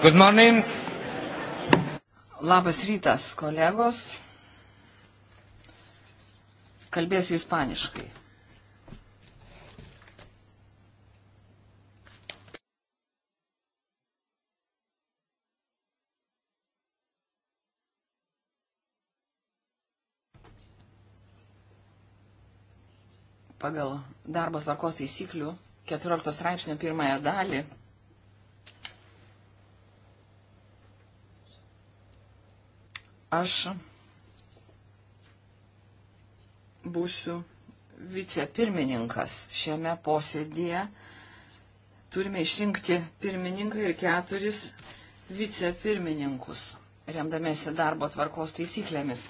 Good morning. Labas rytas, kolegos. Kalbėsiu ispaniškai. Pagal darbo tvarkos taisyklių 14 straipsnio pirmąją dalį aš būsiu vicepirmininkas šiame posėdėje. Turime išrinkti pirmininką ir keturis vicepirmininkus, remdamėsi darbo tvarkos taisyklėmis.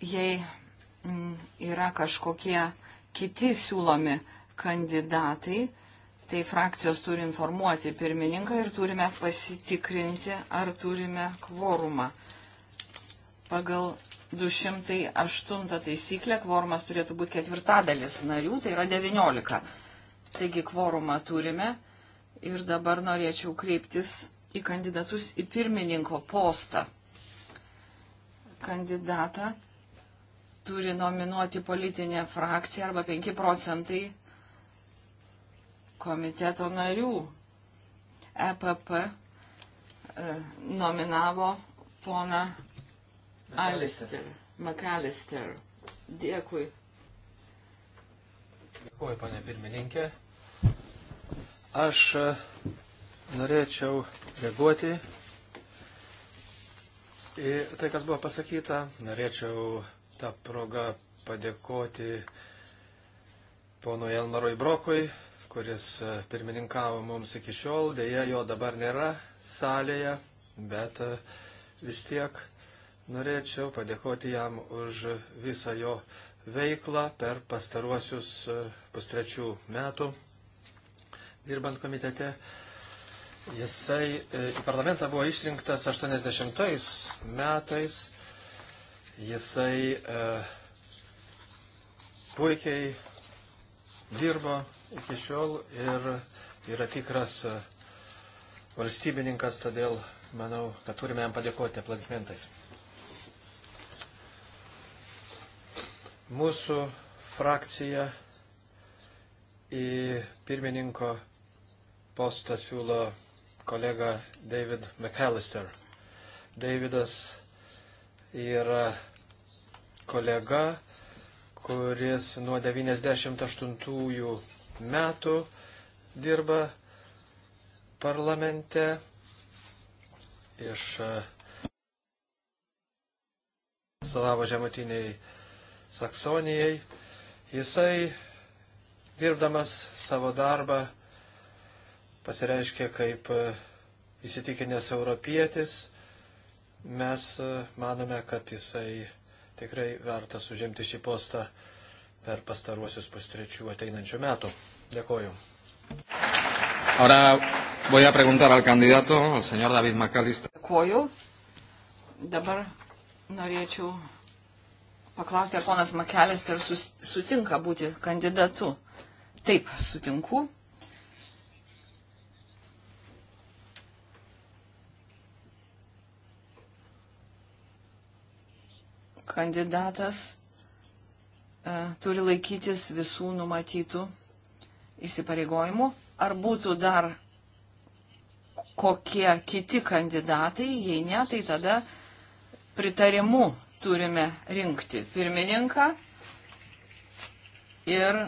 Jei mm, yra kažkokie kiti siūlomi kandidatai, tai frakcijos turi informuoti pirmininką ir turime pasitikrinti, ar turime kvorumą. Pagal 208 taisyklę kvorumas turėtų būti ketvirtadalis narių, tai yra 19. Taigi kvorumą turime ir dabar norėčiau kreiptis į kandidatus į pirmininko postą. Kandidatą turi nominuoti politinė frakcija arba 5 procentai komiteto narių. EPP e, nominavo poną Alister, McAllister. Dėkui. Dėkuoju, panė pirmininkė. Aš e, norėčiau reaguoti į tai, kas buvo pasakyta. Norėčiau tą progą padėkoti ponui Elmarui Brokui kuris e, pirmininkavo mums iki šiol, dėja jo dabar nėra salėje, bet e, vis tiek norėčiau padėkoti jam už visą jo veiklą per pastaruosius e, pustrečių metų dirbant komitete. Jisai į parlamentą buvo išrinktas 80 metais. Jisai e, puikiai dirbo iki šiol ir yra tikras e, valstybininkas, todėl manau, kad turime jam padėkoti aplankmentais. Mūsų frakcija į pirmininko postą siūlo kolega David McAllister. Davidas yra kolega, kuris nuo 98 metų dirba parlamente iš e, atstovavo žemutiniai Saksonijai. Jisai, dirbdamas savo darbą, pasireiškė kaip e, įsitikinęs europietis. Mes e, manome, kad jisai tikrai vertas užimti šį postą per pastaruosius pustrečių ateinančių metų. Dėkoju. Ahora voy a preguntar al candidato, al señor David McAllister. Dėkoju. Dabar norėčiau paklausti, ar ponas McAllister sus, sutinka būti kandidatu. Taip, sutinku. Kandidatas E, turi laikytis visų numatytų įsipareigojimų. Ar būtų dar kokie kiti kandidatai, jei ne, tai tada pritarimu turime rinkti pirmininką ir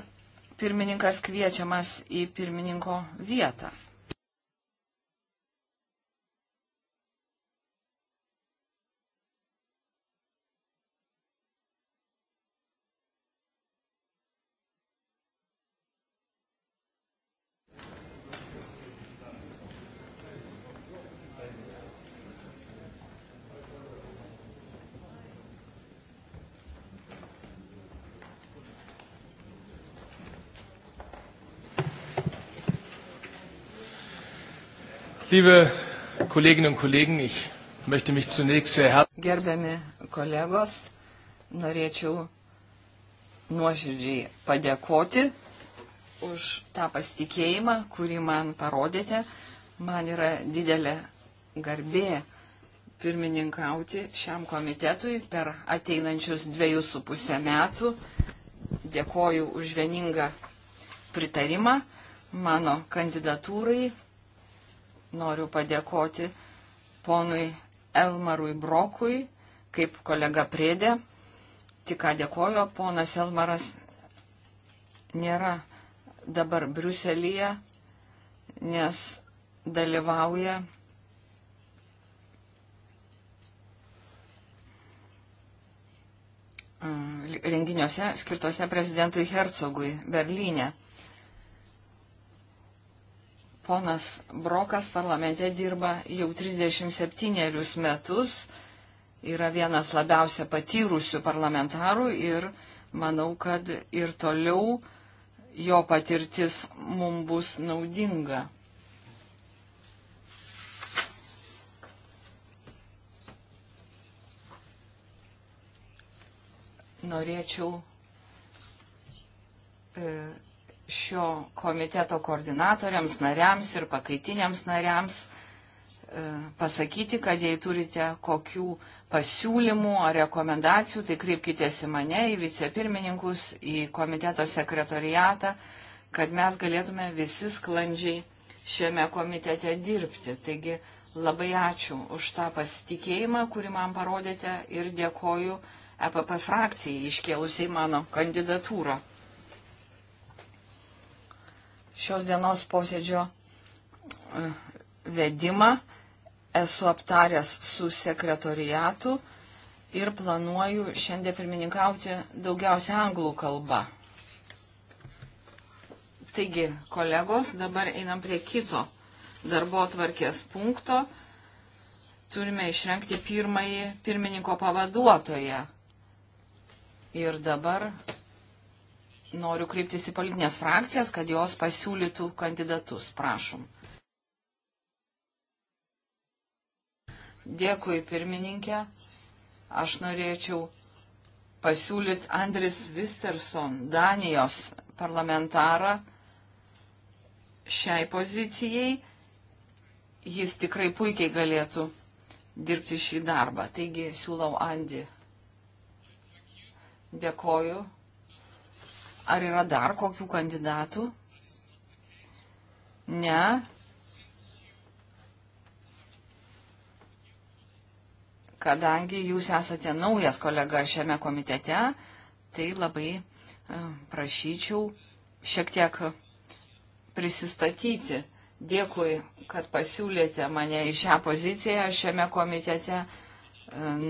pirmininkas kviečiamas į pirmininko vietą. Liebe Kolleginnen und Kollegen, ich möchte mich zunächst sehr herzlich. Gerbiami kolegos, norėčiau nuoširdžiai padėkoti už tą pasitikėjimą, kurį man parodėte. Man yra didelė garbė pirmininkauti šiam komitetui per ateinančius dviejus su pusę metų. Dėkoju už vieningą pritarimą mano kandidatūrai noriu padėkoti ponui Elmarui Brokui, kaip kolega Prėdė. Tik ką dėkojo, ponas Elmaras nėra dabar Briuselyje, nes dalyvauja renginiuose skirtose prezidentui Hercogui Berlyne. Ponas Brokas parlamente dirba jau 37 metus, yra vienas labiausia patyrusių parlamentarų ir manau, kad ir toliau jo patirtis mums bus naudinga. Norėčiau e, šio komiteto koordinatoriams, nariams ir pakaitiniams nariams e, pasakyti, kad jei turite kokių pasiūlymų ar rekomendacijų, tai kreipkitės į mane, į vicepirmininkus, į komiteto sekretoriatą, kad mes galėtume visi sklandžiai šiame komitete dirbti. Taigi labai ačiū už tą pasitikėjimą, kurį man parodėte ir dėkoju EPP frakcijai iškėlusiai mano kandidatūrą šios dienos posėdžio e, vedimą esu aptaręs su sekretoriatu ir planuoju šiandien pirmininkauti daugiausia anglų kalba. Taigi, kolegos, dabar einam prie kito darbo atvarkės punkto. Turime išrenkti pirmąjį pirmininko pavaduotoją. Ir dabar noriu kreiptis į politinės frakcijas, kad jos pasiūlytų kandidatus. Prašom. Dėkui, pirmininkė. Aš norėčiau pasiūlyti Andris Visterson, Danijos parlamentarą, šiai pozicijai. Jis tikrai puikiai galėtų dirbti šį darbą. Taigi siūlau Andį. Dėkoju. Ar yra dar kokių kandidatų? Ne. Kadangi jūs esate naujas kolega šiame komitete, tai labai e, prašyčiau šiek tiek prisistatyti. Dėkui, kad pasiūlėte mane į šią poziciją šiame komitete e,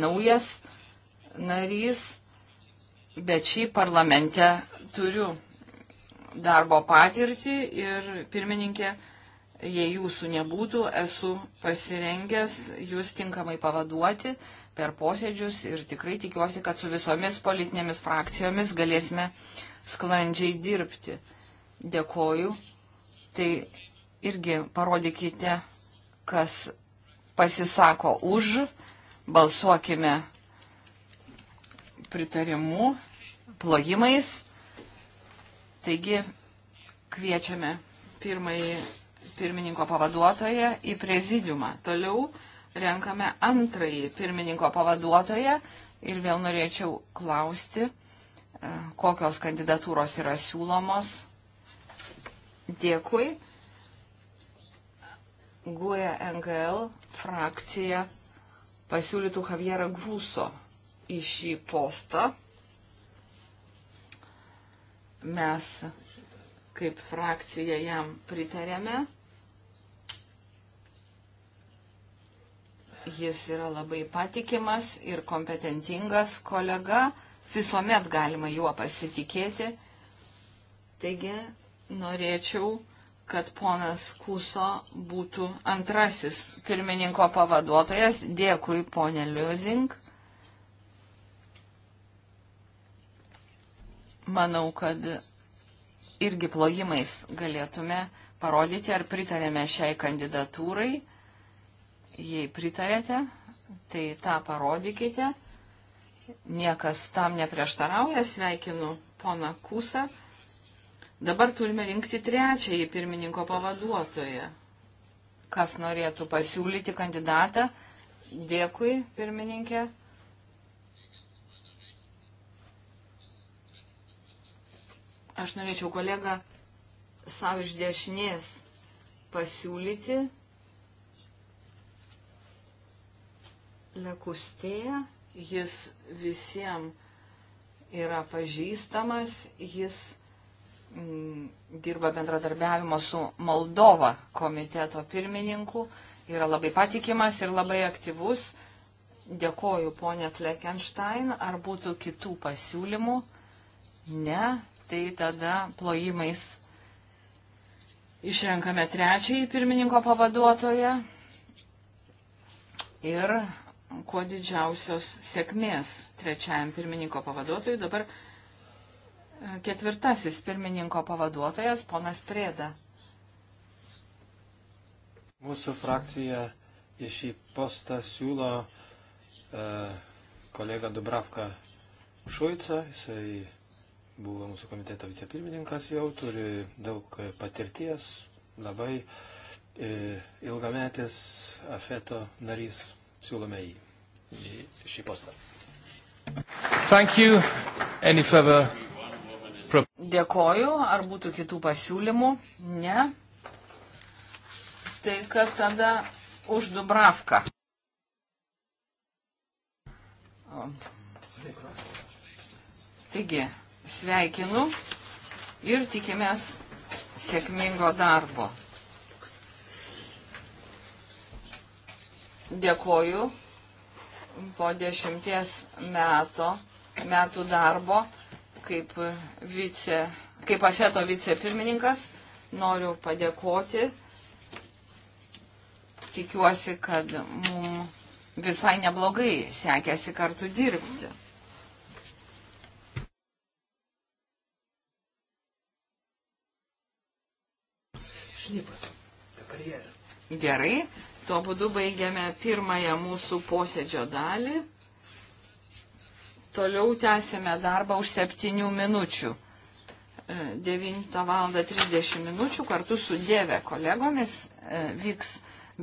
naujas narys, bet šį parlamente turiu darbo patirtį ir pirmininkė, jei jūsų nebūtų, esu pasirengęs jūs tinkamai pavaduoti per posėdžius ir tikrai tikiuosi, kad su visomis politinėmis frakcijomis galėsime sklandžiai dirbti. Dėkoju. Tai irgi parodykite, kas pasisako už, balsuokime pritarimu, plojimais. Taigi kviečiame pirmąjį pirmininko pavaduotoją į prezidiumą. Toliau renkame antrąjį pirmininko pavaduotoją ir vėl norėčiau klausti, e, kokios kandidatūros yra siūlomos. Dėkui. GUE NGL frakcija pasiūlytų Javierą Grūso į šį postą. Mes kaip frakcija jam pritarėme. Jis yra labai patikimas ir kompetentingas kolega, visuomet galima juo pasitikėti. Taigi norėčiau, kad ponas Kuso būtų antrasis pirmininko pavaduotojas. Dėkui, ponė Liuzink. manau, kad irgi plojimais galėtume parodyti, ar pritarėme šiai kandidatūrai. Jei pritarėte, tai tą parodykite. Niekas tam neprieštarauja. Sveikinu poną Kusą. Dabar turime rinkti trečiąjį pirmininko pavaduotoją. Kas norėtų pasiūlyti kandidatą? Dėkui, pirmininkė. Aš norėčiau kolegą savo iš dešinės pasiūlyti lekustėje. Jis visiems yra pažįstamas, jis m, mm, dirba bendradarbiavimo su Moldova komiteto pirmininku, yra labai patikimas ir labai aktyvus. Dėkoju, ponė Fleckenstein. Ar būtų kitų pasiūlymų? Ne, tai tada plojimais išrenkame trečiąjį pirmininko pavaduotoją ir kuo didžiausios sėkmės trečiajam pirmininko pavaduotojui. Dabar e, ketvirtasis pirmininko pavaduotojas, ponas Prėda. Mūsų frakcija į šį postą siūlo e, kolegą Dubravką Šuicą. Jisai buvo mūsų komiteto vicepirmininkas, jau turi daug patirties, labai e, ilgametis afeto narys, siūlome jį į šį postą. Further... Dėkoju, ar būtų kitų pasiūlymų? Ne. Tai kas tada už Dubravką? Taigi, sveikinu ir tikimės sėkmingo darbo. Dėkoju po dešimties metų, metų darbo kaip, vice, kaip afeto vicepirmininkas. Noriu padėkoti. Tikiuosi, kad mums visai neblogai sekėsi kartu dirbti. šnipas, ta karjera. Gerai, tuo būdu baigiame pirmąją mūsų posėdžio dalį. Toliau tęsime darbą už septynių minučių. 9 val. 30 minučių kartu su Dieve kolegomis e, vyks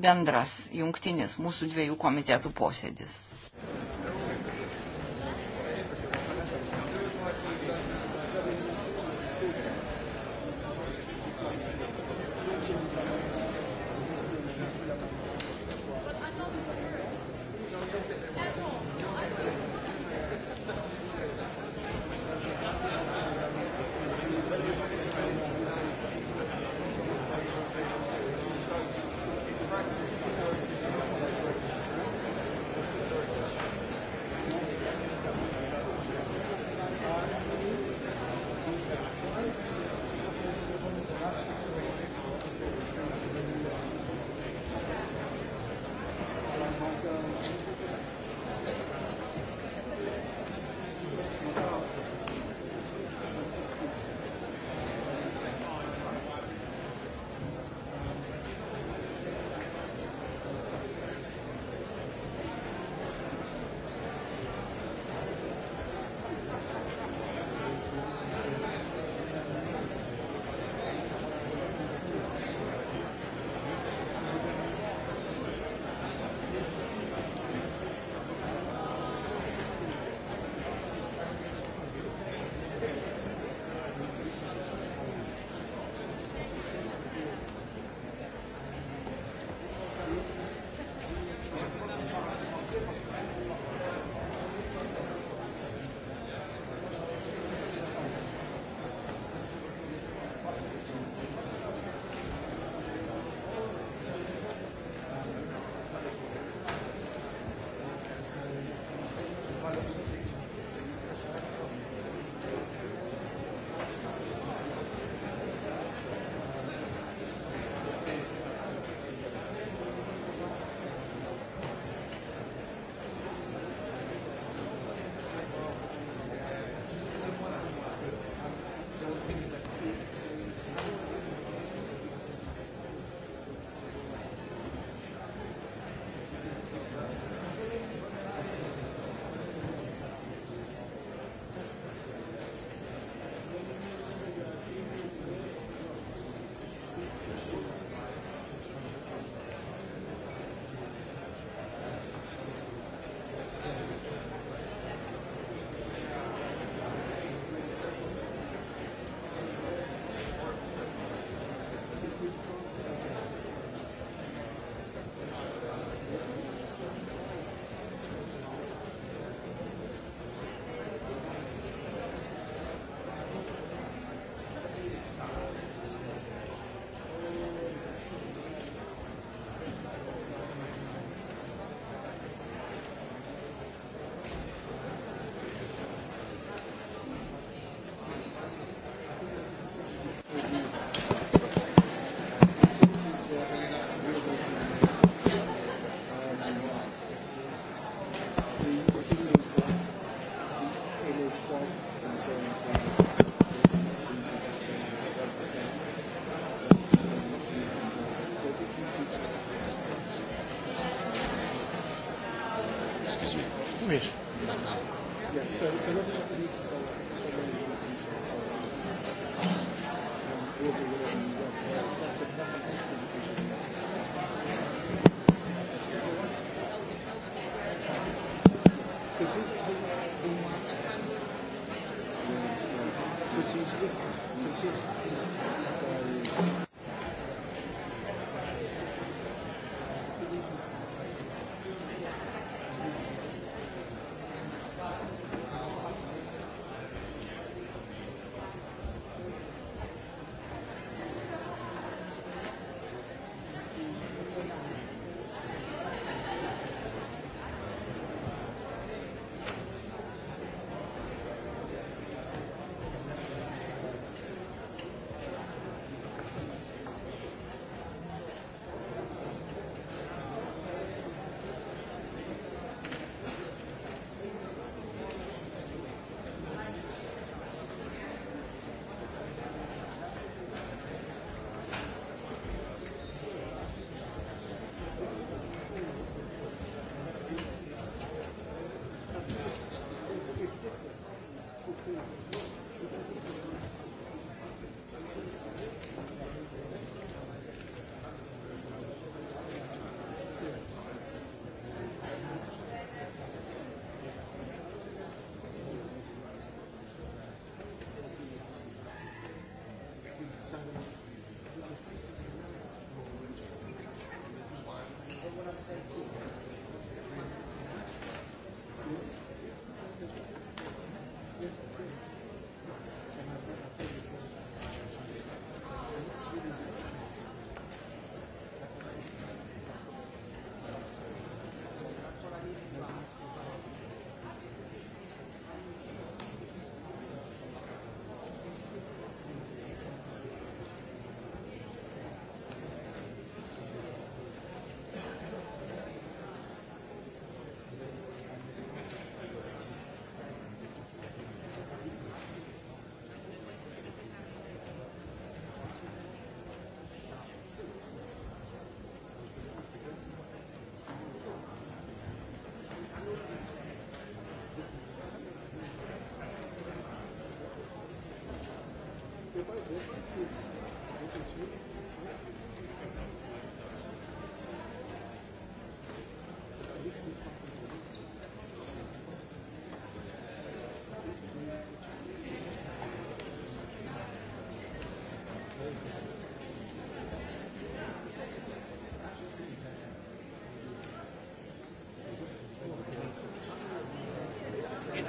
bendras jungtinis mūsų dviejų komitetų posėdis.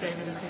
David and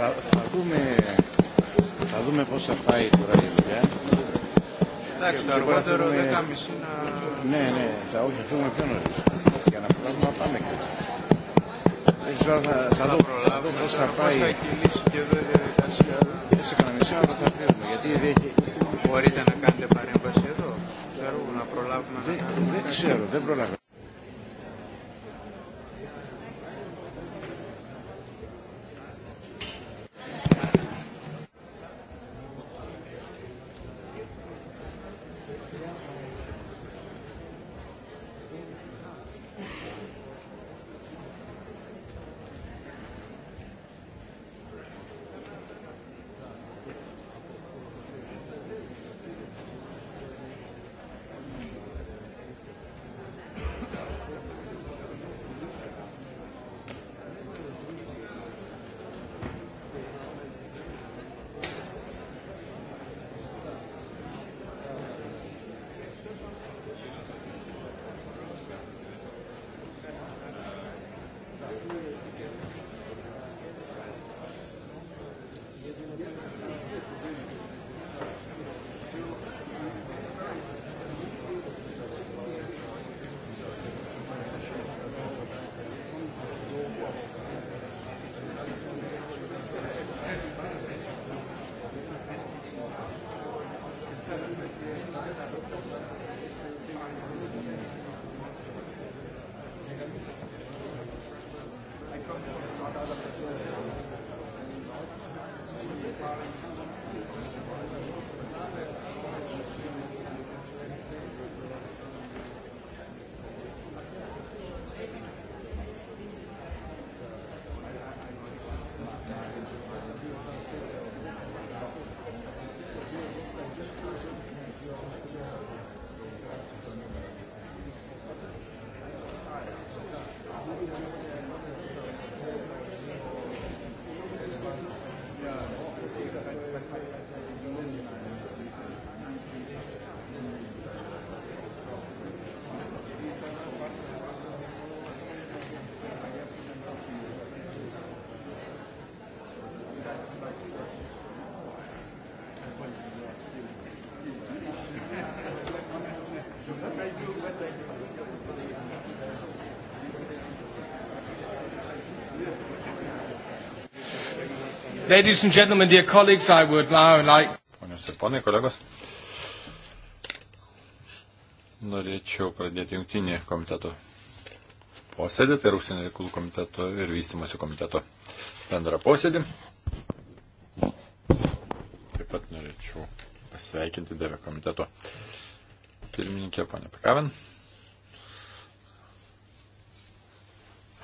Θα, θα, δούμε, θα δούμε πώς θα πάει τώρα η δουλειά. Εντάξει, το αργότερο δεν κάνουμε να... Ναι, ναι, θα όχι, αφήνουμε πιο νωρίς. Για να προλάβουμε να πάμε και Δεν ξέρω, θα, θα, δω, θα δω πώς θα πάει. Πώς θα κυλήσει και εδώ η διαδικασία. Σε κανένα μισή ώρα θα φύγουμε, γιατί ήδη έχει... Μπορείτε να κάνετε παρέμβαση εδώ. Θέλω να προλάβουμε να... Δεν ξέρω, δεν προλάβουμε. Ladies and gentlemen, dear colleagues, I would now like. Ponios ir ponai, kolegos. Norėčiau pradėti jungtinį komiteto posėdį, tai yra užsienio reikalų komiteto ir vystimosi komiteto bendrą posėdį. Taip pat norėčiau pasveikinti Deve komiteto pirmininkę, ponę Pekavin.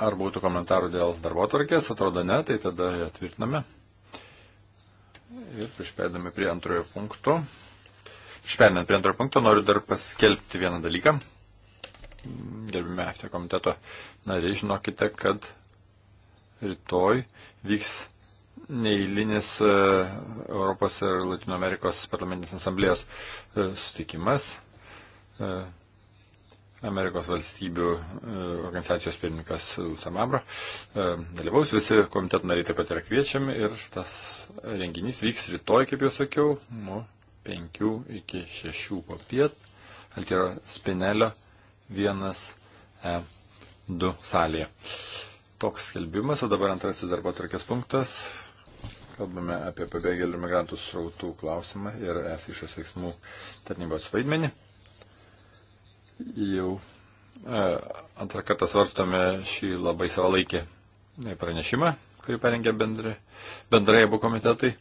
Ar būtų komentarų dėl darbo tvarkės? Atrodo ne, tai tada atvirtiname prieš perdami prie antrojo punkto. Išperinant prie antrojo punkto, noriu dar paskelbti vieną dalyką. Gerbime FT komiteto nariai, žinokite, kad rytoj vyks neįlinis e, Europos ir Latino Amerikos parlamentinės asamblėjos e, sutikimas. E, Amerikos valstybių e, organizacijos pirmininkas Samabro. E, dalyvaus visi komiteto nariai taip pat yra kviečiami ir tas renginys vyks rytoj, kaip jau sakiau, nuo 5 iki 6 po piet. Altiro Spinelio 1E2 e salėje. Toks skelbimas, o dabar antrasis darbo tvarkės punktas. Kalbame apie pabėgėlių migrantų srautų klausimą ir es išos veiksmų tarnybos vaidmenį jau e, antrą kartą svarstome šį labai savalaikį pranešimą, kurį parengė bendrai, bendrai abu komitetai.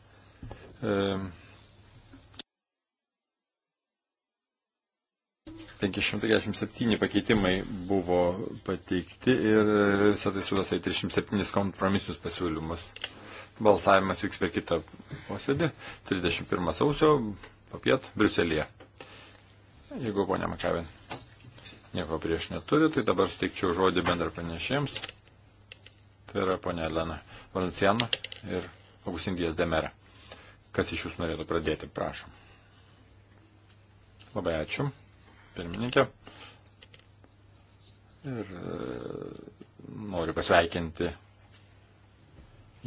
E, 547 pakeitimai buvo pateikti ir visą tai sudasa į 307 kompromisinius pasiūlymus. Balsavimas vyks per kitą posėdį 31 sausio papiet Briuselėje. Jeigu ponia Makavin. Nieko prieš neturiu, tai dabar suteikčiau žodį bendra pranešėjams. Tai yra ponia Elena Valenciano ir Augustindijas Demera. Kas iš jūsų norėtų pradėti, prašom. Labai ačiū, pirmininkė. Ir e, noriu pasveikinti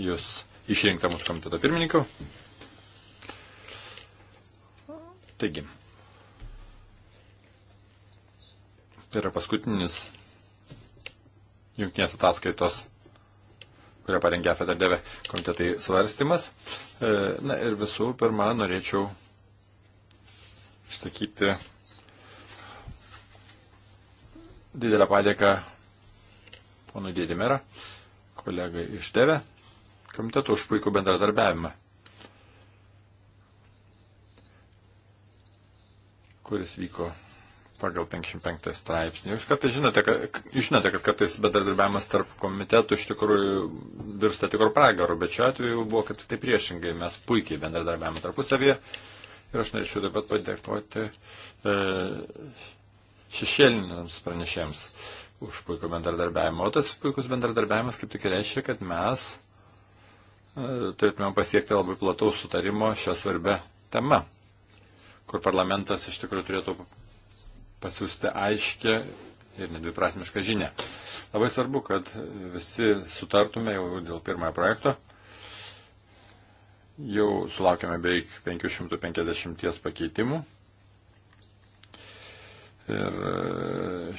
jūs išrinktą mūsų komiteto pirmininku. Taigi, Tai yra paskutinis jungtinės ataskaitos, kurią parengė FEDERDEVE komitetai svarstymas. E, na ir visų pirma, norėčiau išsakyti didelę padėką ponui Dėdimerą, kolegai iš DEVE, komitetų už puikų bendradarbiavimą. kuris vyko pagal 55 straipsnį. Jūs kartais žinote, kad, žinote, kad kartais bedarbiavimas tarp komitetų iš tikrųjų virsta tikrų pragarų, bet šiuo atveju buvo kaip tai priešingai, mes puikiai bendradarbiavame tarpusavyje ir aš norėčiau taip pat padėkoti e, šešėliniams pranešėjams už puikų bendradarbiavimą. O tas puikus bendradarbiavimas kaip tik reiškia, kad mes e, turėtumėm pasiekti labai plataus sutarimo šią svarbę temą kur parlamentas iš tikrųjų turėtų pasiūsti aiškę ir nedviprasmišką žinę. Labai svarbu, kad visi sutartume jau dėl pirmojo projekto. Jau sulaukėme beveik 550 pakeitimų. Ir e,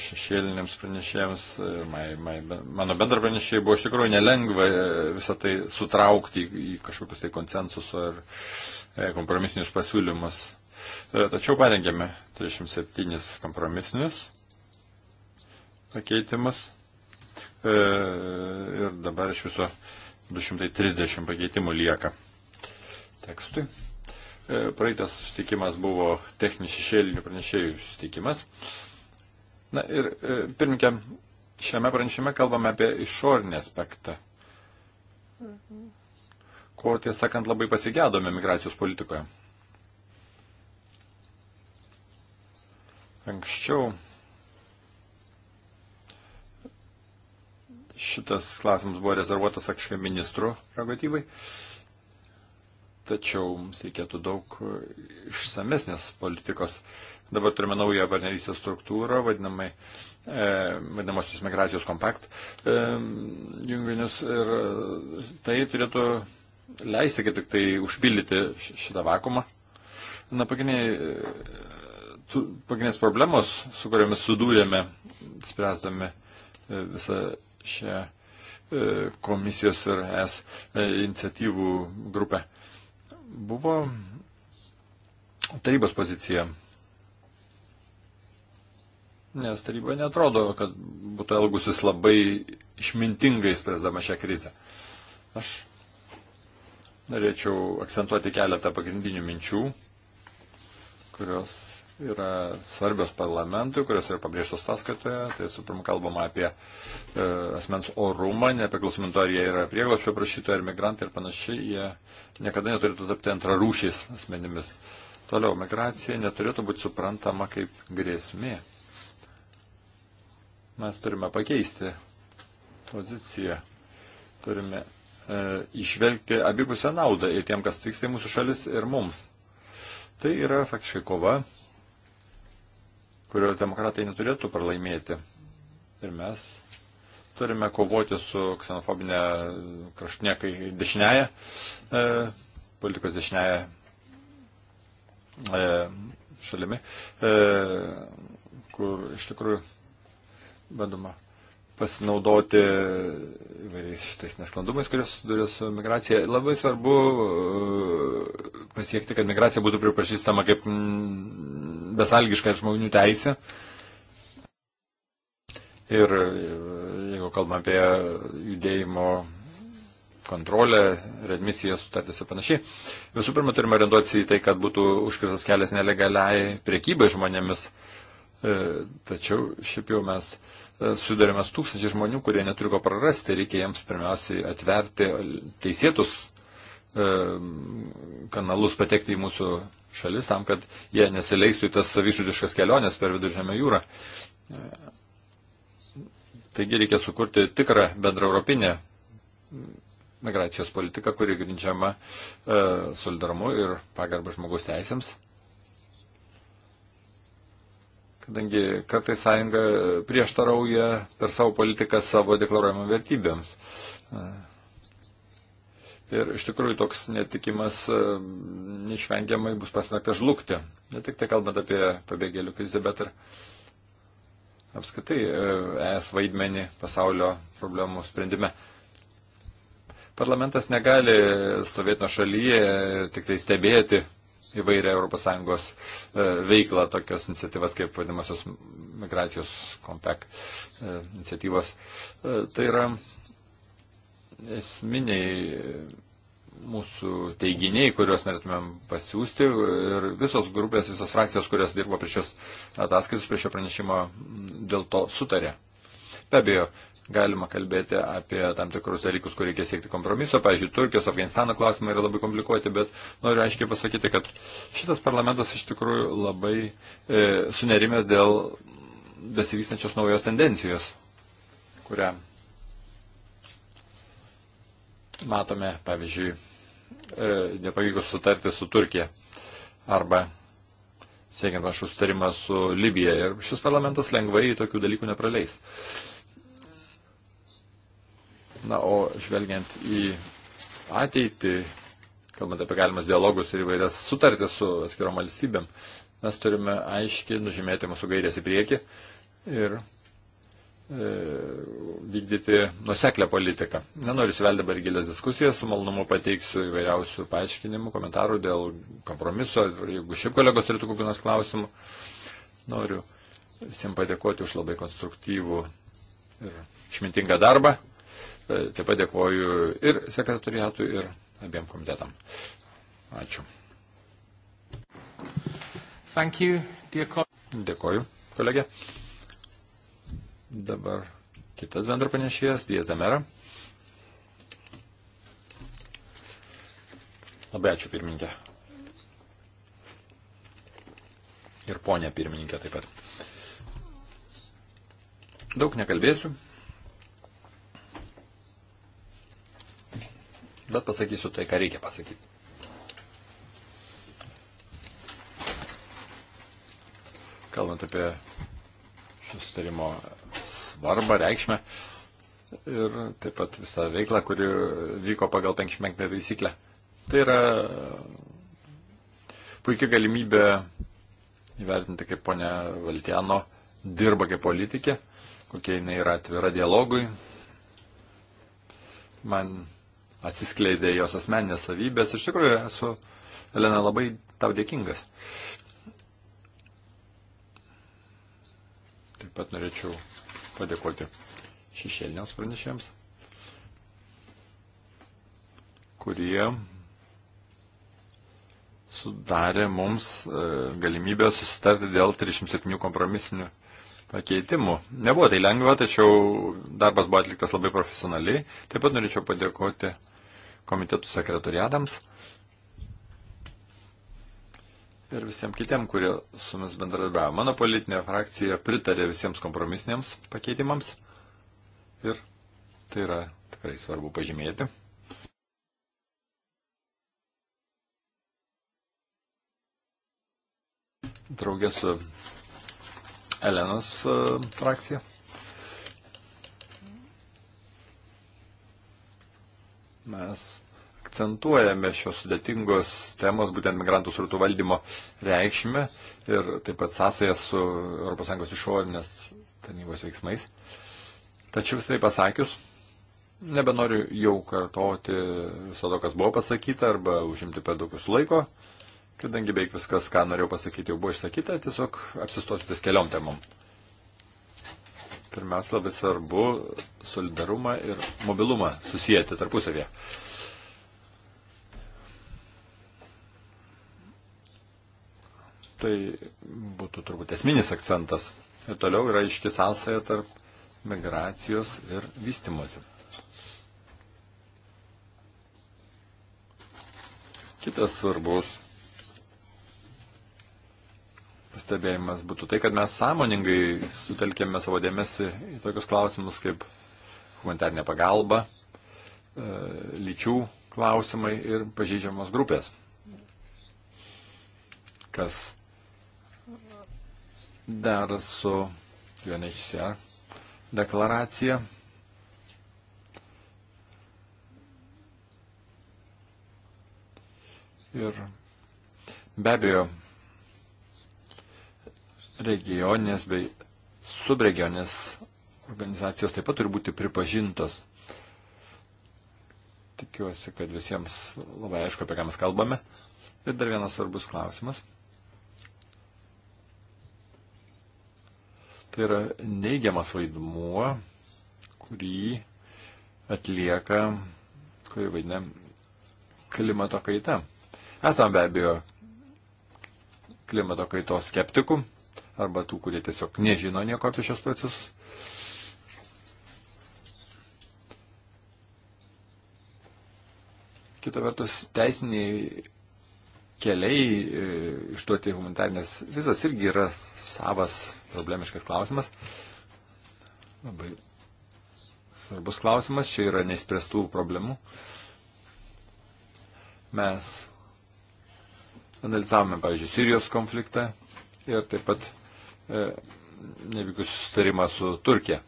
šešėliniams pranešėjams, my, e, my, mano bendra pranešėjai buvo iš tikrųjų nelengva e, visą tai sutraukti į kažkokius tai konsensus ar kompromisinius pasiūlymus. E, tačiau parengėme 37 kompromisinius pakeitimus e, ir dabar iš viso 230 pakeitimų lieka tekstui. E, praeitas sutikimas buvo techninis šešėlinių pranešėjų sutikimas. Na ir pirmininkė, šiame pranešime kalbame apie išorinį aspektą. Ko tiesą sakant labai pasigėdome migracijos politikoje. Anksčiau šitas klausimas buvo rezervuotas akškai ministrų prerogatyvai, tačiau mums reikėtų daug išsamesnės politikos. Dabar turime naują partnerystės struktūrą, vadinamai, e, vadinamosios migracijos kompakt e, junginius ir tai turėtų leisti, kaip tik tai užpildyti šitą vakumą. Na, pagrindiniai pagrindinės problemos, su kuriomis sudūrėme, spręsdami e, visą šią e, komisijos ir es e, iniciatyvų grupę, buvo tarybos pozicija. Nes taryba netrodo, kad būtų elgusis labai išmintingai spręsdama šią krizę. Aš norėčiau akcentuoti keletą pagrindinių minčių, kurios yra svarbios parlamentui, kurios yra pabrėžtos taskatoje. Tai visų pirma kalbama apie e, asmens orumą, nepriklausomint to, ar jie yra prieglapščio prašytojai, ar migrantai ir panašiai, jie niekada neturėtų tapti antrarūšiais asmenimis. Toliau, migracija neturėtų būti suprantama kaip grėsmė. Mes turime pakeisti poziciją. Turime e, išvelgti abipusę naudą ir tiem, kas tiksliai mūsų šalis ir mums. Tai yra faktiškai kova kurios demokratai neturėtų pralaimėti. Ir mes turime kovoti su ksenofobinė kraštinė dešinėje, e, politikos dešinėje e, šalimi, e, kur iš tikrųjų bandoma pasinaudoti įvairiais šitais nesklandumais, kurios susiduria su migracija. Labai svarbu e, pasiekti, kad migracija būtų pripažįstama kaip besalgišką žmonių teisę. Ir jeigu kalbame apie judėjimo kontrolę, redmisiją, sutartis ir panašiai. Visų pirma, turime orientuotis į tai, kad būtų užkirstas kelias nelegaliai priekybai žmonėmis. E, tačiau šiaip jau mes e, sudarėmės tūkstančiai žmonių, kurie neturi ko prarasti, reikia jiems pirmiausiai atverti teisėtus e, kanalus patekti į mūsų šalis tam, kad jie nesileistų į tas savižudiškas keliones per viduržėmę jūrą. Taigi reikia sukurti tikrą bendrą europinę migracijos politiką, kuri grindžiama e, solidarumu ir pagarba žmogaus teisėms. Kadangi kartais sąjunga prieštarauja per savo politiką savo deklaruojamam vertybėms. E, Ir iš tikrųjų toks netikimas e, neišvengiamai bus pasmerktas žlugti. Ne tik tai kalbant apie pabėgėlių krizę, bet ir apskritai es e vaidmenį pasaulio problemų sprendime. Parlamentas negali stovėti nuo šalyje, tik tai stebėti įvairią ES e, veiklą, tokios iniciatyvas kaip vadinamosios migracijos kompakt iniciatyvos. Tai yra esminiai mūsų teiginiai, kuriuos norėtumėm pasiūsti ir visos grupės, visos frakcijos, kurios dirbo prie šios ataskaitos, prie šio pranešimo, dėl to sutarė. Be abejo, galima kalbėti apie tam tikrus dalykus, kur reikia siekti kompromiso. Pavyzdžiui, Turkijos, Afganistano klausimai yra labai komplikuoti, bet noriu aiškiai pasakyti, kad šitas parlamentas iš tikrųjų labai e, sunerimęs dėl besivystančios naujos tendencijos, kurią Matome, pavyzdžiui, e, nepavykus sutarti su Turkija arba siekiant panašų sutarimą su Libija. Ir šis parlamentas lengvai tokių dalykų nepraleis. Na, o žvelgiant į ateitį, kalbant apie galimas dialogus ir įvairias sutartis su atskirom valstybėm, mes turime aiškiai nužymėti mūsų gairės į priekį ir E, vykdyti nuseklę politiką. Nenoriu svelti dabar gilės diskusijas, su malonumu pateiksiu įvairiausių paaiškinimų, komentarų dėl kompromiso ir jeigu šiaip kolegos turėtų kokių nors klausimų, noriu visiems padėkoti už labai konstruktyvų ir išmintingą darbą. E, taip pat dėkoju ir sekretariatui, ir abiem komitetam. Ačiū. Thank you, dear... Dėkoju, kolegė. Dabar kitas bendro panešėjas, Dijas Damera. Labai ačiū pirmininkė. Ir ponė pirmininkė taip pat. Daug nekalbėsiu. Bet pasakysiu tai, ką reikia pasakyti. Kalbant apie susitarimo svarbą, reikšmę ir taip pat visą veiklą, kuri vyko pagal 55 taisyklę. Tai yra puikia galimybė įvertinti, kaip ponia Valtiano dirba kaip politikė, kokia jinai yra atvira dialogui. Man atsiskleidė jos asmeninės savybės. Iš tikrųjų, esu, Elena, labai tau dėkingas. Taip pat norėčiau padėkoti šešėliniams pranešėjams, kurie sudarė mums e, galimybę susitarti dėl 307 kompromisinių pakeitimų. Nebuvo tai lengva, tačiau darbas buvo atliktas labai profesionaliai. Taip pat norėčiau padėkoti komitetų sekretoriadams ir visiems kitiem, kurie su mumis bendradarbiavo. Mano politinė frakcija pritarė visiems kompromisiniams pakeitimams ir tai yra tikrai svarbu pažymėti. Draugė su Elenos e, frakcija. Mes akcentuojame šios sudėtingos temos, būtent migrantų srautų valdymo reikšmę ir taip pat sąsajas su ES išorinės tarnybos veiksmais. Tačiau visai pasakius, nebenoriu jau kartoti viso to, kas buvo pasakyta, arba užimti per daug jūsų laiko, kadangi beveik viskas, ką norėjau pasakyti, jau buvo išsakyta, tiesiog apsistosiu ties keliom temom pirmiausia labai svarbu solidarumą ir mobilumą susijęti tarpusavėje. Tai būtų turbūt esminis akcentas. Ir toliau yra iški sąsaja tarp migracijos ir vystimosi. Kitas svarbus pastebėjimas būtų tai, kad mes sąmoningai sutelkėme savo dėmesį į tokius klausimus kaip humanitarnė pagalba, e, lyčių klausimai ir pažeidžiamos grupės, kas dera su UNHCR deklaracija. Ir be abejo, regioninės bei subregioninės organizacijos taip pat turi būti pripažintos. Tikiuosi, kad visiems labai aišku, apie ką mes kalbame. Ir dar vienas svarbus klausimas. Tai yra neigiamas vaidmuo, kurį atlieka, kurį vaidina klimato kaita. Esame be abejo klimato kaitos skeptikų arba tų, kurie tiesiog nežino nieko apie šios procesus. Kita vertus, teisiniai keliai e, išduoti humanitarnės vizas irgi yra savas problemiškas klausimas. Labai svarbus klausimas, čia yra neįspręstų problemų. Mes analizavome, pavyzdžiui, Sirijos konfliktą ir taip pat e, nevykus sustarimą su Turkija.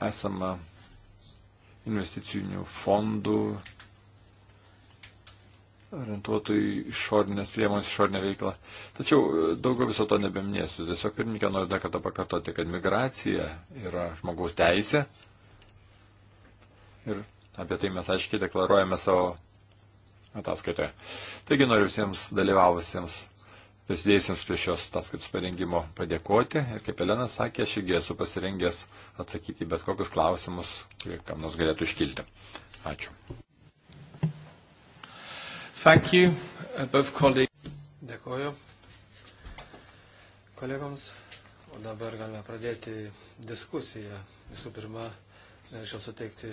Esama investicinių fondų orientuotų į išorinės priemonės, išorinę veiklą. Tačiau e, daugiau viso to nebeminėsiu. Tiesiog pirmininkė noriu dar kartą pakartoti, kad migracija yra žmogaus teisė. Ir apie tai mes aiškiai deklaruojame savo ataskaitoje. Taigi noriu visiems dalyvavusiems prisidėjusiems prie šios ataskaitos parengimo padėkoti. Ir kaip Elena sakė, aš irgi esu pasirengęs atsakyti bet kokius klausimus, kurie kam nors galėtų iškilti. Ačiū. Thank you, uh, both colleagues. Dėkoju kolegoms. O dabar galime pradėti diskusiją. Visų pirma, norėčiau suteikti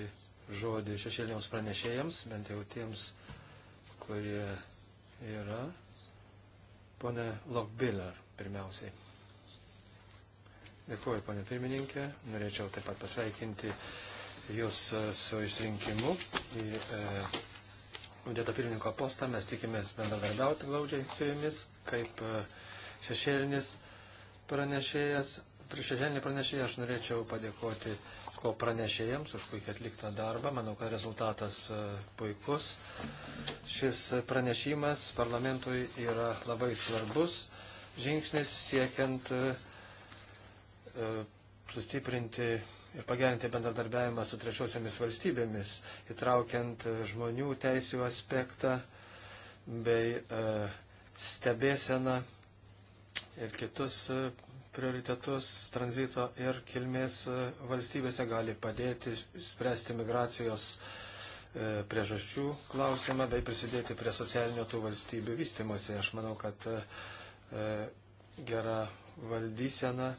žodį šešėliniams pranešėjams, bent jau tiems, kurie yra. Pone Lokbiller, pirmiausiai. Dėkuoju, ponė pirmininkė. Norėčiau taip pat pasveikinti Jūs uh, su išrinkimu į e, komiteto pirmininko postą. Mes tikimės bendradarbiauti glaudžiai su jumis, kaip e, šešėlinis pranešėjas. Prieš šešėlinį pranešėją aš norėčiau padėkoti ko pranešėjams už puikiai atliktą darbą. Manau, kad rezultatas e, puikus. Šis pranešimas parlamentui yra labai svarbus žingsnis siekiant e, sustiprinti ir pagerinti bendradarbiavimą su trečiosiomis valstybėmis, įtraukiant e, žmonių teisų aspektą bei e, stebėseną ir kitus e, prioritetus tranzito ir kilmės valstybėse gali padėti spręsti migracijos priežasčių klausimą bei prisidėti prie socialinio tų valstybių vystimosi. Aš manau, kad gera valdysena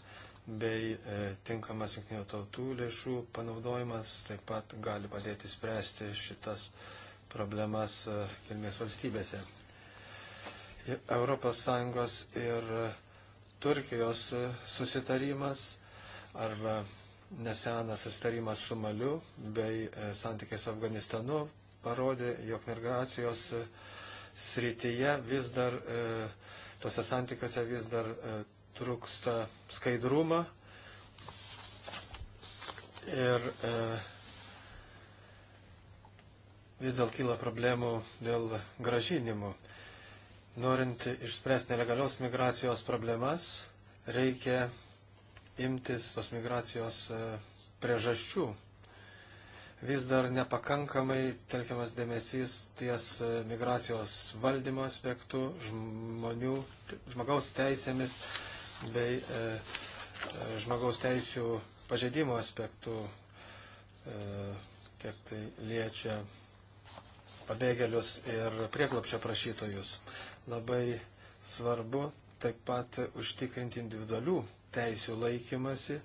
bei e, tinkamas jungtinių tautų lėšų panaudojimas taip pat gali padėti spręsti šitas problemas e, kilmės valstybėse. ES ir Turkijos e, susitarimas arba nesenas susitarimas su Maliu bei santykiai su Afganistanu parodė, jog migracijos srityje vis dar, tose santykiuose vis dar trūksta skaidrumo ir e, vis dėl kyla problemų dėl gražinimų. Norint išspręsti nelegalios migracijos problemas, reikia imtis tos migracijos e, priežasčių. Vis dar nepakankamai telkiamas dėmesys ties e, migracijos valdymo aspektu, žmonių, žmogaus teisėmis, bei e, e žmogaus teisų pažeidimo aspektų, e, kiek tai liečia pabėgėlius ir prieglopšio prašytojus. Labai svarbu taip pat užtikrinti individualių teisių laikymasi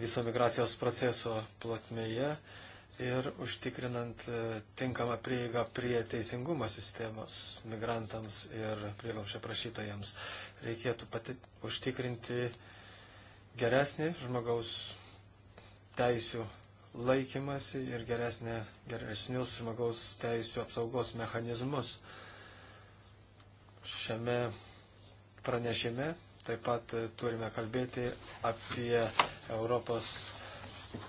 viso migracijos proceso plotmėje ir užtikrinant e, tinkamą prieigą prie teisingumo sistemos migrantams ir prieglaušio prašytojams. Reikėtų pati užtikrinti geresnį žmogaus teisių laikymasi ir geresnė, geresnius žmogaus teisų apsaugos mechanizmus. Šiame pranešime taip pat turime kalbėti apie Europos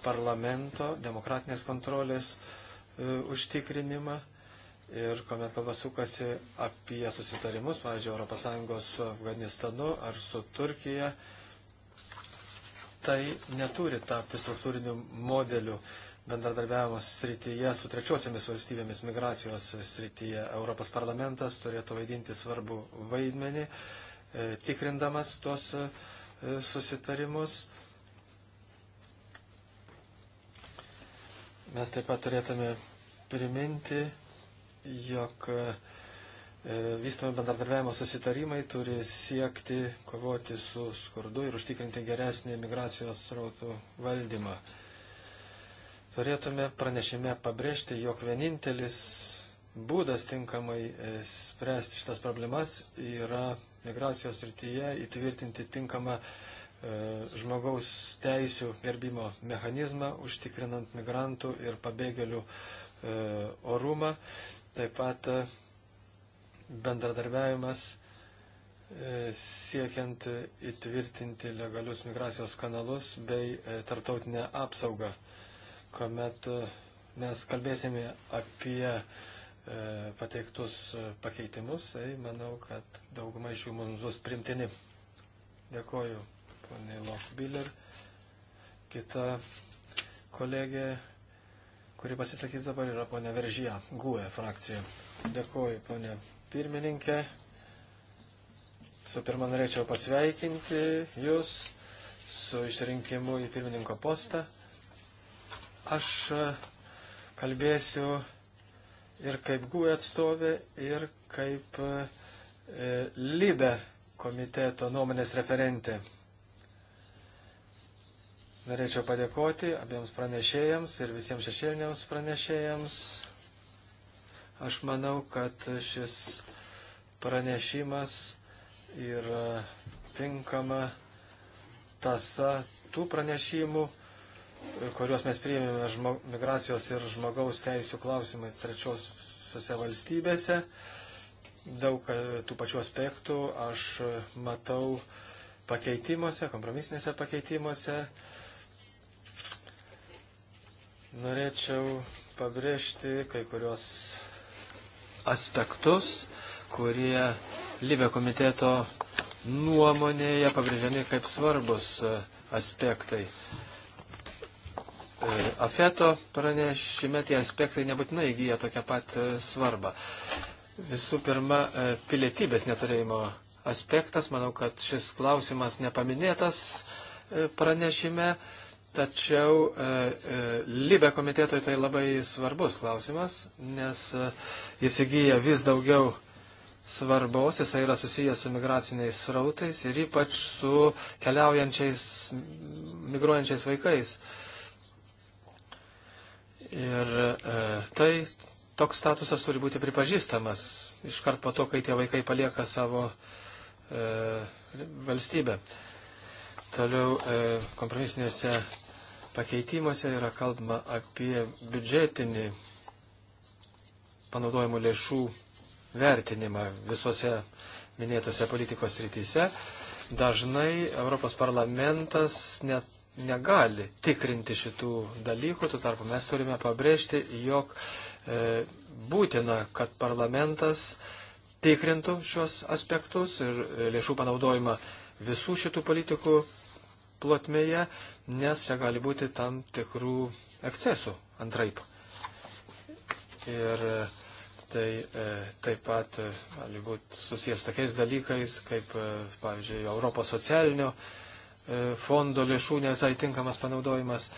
parlamento demokratinės kontrolės e, užtikrinimą. Ir kuomet kalba sukasi apie susitarimus, pavyzdžiui, ES su Afganistanu ar su Turkija, tai neturi tapti struktūrinių modelių bendradarbiavimo srityje su trečiosiamis valstybėmis migracijos srityje. Europos parlamentas turėtų vaidinti svarbu vaidmenį, e, tikrindamas tuos e, susitarimus. E, Mes taip pat turėtume priminti, jog e, vystomi bendradarbiavimo susitarimai turi siekti kovoti su skurdu ir užtikrinti geresnį migracijos srautų valdymą. Turėtume pranešime pabrėžti, jog vienintelis būdas tinkamai e, spręsti šitas problemas yra migracijos rytyje įtvirtinti tinkamą E, žmogaus teisų gerbimo mechanizmą, užtikrinant migrantų ir pabėgėlių e, orumą, taip pat e, bendradarbiavimas siekiant įtvirtinti legalius migracijos kanalus bei tartautinę apsaugą, kuomet mes kalbėsime apie pateiktus pakeitimus, tai manau, kad dauguma iš jų mums bus primtini. Dėkuoju ponė Lochbiller, kita kolegė, kuri pasisakys dabar, yra ponė Veržyje, GUE frakcija. Dėkuoju, ponė pirmininkė. Su pirma norėčiau pasveikinti Jūs su išrinkimu į pirmininko postą. Aš e, kalbėsiu ir kaip GUE atstovė, ir kaip e, LIBE komiteto nuomonės referentė Norėčiau padėkoti abiems pranešėjams ir visiems šešėliniams pranešėjams. Aš manau, kad šis pranešimas yra tinkama tasa tų pranešimų, kuriuos mes priėmėme žmog, migracijos ir žmogaus teisų klausimais trečiosiuose valstybėse. Daug e, tų pačių aspektų aš matau pakeitimuose, kompromisinėse pakeitimuose. Norėčiau pabrėžti kai kurios aspektus, kurie Libė komiteto nuomonėje pabrėžiami kaip svarbus e, aspektai. E, Afeto pranešime tie aspektai nebūtinai įgyja tokią pat e, svarbą. Visų pirma, pilietybės neturėjimo aspektas, manau, kad šis klausimas nepaminėtas pranešime. Tačiau e, e, Libe komitetui tai labai svarbus klausimas, nes e, jis įgyja vis daugiau svarbos, jisai yra susijęs su migraciniais srautais ir ypač su keliaujančiais, migruojančiais vaikais. Ir e, tai toks statusas turi būti pripažįstamas iškart po to, kai tie vaikai palieka savo e, valstybę. Toliau e, kompromisiniuose Pakeitimuose yra kalbama apie biudžetinį panaudojimų lėšų vertinimą visose minėtose politikos rytise. Dažnai Europos parlamentas net negali tikrinti šitų dalykų, tu tarpu mes turime pabrėžti, jog e, būtina, kad parlamentas tikrintų šios aspektus ir lėšų panaudojimą visų šitų politikų plotmėje, nes čia gali būti tam tikrų ekscesų antraip. Ir e, tai e, taip pat e, gali būti susijęs tokiais dalykais, kaip, e, pavyzdžiui, Europos socialinio e, fondo lėšų nesai tinkamas panaudojimas.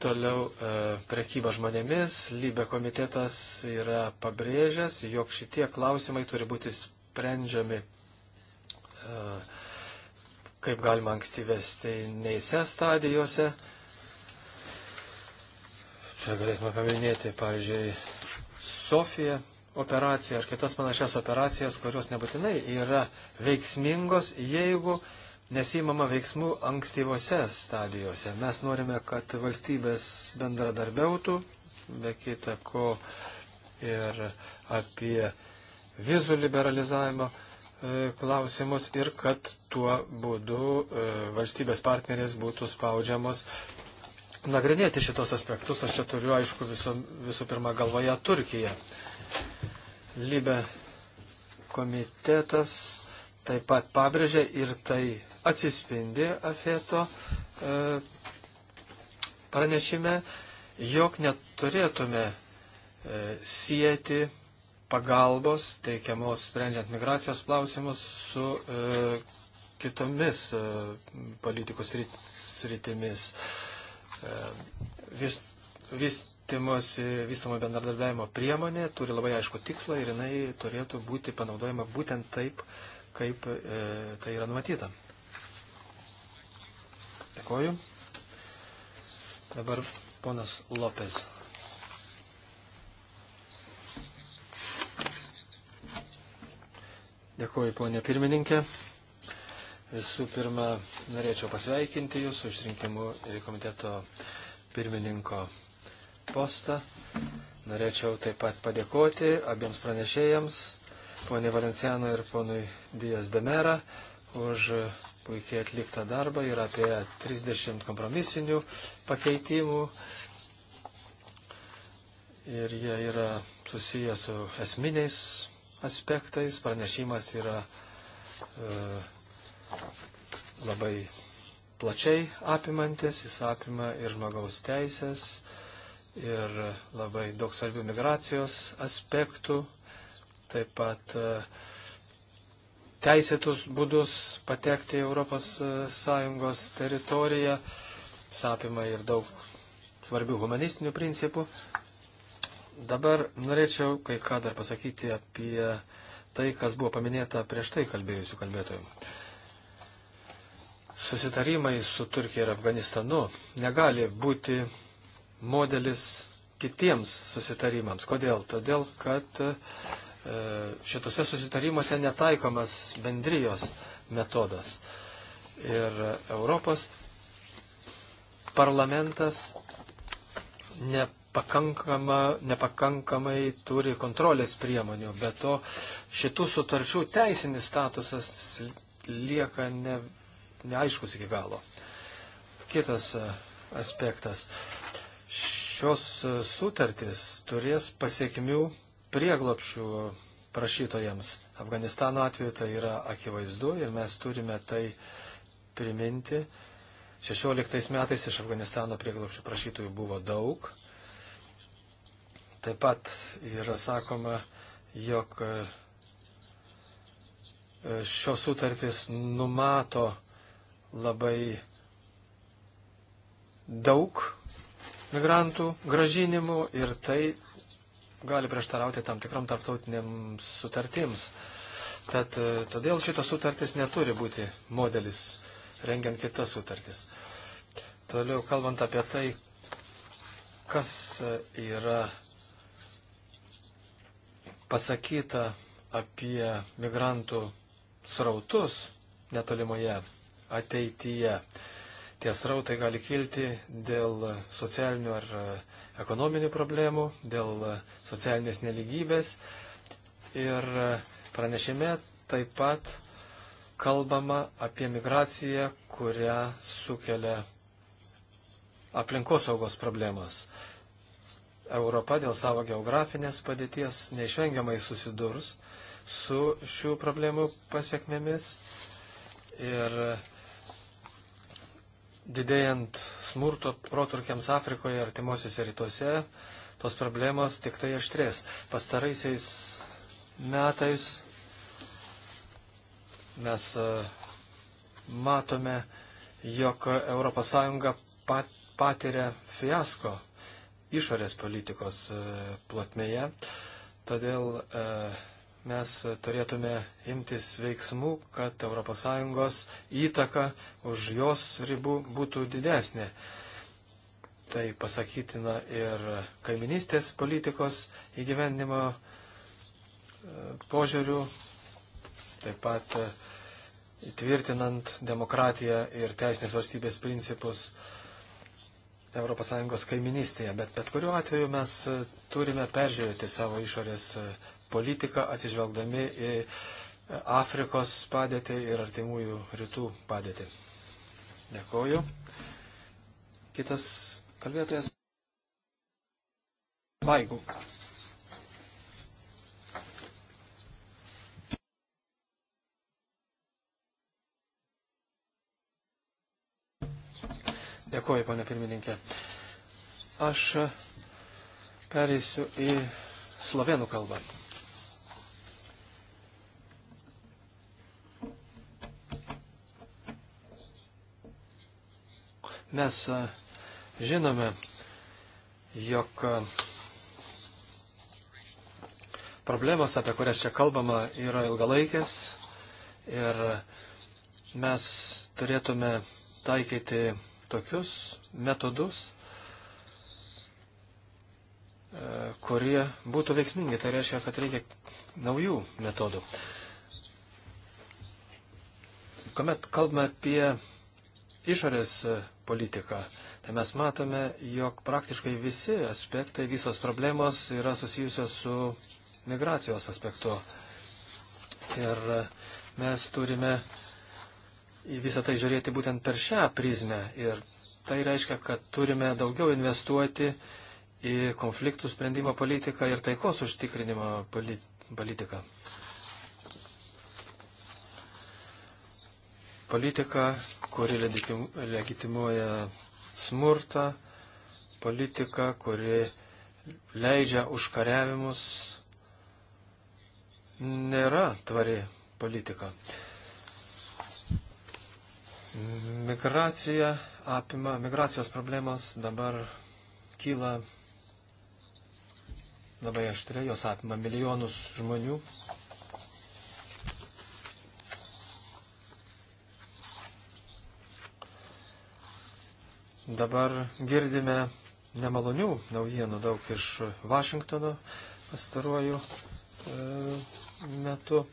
Toliau e, prekyba žmonėmis. Lybė komitetas yra pabrėžęs, jog šitie klausimai turi būti sprendžiami. E, kaip galima ankstyvesnėse stadijose. Čia galėtume paminėti, pavyzdžiui, Sofiją operaciją ar kitas panašias operacijas, kurios nebūtinai yra veiksmingos, jeigu nesimama veiksmų ankstyvose stadijose. Mes norime, kad valstybės bendradarbiautų, be kita ko ir apie vizų liberalizavimo E, klausimus ir kad tuo būdu e, valstybės partnerės būtų spaudžiamos nagrinėti šitos aspektus. Aš čia turiu, aišku, visų, visų pirma galvoje Turkiją. Libe komitetas taip pat pabrėžė ir tai atsispindi Afeto e, pranešime, jog neturėtume e, sieti pagalbos teikiamos sprendžiant migracijos klausimus su e, kitomis e, politikos sritimis. E, vis, vis vystomo bendradarbiavimo priemonė turi labai aišku tikslą ir jinai turėtų būti panaudojama būtent taip, kaip e, tai yra numatyta. Dėkoju. Dabar ponas Lopez. Dėkuoju, ponė pirmininkė. Visų pirma, norėčiau pasveikinti Jūs su išrinkimu į komiteto pirmininko postą. Norėčiau taip pat padėkoti abiems pranešėjams, ponė Valenciano ir ponui Dijas Demera, už puikiai atliktą darbą ir apie 30 kompromisinių pakeitimų. Ir jie yra susiję su esminiais aspektais. Pranešimas yra e, labai plačiai apimantis, jis apima ir žmogaus teisės, ir labai daug svarbių migracijos aspektų, taip pat e, teisėtus būdus patekti į ES e, teritoriją, jis apima ir daug svarbių humanistinių principų. Dabar norėčiau kai ką dar pasakyti apie tai, kas buvo paminėta prieš tai kalbėjusių kalbėtojų. Susitarimai su Turkija ir Afganistanu negali būti modelis kitiems susitarimams. Kodėl? Todėl, kad e, šituose susitarimuose netaikomas bendrijos metodas. Ir Europos parlamentas ne, pakankama, nepakankamai turi kontrolės priemonių. Be to, šitų sutarčių teisinis statusas lieka ne, neaiškus iki galo. Kitas e, aspektas. Šios e, sutartys turės pasiekmių prieglopšių prašytojams. Afganistano atveju tai yra akivaizdu ir mes turime tai priminti. 16 metais iš Afganistano prieglopšių prašytojų buvo daug, Taip pat yra sakoma, jog e, šios sutartys numato labai daug migrantų gražinimų ir tai gali prieštarauti tam tikram tarptautiniams sutartims. Tad, e, todėl šitas sutartis neturi būti modelis, rengiant kitas sutartis. Toliau kalbant apie tai, kas yra pasakyta apie migrantų srautus netolimoje ateityje. Tie srautai gali kilti dėl socialinių ar ekonominių problemų, dėl socialinės neligybės. Ir pranešime taip pat kalbama apie migraciją, kurią sukelia aplinkosaugos problemos. Europa dėl savo geografinės padėties neišvengiamai susidurs su šių problemų pasiekmėmis ir didėjant smurto protrukiams Afrikoje ir timuosiuose rytuose, tos problemos tik tai aštrės. Pastaraisiais metais mes e, matome, jog ES patiria fiasko išorės politikos e, plotmėje. Todėl e, mes turėtume imtis veiksmų, kad ES įtaka už jos ribų būtų didesnė. Tai pasakytina ir kaiminystės politikos įgyvendimo e, požiūrių, taip pat įtvirtinant demokratiją ir teisinės valstybės principus. Uh, ES kaiminystėje, bet bet kuriuo atveju mes e, turime peržiūrėti savo išorės e, politiką, atsižvelgdami į e, Afrikos padėtį ir artimųjų rytų padėtį. Dėkoju. Kitas kalbėtojas. Vaigų. Dėkuoju, ponė pirmininkė. Aš e, pereisiu į slovenų kalbą. Mes e, žinome, jog e, problemos, apie kurias čia kalbama, yra ilgalaikės ir mes turėtume taikyti tokius metodus, e, kurie būtų veiksmingi. Tai reiškia, kad reikia naujų metodų. Komet kalbame apie išorės politiką, tai mes matome, jog praktiškai visi aspektai, visos problemos yra susijusios su migracijos aspektu. Ir mes turime į visą tai žiūrėti būtent per šią prizmę. Ir tai reiškia, kad turime daugiau investuoti į konfliktų sprendimo politiką ir taikos užtikrinimo politiką. Politika, kuri legitimuoja smurtą, politika, kuri leidžia užkariavimus, nėra tvari politika. Migracija apima, migracijos problemos dabar kyla labai aštriai, jos apima milijonus žmonių. Dabar girdime nemalonių naujienų daug iš Vašingtono pastaruoju e, metu.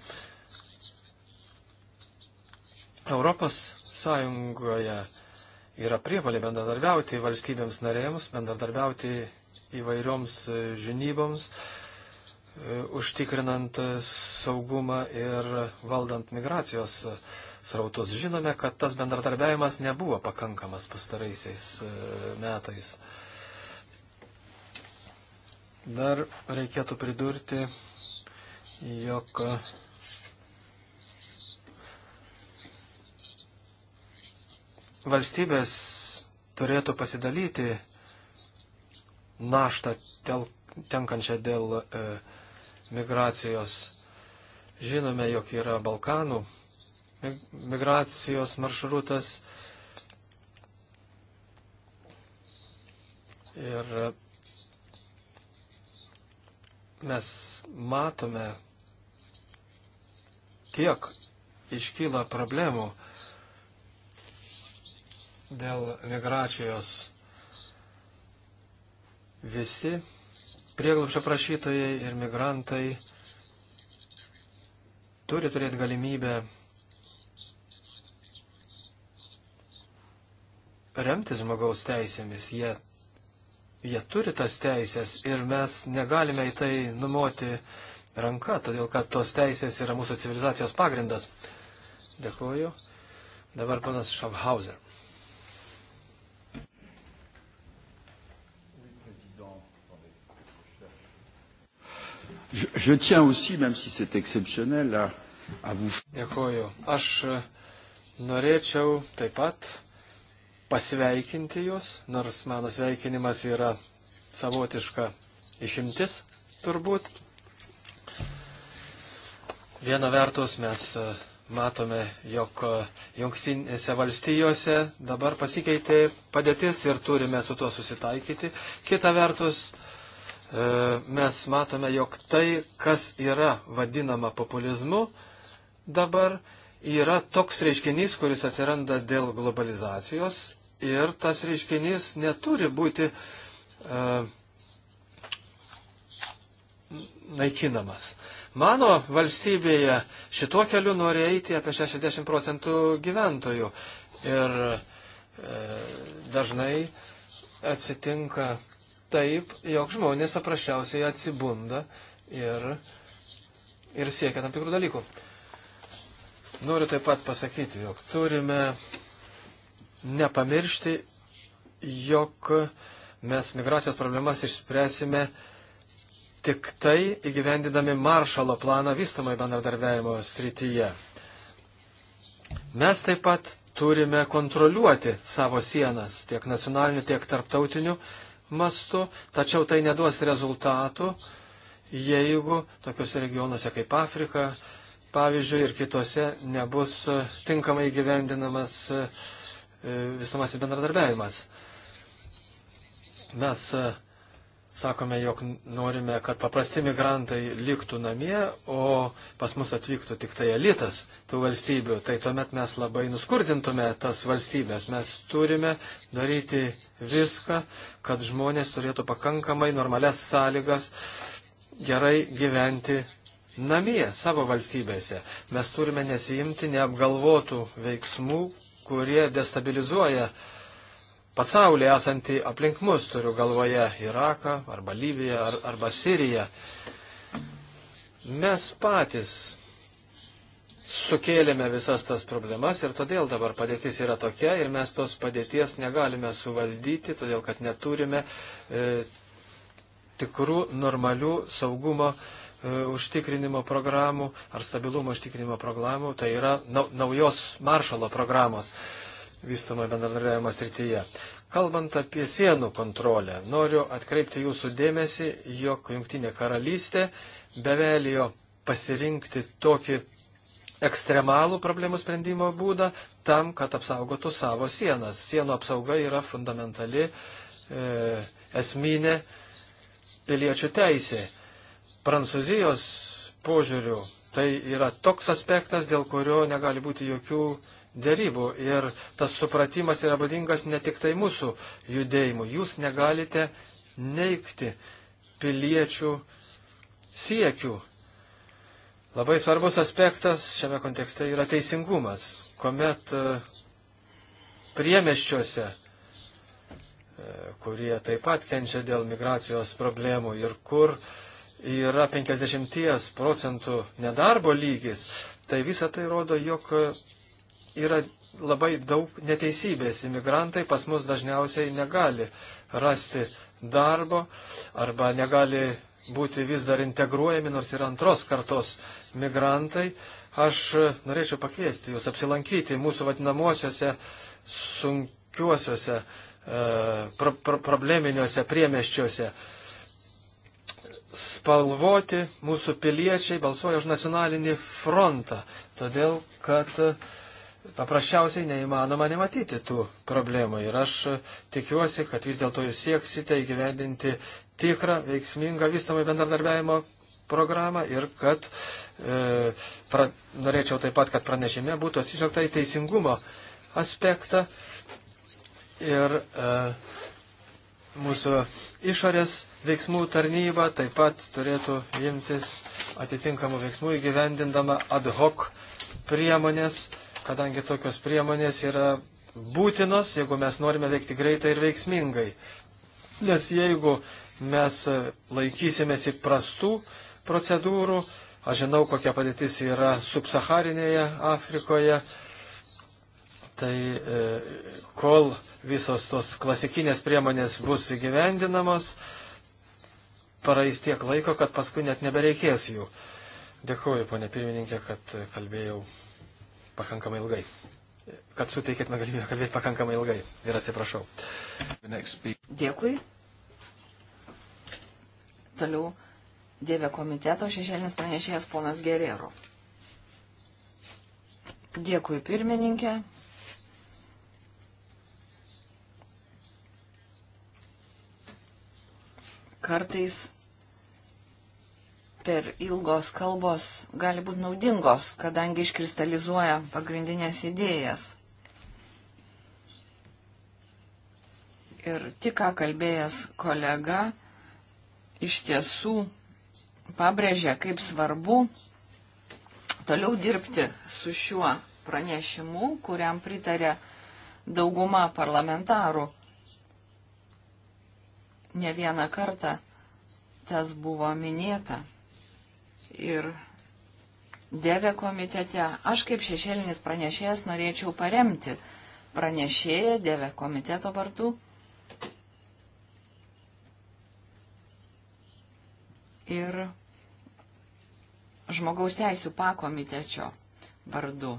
Europos Sąjungoje yra prievalė bendradarbiauti valstybėms narėms, bendradarbiauti įvairioms e, žinyboms, e, užtikrinant e, saugumą ir valdant migracijos srautus. Žinome, kad tas bendradarbiavimas nebuvo pakankamas pastaraisiais metais. Dar reikėtų pridurti, jog valstybės turėtų pasidalyti naštą tel, tenkančią dėl e, migracijos. Žinome, jog yra Balkanų migracijos maršrutas ir mes matome, kiek iškyla problemų dėl migracijos. Visi prieglapšio prašytojai ir migrantai turi turėti galimybę remti žmogaus teisėmis. Jie, jie turi tas teisės ir mes negalime į tai numoti ranka, todėl kad tos teisės yra mūsų civilizacijos pagrindas. Dėkuoju. Dabar panas Schaffhauser. Je, je tiens aussi, même si c'est exceptionnel, à, à vous. Dėkoju. Aš e, norėčiau taip pat pasveikinti jūs, nors mano sveikinimas yra savotiška išimtis turbūt. Viena vertus mes e, matome, jog e, jungtinėse valstijose dabar pasikeitė padėtis ir turime su tuo susitaikyti. Kita vertus, uh, E, mes matome, jog tai, kas yra vadinama populizmu dabar, yra toks reiškinys, kuris atsiranda dėl globalizacijos ir tas reiškinys neturi būti uh, naikinamas. Mano valstybėje šituo keliu nori eiti apie 60 procentų gyventojų ir uh, dažnai atsitinka taip, jog žmonės paprasčiausiai atsibunda ir, ir siekia tam tikrų dalykų. Noriu taip pat pasakyti, jog turime nepamiršti, jog mes migracijos problemas išspręsime tik tai įgyvendinami maršalo planą vystamai bendradarbiavimo srityje. Mes taip pat turime kontroliuoti savo sienas tiek nacionaliniu, tiek tarptautiniu mastu, tačiau tai neduos rezultatų, jeigu tokiuose regionuose kaip Afrika, pavyzdžiui, ir kitose nebus e, tinkamai gyvendinamas e, e, visumasis bendradarbiavimas. Mes sakome, jog norime, kad paprasti migrantai liktų namie, o pas mus atvyktų tik tai elitas tų valstybių, tai tuomet mes labai nuskurdintume tas valstybės. Mes turime daryti viską, kad žmonės turėtų pakankamai normales sąlygas gerai gyventi namie savo valstybėse. Mes turime nesijimti neapgalvotų veiksmų, kurie destabilizuoja uh, pasaulį esantį aplink mus, turiu galvoje Iraką arba Libiją ar, arba Siriją. Mes patys sukėlėme visas tas problemas ir todėl dabar padėtis yra tokia ir mes tos padėties negalime suvaldyti, todėl kad neturime e, tikrų normalių saugumo e, užtikrinimo programų ar stabilumo užtikrinimo programų, tai yra nau, naujos maršalo programos. E, vystamojo bendradarbiavimo srityje. Kalbant apie sienų kontrolę, noriu atkreipti jūsų dėmesį, jog Junktinė karalystė bevelio pasirinkti tokį ekstremalų problemų sprendimo būdą tam, kad apsaugotų savo sienas. Sienų apsauga yra fundamentali, e, esminė piliečių teisė. Prancūzijos požiūrių tai yra toks aspektas, dėl kurio negali būti jokių dėrybų. Ir tas supratimas yra būdingas ne tik tai mūsų judėjimu. Jūs negalite neikti piliečių siekių. Labai svarbus aspektas šiame kontekste yra teisingumas, kuomet e, priemeščiuose, e, kurie taip pat kenčia dėl migracijos problemų ir kur yra 50 procentų nedarbo lygis, tai visa tai rodo, jog yra labai daug neteisybės. Imigrantai pas mus dažniausiai negali rasti darbo arba negali būti vis dar integruojami, nors ir antros kartos migrantai. Aš norėčiau pakviesti jūs apsilankyti mūsų vadinamosiuose sunkiuosiuose e, pro, pro, probleminiuose priemeščiuose. Spalvoti mūsų piliečiai balsuoja už nacionalinį frontą, todėl kad e, paprasčiausiai neįmanoma nematyti tų problemų. Ir aš tikiuosi, kad vis dėlto jūs sieksite įgyvendinti tikrą, veiksmingą vystamą bendradarbiavimo programą ir kad e, pra, norėčiau taip pat, kad pranešime būtų atsižvelgta į teisingumo aspektą ir e, mūsų išorės veiksmų tarnyba taip pat turėtų imtis atitinkamų veiksmų įgyvendindama ad hoc priemonės kadangi tokios priemonės yra būtinos, jeigu mes norime veikti greitai ir veiksmingai. Nes jeigu mes laikysimės įprastų procedūrų, aš žinau, kokia padėtis yra subsaharinėje Afrikoje, tai e, kol visos tos klasikinės priemonės bus įgyvendinamos, praeis tiek laiko, kad paskui net nebereikės jų. Dėkuoju, ponė pirmininkė, kad kalbėjau pakankamai ilgai. Kad suteikėt man galimybę kalbėti pakankamai ilgai. Ir atsiprašau. Dėkui. Toliau Dėvė komiteto šešėlinis pranešėjas ponas Gerero. Dėkui pirmininkė. Kartais per ilgos kalbos gali būti naudingos, kadangi iškristalizuoja pagrindinės idėjas. Ir tik ką kalbėjęs kolega iš tiesų pabrėžė, kaip svarbu toliau dirbti su šiuo pranešimu, kuriam pritarė dauguma parlamentarų. Ne vieną kartą tas buvo minėta ir Dėvė komitete. Aš kaip šešėlinis pranešėjas norėčiau paremti pranešėją Dėvė komiteto vardu. Ir žmogaus teisų pakomitečio vardu.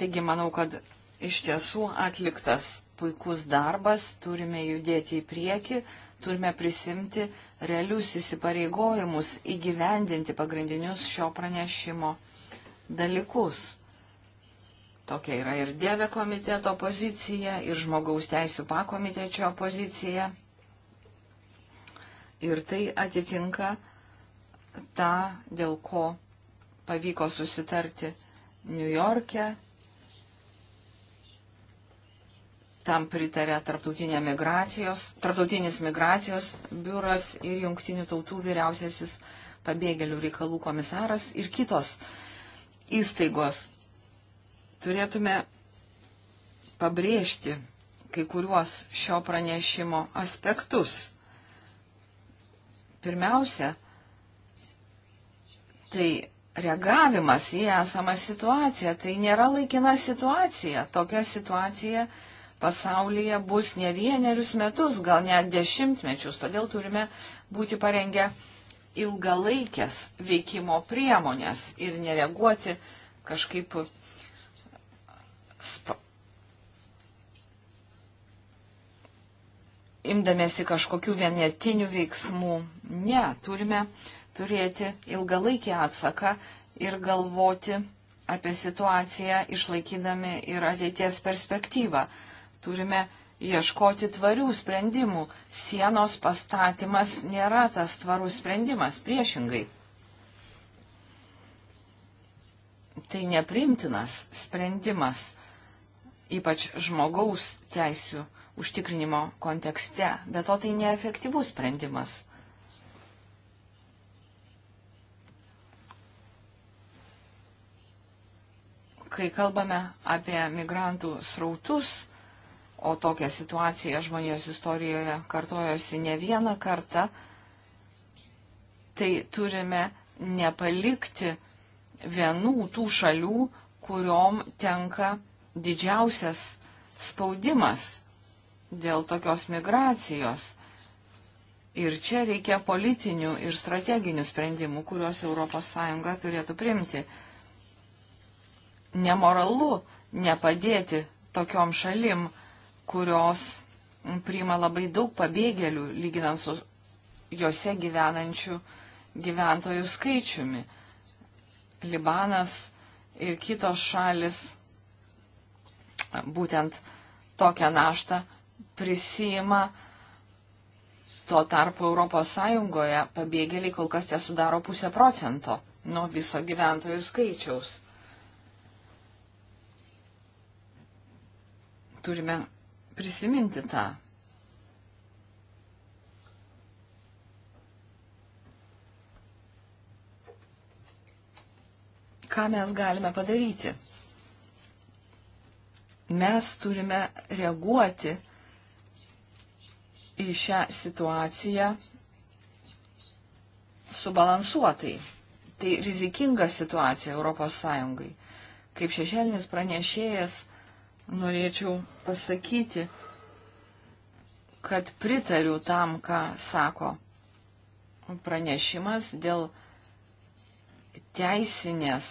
Taigi manau, kad iš tiesų atliktas puikus darbas, turime judėti į priekį, turime prisimti realius įsipareigojimus įgyvendinti pagrindinius šio pranešimo dalykus. Tokia yra ir Dieve komiteto pozicija, ir žmogaus teisų pakomitečio pozicija. Ir tai atitinka tą, dėl ko pavyko susitarti Niujorke Tam pritarė Tarptautinė migracijos, Tarptautinis migracijos biuras ir Junktinių tautų vyriausiasis pabėgėlių reikalų komisaras ir kitos įstaigos. Turėtume pabrėžti kai kuriuos šio pranešimo aspektus. Pirmiausia, tai reagavimas į esamą situaciją, tai nėra laikina situacija. Tokia situacija pasaulyje bus ne vienerius metus, gal net dešimtmečius. Todėl turime būti parengę ilgalaikės veikimo priemonės ir nereaguoti kažkaip spa... imdamėsi kažkokių vienetinių veiksmų. Ne, turime turėti ilgalaikį atsaką ir galvoti apie situaciją išlaikydami ir ateities perspektyvą. Turime ieškoti tvarių sprendimų. Sienos pastatymas nėra tas tvarus sprendimas, priešingai. Tai neprimtinas sprendimas, ypač žmogaus teisių užtikrinimo kontekste, bet o tai neefektyvus sprendimas. Kai kalbame apie migrantų srautus, o tokia situacija žmonijos istorijoje kartojosi ne vieną kartą, tai turime nepalikti vienų tų šalių, kuriom tenka didžiausias spaudimas dėl tokios migracijos. Ir čia reikia politinių ir strateginių sprendimų, kuriuos ES turėtų primti. Nemoralu nepadėti tokiom šalim, kurios priima labai daug pabėgėlių, lyginant su juose gyvenančių gyventojų skaičiumi. Libanas ir kitos šalis būtent tokią naštą prisima. Tuo tarpu ES pabėgėliai kol kas tie sudaro pusę procento nuo viso gyventojų skaičiaus. Turime prisiminti tą. Ką mes galime padaryti? Mes turime reaguoti į šią situaciją subalansuotai. Tai rizikinga situacija Europos Sąjungai. Kaip šešėlinis pranešėjas norėčiau pasakyti, kad pritariu tam, ką sako pranešimas dėl teisinės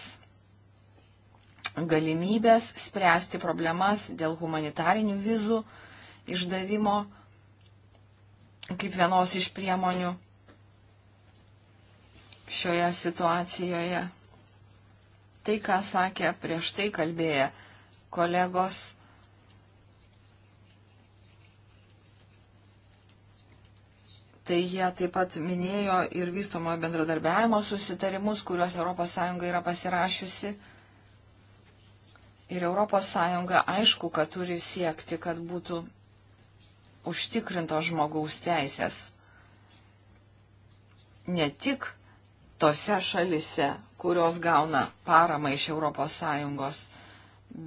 galimybės spręsti problemas dėl humanitarinių vizų išdavimo kaip vienos iš priemonių šioje situacijoje. Tai, ką sakė prieš tai kalbėję kolegos, Tai jie taip pat minėjo ir vystomojo bendradarbiavimo susitarimus, kuriuos ES yra pasirašiusi. Ir ES aišku, kad turi siekti, kad būtų užtikrintos žmogaus teisės. Ne tik tose šalise, kurios gauna paramą iš ES,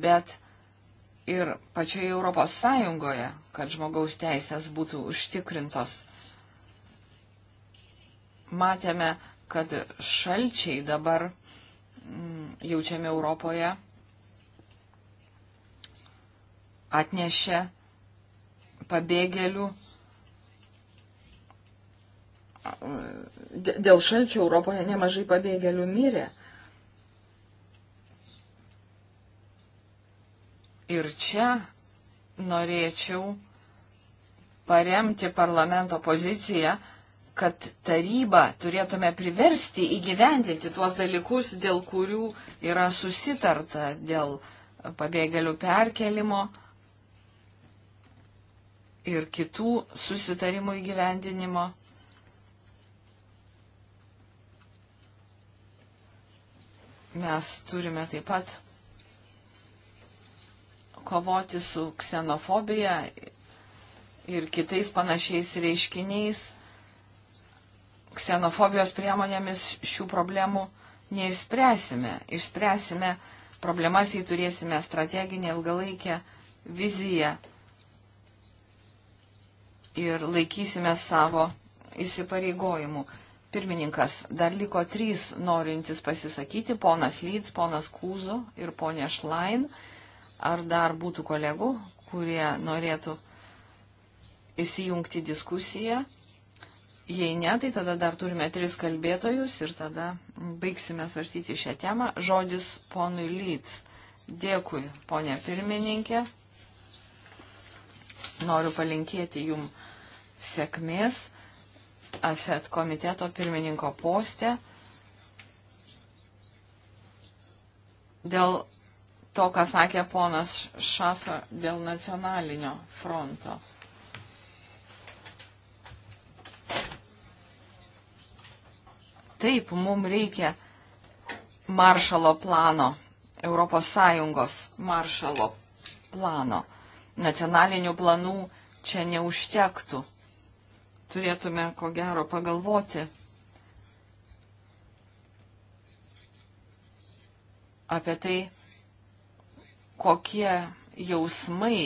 bet ir pačioje ES, kad žmogaus teisės būtų užtikrintos matėme, kad šalčiai dabar mm, jaučiami Europoje atnešė pabėgėlių. Dėl šalčio Europoje nemažai pabėgėlių mirė. Ir čia norėčiau paremti parlamento poziciją, kad tarybą turėtume priversti įgyvendinti tuos dalykus, dėl kurių yra susitarta dėl pabėgėlių perkelimo ir kitų susitarimų įgyvendinimo. Mes turime taip pat kovoti su ksenofobija ir kitais panašiais reiškiniais ksenofobijos priemonėmis šių problemų neišspręsime. Išspręsime problemas, jei turėsime strateginę ilgalaikę viziją ir laikysime savo įsipareigojimų. Pirmininkas, dar liko trys norintys pasisakyti, ponas Lyds, ponas Kūzo ir ponė Šlain. Ar dar būtų kolegų, kurie norėtų įsijungti diskusiją? Jei ne, tai tada dar turime tris kalbėtojus ir tada baigsime svarstyti šią temą. Žodis ponui Lyts. Dėkui, ponė pirmininkė. Noriu palinkėti jum sėkmės AFET komiteto pirmininko postė. Dėl to, ką sakė ponas Šafa dėl nacionalinio fronto. Taip, mums reikia maršalo plano, ES maršalo plano. Nacionalinių planų čia neužtektų. Turėtume, ko gero, pagalvoti apie tai, kokie jausmai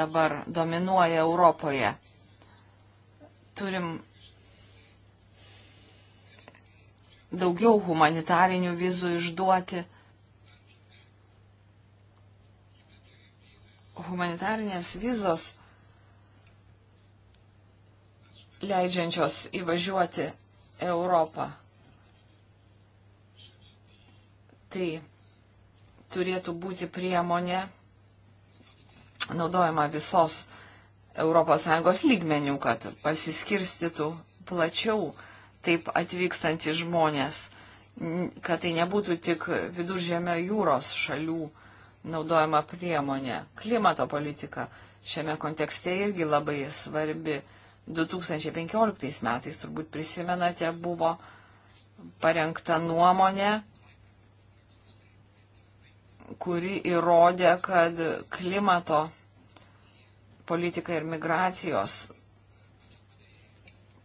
dabar dominuoja Europoje. Turim daugiau humanitarinių vizų išduoti. Humanitarinės vizos leidžiančios įvažiuoti Europą. Tai turėtų būti priemonė naudojama visos ES lygmenių, kad pasiskirstytų plačiau taip atvykstantys žmonės, kad tai nebūtų tik viduržėmio jūros šalių naudojama priemonė. Klimato politika šiame kontekste irgi labai svarbi. 2015 metais, turbūt prisimenate, buvo parengta nuomonė, kuri įrodė, kad klimato politika ir migracijos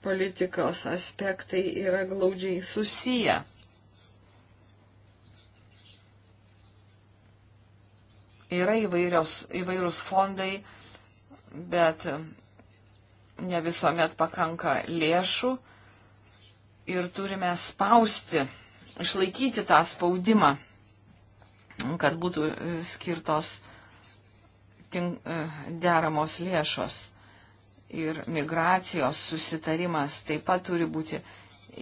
politikos aspektai yra glaudžiai susiję. Yra įvairios, įvairūs fondai, bet ne visuomet pakanka lėšų ir turime spausti, išlaikyti tą spaudimą, kad būtų skirtos tink, e, deramos lėšos ir migracijos susitarimas taip pat turi būti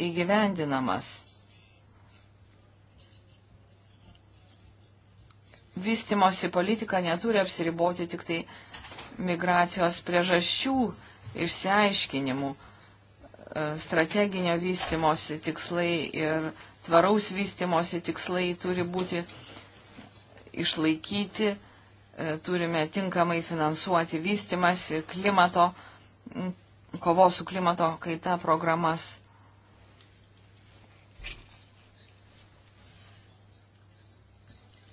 įgyvendinamas. Vystimosi politika neturi apsiriboti tik tai migracijos priežasčių išsiaiškinimu. E, strateginio vystimosi tikslai ir tvaraus vystimosi tikslai turi būti išlaikyti, e, turime tinkamai finansuoti vystimasi, klimato kovos su klimato kaita programas.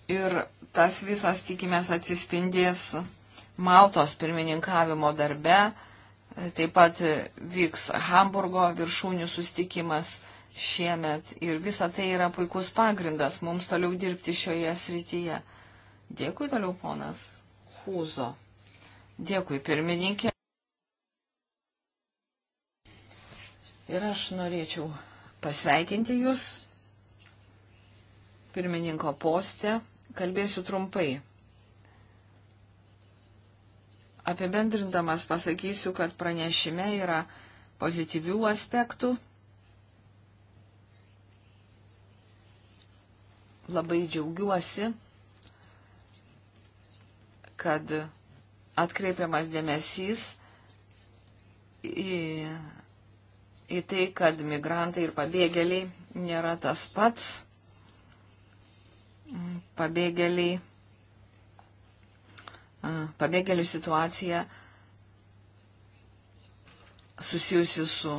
Ir tas visas, tikimės, atsispindės Maltos pirmininkavimo darbe. Taip pat vyks Hamburgo viršūnių sustikimas šiemet. Ir visa tai yra puikus pagrindas mums toliau dirbti šioje srityje. Dėkui toliau, ponas Hūzo. Dėkui, pirmininkė. Ir aš norėčiau pasveikinti Jūs pirmininko postę. Kalbėsiu trumpai. Apibendrindamas pasakysiu, kad pranešime yra pozityvių aspektų. Labai džiaugiuosi, kad atkreipiamas dėmesys į į tai, kad migrantai ir pabėgėliai nėra tas pats. Pabėgėliai, pabėgėlių situacija susijusi su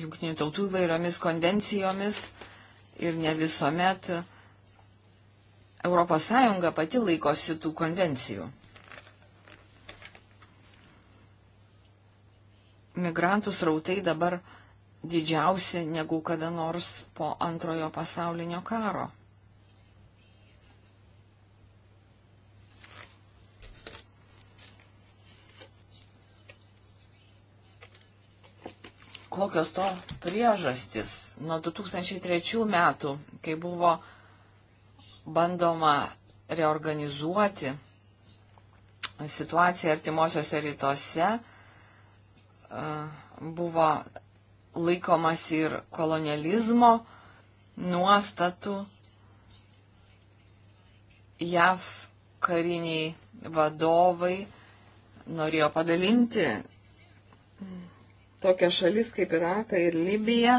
jungtinių tautų įvairiomis konvencijomis ir ne visuomet ES pati laikosi tų konvencijų. Migrantų srautai dabar uh, didžiausi negu kada nors po antrojo pasaulinio karo. Kokios to priežastis? Nuo 2003 metų, kai buvo bandoma reorganizuoti situaciją artimuosiuose rytuose, e, buvo laikomas ir kolonializmo nuostatų. JAV kariniai vadovai norėjo padalinti tokias šalis kaip Iraką ir Libiją.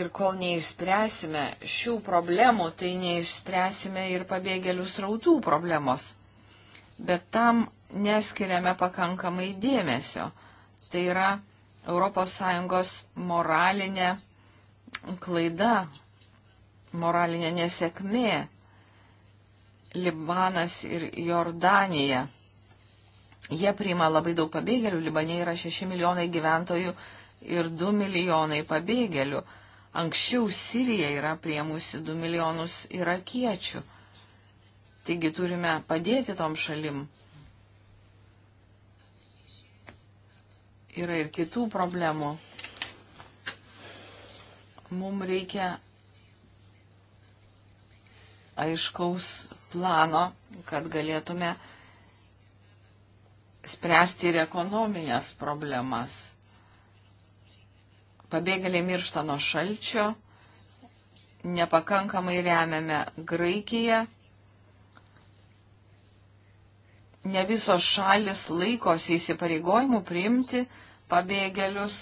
Ir kol neišspręsime šių problemų, tai neišspręsime ir pabėgėlių srautų problemos. Bet tam neskiriame pakankamai dėmesio. Tai yra ES moralinė klaida, moralinė nesėkmė Libanas ir Jordanija. Jie priima labai daug pabėgėlių, Libane yra 6 milijonai gyventojų ir 2 milijonai pabėgėlių. Anksčiau Sirija yra priemusi 2 milijonus irakiečių. Taigi turime padėti tom šalim. yra ir kitų problemų. Mums reikia aiškaus plano, kad galėtume spręsti ir ekonominės problemas. Pabėgėliai miršta nuo šalčio, nepakankamai remiame Graikiją ne visos šalis laikosi įsipareigojimų priimti pabėgėlius.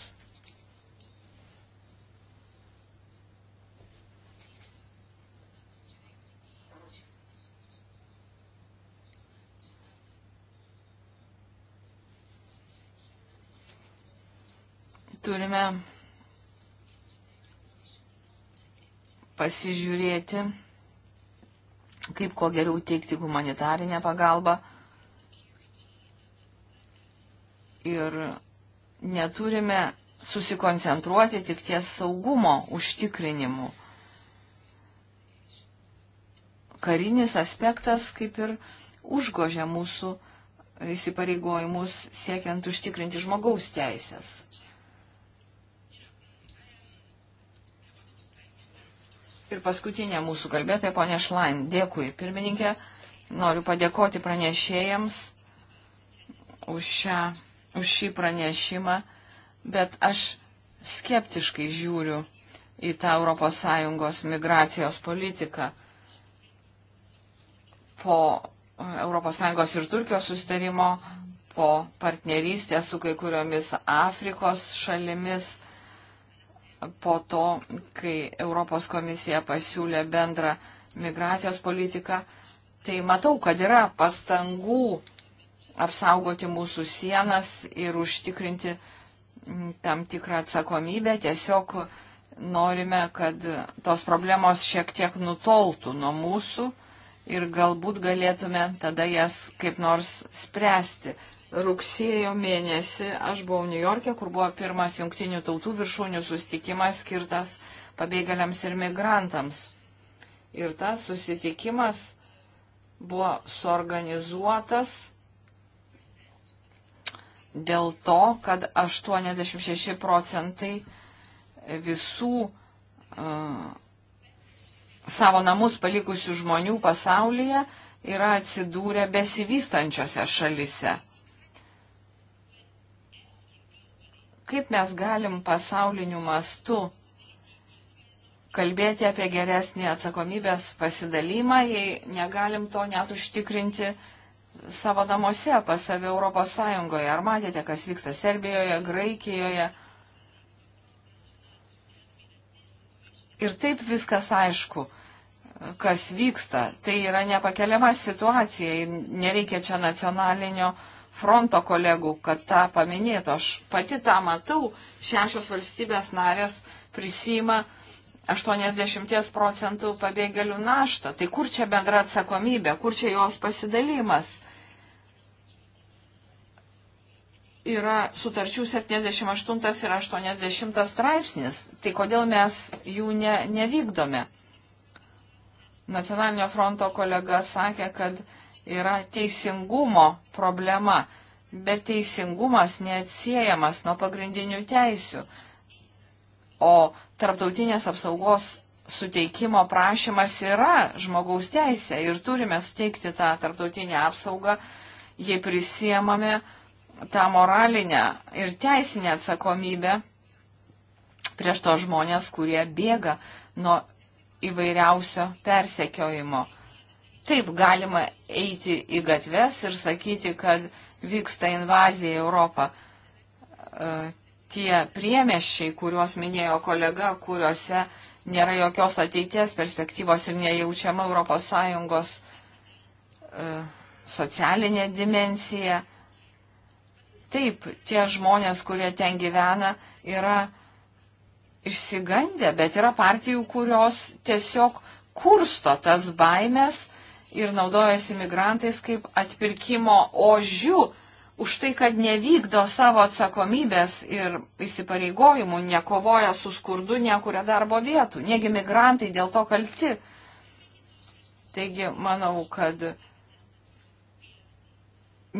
Turime pasižiūrėti, kaip kuo geriau teikti humanitarinę pagalbą ir neturime susikoncentruoti tik ties saugumo užtikrinimu. Karinis aspektas kaip ir užgožia mūsų įsipareigojimus siekiant užtikrinti žmogaus teisės. Ir paskutinė mūsų kalbėtoja, ponė Šlain, dėkui pirmininkė, noriu padėkoti pranešėjams už šią už šį pranešimą, bet aš skeptiškai žiūriu į tą ES migracijos politiką. Po ES ir Turkijos sustarimo, po partnerystės su kai kuriomis Afrikos šalimis, po to, kai Europos komisija pasiūlė bendrą migracijos politiką, tai matau, kad yra pastangų apsaugoti mūsų sienas ir užtikrinti tam tikrą atsakomybę. Tiesiog norime, kad tos problemos šiek tiek nutoltų nuo mūsų ir galbūt galėtume tada jas kaip nors spręsti. Rugsėjo mėnesį aš buvau New York'e, kur buvo pirmas jungtinių tautų viršūnių susitikimas skirtas pabėgėliams ir migrantams. Ir tas susitikimas buvo suorganizuotas dėl to, kad 86 procentai visų uh, savo namus palikusių žmonių pasaulyje yra atsidūrę besivystančiose šalise. Kaip mes galim pasauliniu mastu kalbėti apie geresnį atsakomybės pasidalymą, jei negalim to net užtikrinti uh, savo namuose, pas save Europos Sąjungoje. Ar matėte, kas vyksta Serbijoje, Graikijoje? Ir taip viskas aišku, kas vyksta. Tai yra nepakeliama situacija ir nereikia čia nacionalinio fronto kolegų, kad tą paminėtų. Aš pati tą matau, šešios valstybės narės prisima 80 procentų pabėgėlių naštą. Tai kur čia bendra atsakomybė, kur čia jos pasidalymas? yra sutarčių 78 ir 80 straipsnis, tai kodėl mes jų ne, nevykdome? Nacionalinio fronto kolega sakė, kad yra teisingumo problema, bet teisingumas neatsiejamas nuo pagrindinių teisių, o tarptautinės apsaugos suteikimo prašymas yra žmogaus teisė ir turime suteikti tą tarptautinę apsaugą, jei prisiemame uh, tą moralinę ir teisinę atsakomybę prieš to žmonės, kurie bėga nuo įvairiausio persekiojimo. Taip galima eiti į gatves ir sakyti, kad vyksta invazija į Europą. E, tie priemeščiai, kuriuos minėjo kolega, kuriuose nėra jokios ateities perspektyvos ir nejaučiama ES e, socialinė dimensija Taip, tie žmonės, kurie ten gyvena, yra išsigandę, bet yra partijų, kurios tiesiog kursto tas baimės ir naudojasi migrantais kaip atpirkimo ožių už tai, kad nevykdo savo atsakomybės ir įsipareigojimų, nekovoja su skurdu, nekuria darbo vietų. Negi migrantai dėl to kalti. Taigi, manau, kad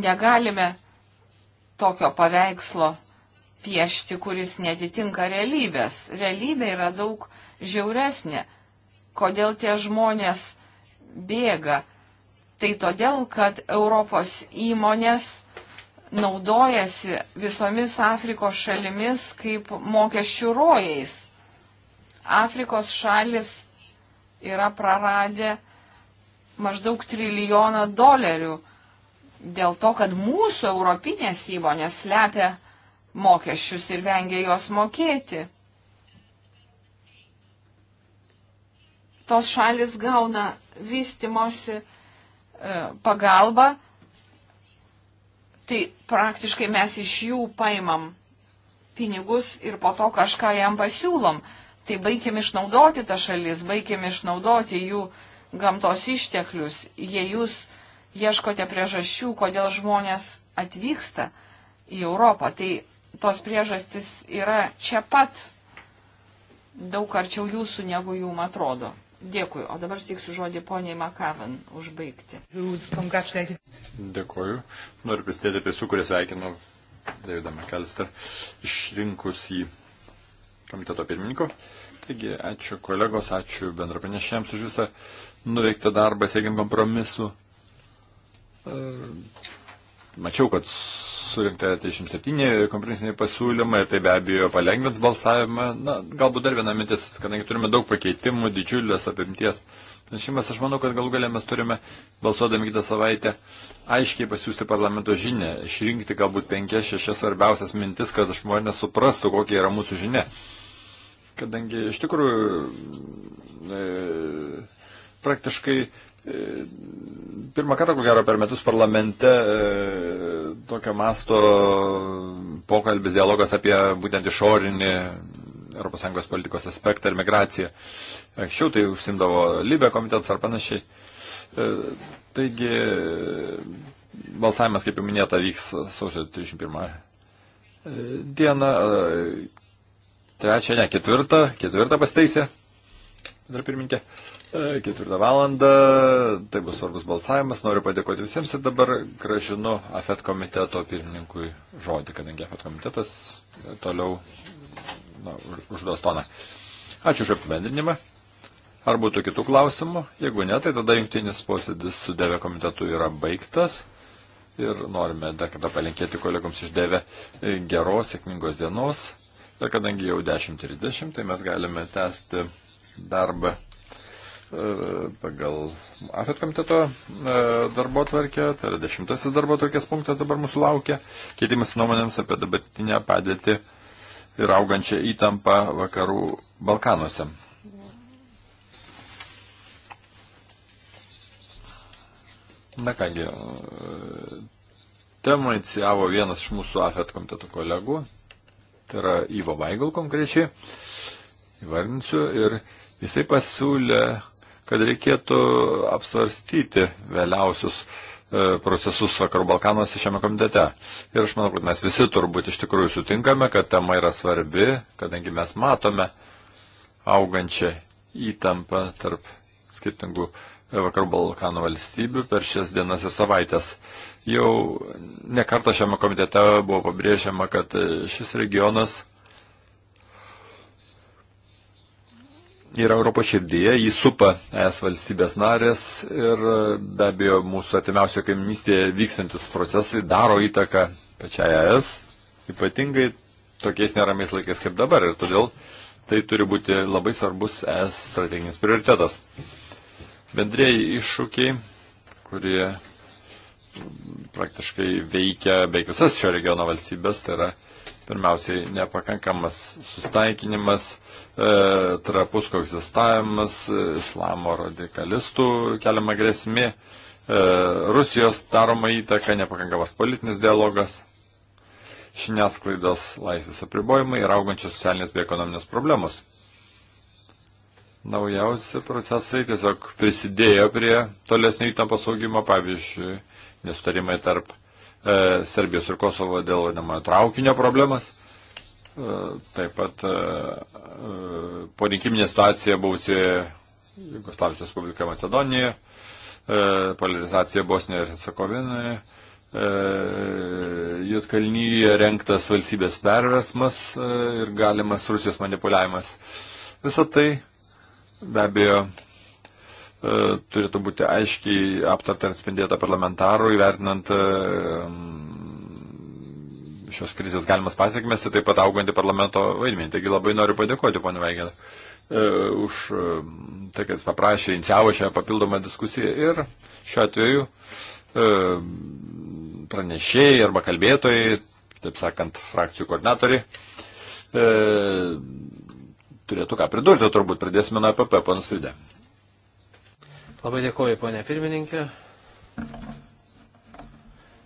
negalime tokio paveikslo piešti, kuris netitinka realybės. Realybė yra daug žiauresnė. Kodėl tie žmonės bėga? Tai todėl, kad Europos įmonės naudojasi visomis Afrikos šalimis kaip mokesčių rojais. Afrikos šalis yra praradę maždaug trilijoną dolerių dėl to, kad mūsų europinės įmonės slepia mokesčius ir vengia juos mokėti. Tos šalis gauna vystimosi e, pagalbą, tai praktiškai mes iš jų paimam pinigus ir po to kažką jam pasiūlom. Tai baigiam išnaudoti tą šalis, baigiam išnaudoti jų gamtos išteklius. Jei jūs uh, ieškote priežasčių, kodėl žmonės atvyksta į Europą. Tai tos priežastis yra čia pat daug arčiau jūsų, negu jum atrodo. Dėkui. O dabar steiksiu žodį poniai Makavan užbaigti. Dėkuoju. Noriu prisidėti prie su, kurie sveikino Davidą Makelister, išrinkus į komiteto pirmininko. Taigi, ačiū kolegos, ačiū bendrapranešėjams už visą nuveiktą darbą, siekiant kompromisu. Ehm, mačiau, kad surinkta 37 kompromisiniai pasiūlymai ir tai be abejo palengvins balsavimą. Na, galbūt dar viena mintis, kadangi turime daug pakeitimų, didžiulės apimties. Pranešimas, aš manau, kad galų galę mes turime, balsuodami kitą savaitę, aiškiai pasiūsti parlamento žinę, išrinkti galbūt penkias, šešias svarbiausias mintis, kad žmonės suprastų, kokia yra mūsų žinia. Kadangi iš tikrųjų e, praktiškai Pirmą kartą, ko gero, per metus parlamente e, tokio masto pokalbis, dialogas apie būtent išorinį ES politikos aspektą ir migraciją. Anksčiau tai užsimdavo Libė komitetas ar panašiai. E, taigi, balsavimas, kaip jau minėta, vyks sausio 31 e, dieną. Trečią, ne, ketvirtą, ketvirtą pasiteisė. Dar pirminkė. E, ketvirtą valandą, tai bus svarbus balsavimas, noriu padėkoti visiems ir dabar gražinu AFET komiteto pirmininkui žodį, kadangi AFET komitetas toliau na, užduos toną. Ačiū už apibendrinimą. Ar būtų kitų klausimų? Jeigu ne, tai tada jungtinis posėdis su DV komitetu yra baigtas. Ir norime dar kartą palinkėti kolegoms iš DV e, geros, sėkmingos dienos. Ir kadangi jau 10.30, tai mes galime tęsti darbą pagal AFET komiteto e, darbo tvarkę, tai yra dešimtasis darbo tvarkės punktas dabar mūsų laukia, keitimas nuomonėms apie dabartinę padėtį ir augančią įtampą vakarų Balkanuose. Na kągi, e, temą inicijavo vienas iš mūsų AFET komiteto kolegų, tai yra Ivo Vaigal konkrečiai, įvardinsiu, ir jisai pasiūlė kad reikėtų apsvarstyti vėliausius e, procesus Vakarų Balkanuose šiame komitete. Ir aš manau, kad mes visi turbūt iš tikrųjų sutinkame, kad tema yra svarbi, kadangi mes matome augančią įtampą tarp skirtingų e, Vakarų Balkanų valstybių per šias dienas ir savaitės. Jau nekarta šiame komitete buvo pabrėžiama, kad e, šis regionas yra Europos širdyje, jį supa es valstybės narės ir be abejo mūsų atimiausio kaiminystėje vykstantis procesai daro įtaką pačiai es, ypatingai tokiais neramiais laikais kaip dabar ir todėl tai turi būti labai svarbus es strateginis prioritetas. Bendrėjai iššūkiai, kurie praktiškai veikia beveik visas šio regiono valstybės, tai yra Pirmiausiai, nepakankamas sustaikinimas, e, trapus koegzistavimas, e, islamo radikalistų keliama grėsmė, e, Rusijos daroma įtaka, nepakankamas politinis dialogas, žiniasklaidos laisvės apribojimai ir augančios socialinės bei ekonominės problemos naujausi procesai tiesiog prisidėjo prie tolesnio įtampos augimo, pavyzdžiui, nesutarimai tarp e, Serbijos ir Kosovo dėl vadinamojo traukinio problemas. E, taip pat e, e po rinkiminė situacija buvusi Jugoslavijos Respublika Macedonijoje, e, polarizacija Bosnijoje ir Hercegovinoje, e, Jotkalnyje renktas valstybės perversmas e, ir galimas Rusijos manipuliavimas. Visą tai be abejo E, turėtų būti aiškiai aptarta ir atspindėta parlamentarų, įvertinant e, šios krizės galimas pasiekmes ir taip pat augantį parlamento vaidmenį. Taigi labai noriu padėkoti, ponė Veigelė, e, už tai, kad jis paprašė, inicijavo šią papildomą diskusiją ir šiuo atveju pranešėjai arba kalbėtojai, taip sakant, frakcijų koordinatoriai, turėtų ką pridurti, turbūt pradėsime nuo APP, ponas Fridė. Labai dėkoju, ponė pirmininkė.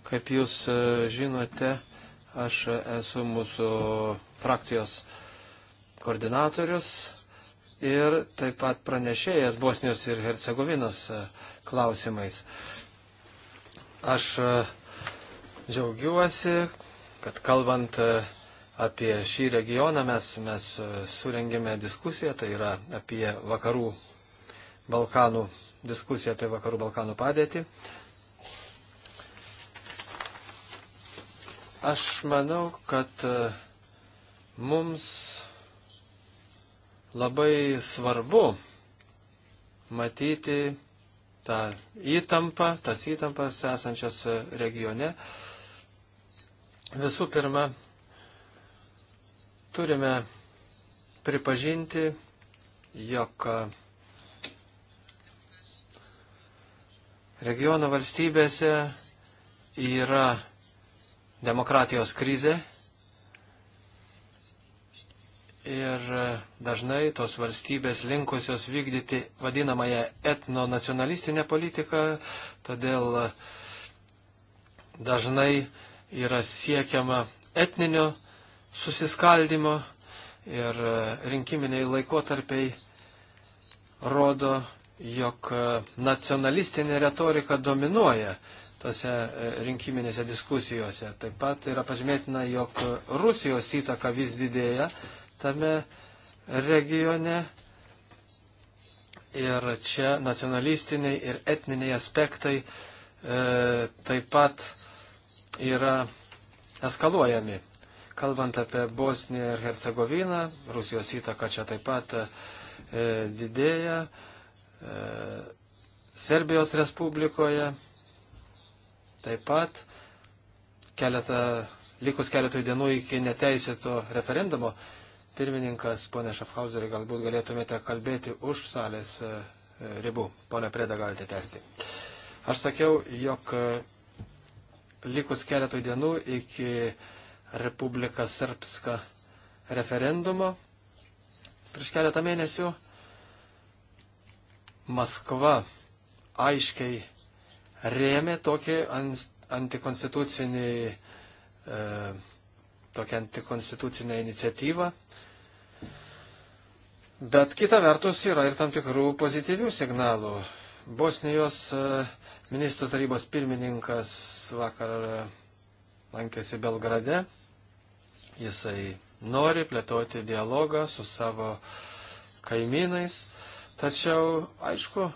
Kaip jūs e, žinote, aš esu mūsų frakcijos koordinatorius ir taip pat pranešėjas Bosnijos ir Hercegovinos e, klausimais. Aš e, džiaugiuosi, kad kalbant apie šį regioną mes, mes surengėme diskusiją, tai yra apie vakarų Balkanų diskusijų apie Vakarų Balkanų padėtį. Aš manau, kad e, mums labai svarbu matyti tą įtampą, tas įtampas esančias regione. Visų pirma, turime pripažinti, jog regiono valstybėse yra demokratijos krizė ir dažnai tos valstybės linkusios vykdyti vadinamąją etnonacionalistinę politiką, todėl dažnai yra siekiama etninio susiskaldimo ir rinkiminiai laikotarpiai rodo, jog e, nacionalistinė retorika dominuoja tose e, rinkiminėse diskusijose. Taip pat yra pažymėtina, jog Rusijos įtaka vis didėja tame regione. Ir čia nacionalistiniai ir etniniai aspektai e, taip pat yra eskaluojami. Kalbant apie Bosniją ir Hercegoviną, Rusijos įtaka čia taip pat e, didėja. E, Serbijos Respublikoje. Taip pat keletą, likus keletui dienų iki neteisėto referendumo, pirmininkas, ponė Šafhauserį, galbūt galėtumėte kalbėti už salės e, ribų. Pone Preda, galite tęsti. Aš sakiau, jog e, likus keletui dienų iki Republika Srpska referendumo prieš keletą mėnesių Maskva aiškiai rėmė tokį antikonstitucinį, e, tokią antikonstitucinę iniciatyvą. Bet kita vertus yra ir tam tikrų pozityvių signalų. Bosnijos e, ministrų tarybos pirmininkas vakar e, lankėsi Belgrade. Jisai nori plėtoti dialogą su savo kaimynais. E, Tačiau, aišku,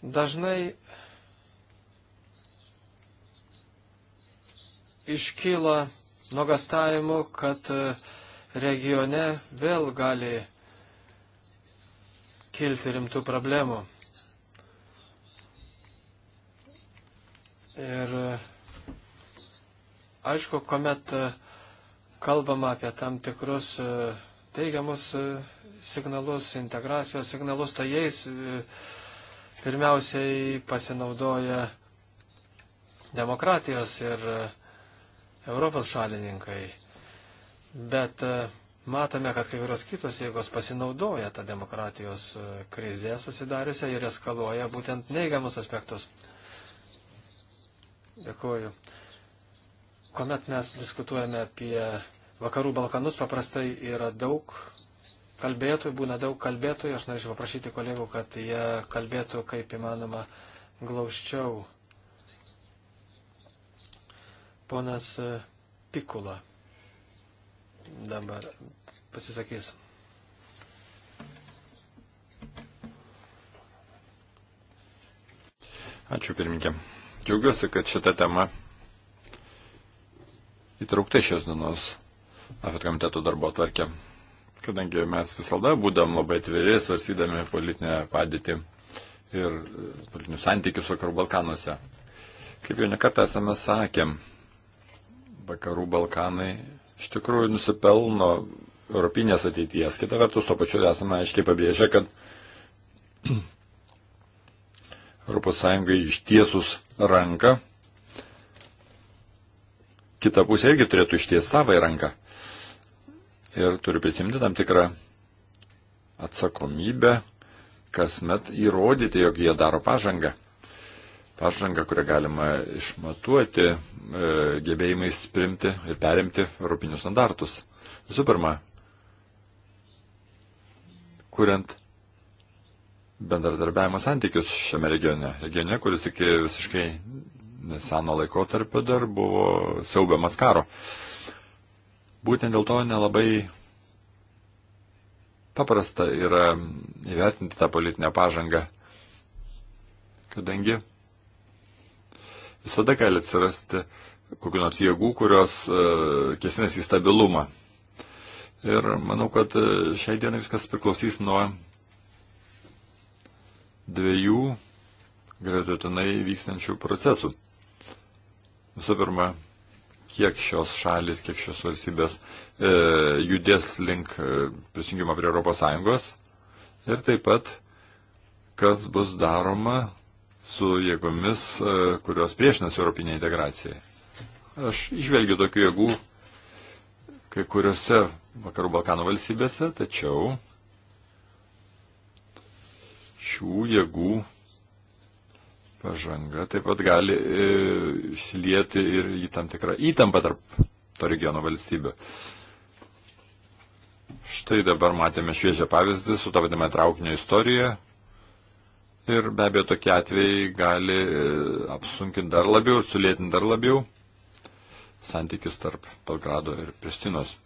dažnai iškyla nuogastavimų, kad e, regione vėl gali kilti rimtų problemų. Ir aišku, kuomet e, kalbama apie tam tikrus e, teigiamus signalus, integracijos signalus, tai jais e, pirmiausiai pasinaudoja demokratijos ir e, Europos šalininkai. Bet e, matome, kad kai kurios kitos jėgos pasinaudoja tą demokratijos krizę susidariusią ir eskaluoja būtent neigiamus aspektus. Dėkuoju. Komet mes diskutuojame apie Vakarų Balkanus, paprastai yra daug kalbėtojų, būna daug kalbėtojų, aš norėčiau paprašyti kolegų, kad jie kalbėtų kaip įmanoma glaučiau. Ponas e, Pikula dabar pasisakys. Ačiū pirmininkė. Džiaugiuosi, kad šita tema įtraukta šios dienos AFET komiteto darbo atvarkė kadangi mes visada būdam labai atviri, svarstydami politinę padėtį ir e, politinius santykius vakarų Balkanuose. Kaip jau nekartą esame sakėm, vakarų Balkanai iš tikrųjų nusipelno europinės ateities. Kita vertus, to pačiu esame aiškiai pabrėžę, kad ES ištiesus ranką, kita pusė irgi turėtų išties savai ranką ir turi prisimti tam tikrą atsakomybę, kasmet įrodyti, jog jie daro pažangą. Pažangą, kurią galima išmatuoti e, gebėjimais primti ir perimti europinius standartus. Visų pirma, kuriant bendradarbiavimo santykius šiame regione. Regione, kuris iki visiškai neseno laikotarpio dar buvo siaubiamas karo. E, Būtent dėl to nelabai paprasta yra įvertinti tą politinę pažangą, kadangi visada gali atsirasti kokiu nors jėgų, kurios e, kėsinės į stabilumą. Ir manau, kad e, šiai dienai viskas priklausys nuo dviejų gretutinai vykstančių procesų. Visų pirma, kiek šios šalis, kiek šios valstybės e, judės link e, prisijungimo prie ES ir taip pat, kas bus daroma su jėgomis, e, kurios priešinas Europinė integracijai. Aš išvelgiu tokių jėgų kai kuriuose Vakarų Balkanų valstybėse, tačiau šių jėgų pažanga taip pat gali e, išsilieti ir į tam tikrą įtampą tarp to regiono valstybių. Štai dabar matėme šviežią pavyzdį su to vadinama traukinio istorija. Ir be abejo tokie atvejai gali e, apsunkinti dar labiau ir sulėtinti dar labiau santykius tarp Belgrado ir Pristinos.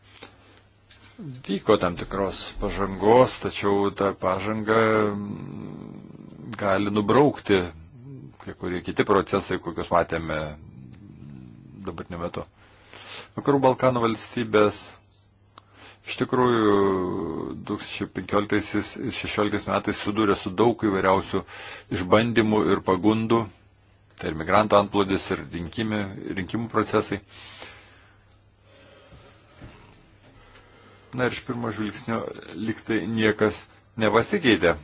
Vyko tam tikros pažangos, tačiau ta pažanga gali nubraukti kai kurie kiti procesai, kokius matėme dabartiniu metu. Vakarų Balkanų valstybės iš tikrųjų 2015 ir 2016 metais sudūrė su daug įvairiausių išbandymų ir pagundų. Tai ir migrantų antplūdis, ir rinkimi, rinkimų procesai. Na ir iš pirmo žvilgsnio liktai niekas nepasikeitė.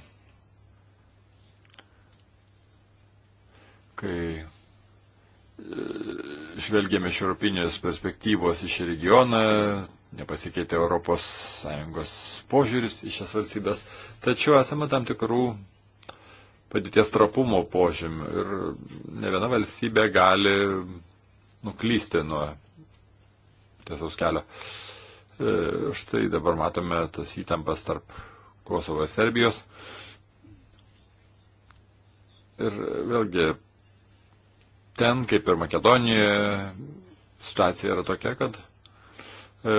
kai e, žvelgėme iš europinės perspektyvos iš regioną, nepasikeitė ES požiūris į šias valstybės, tačiau esame tam tikrų padėties trapumo požymių ir ne viena valstybė gali nuklysti nuo tiesaus kelio. E, štai dabar matome tas įtampas tarp Kosovo ir Serbijos. Ir vėlgi ten, kaip ir Makedonijoje, situacija yra tokia, kad e,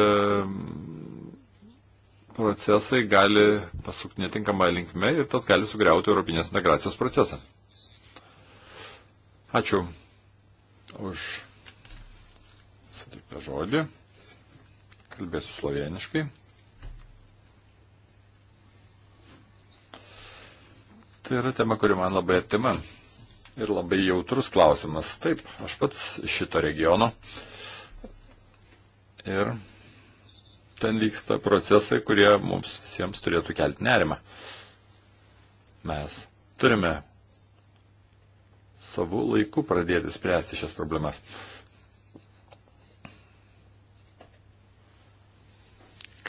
procesai gali pasukti netinkamą linkme ir tas gali sugriauti Europinės integracijos procesą. Ačiū už suteiktą žodį. Kalbėsiu sloveniškai. Tai yra tema, kuri man labai artima ir labai jautrus klausimas. Taip, aš pats šito regiono. Ir ten vyksta procesai, kurie mums visiems turėtų kelti nerimą. Mes turime savų laikų pradėti spręsti šias problemas.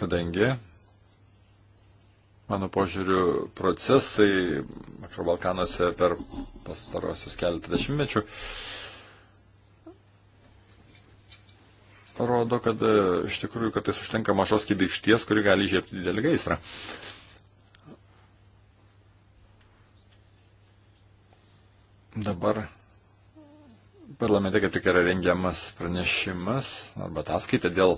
Kadangi Mano požiūriu, procesai Makrobalkanuose per pastarosius keletą dešimtmečių rodo, kad e, iš tikrųjų kartais užtenka mažos kibikšties, kuri gali žiepti didelį gaisrą. Dabar parlamente kaip tik yra rengiamas pranešimas arba ataskaita dėl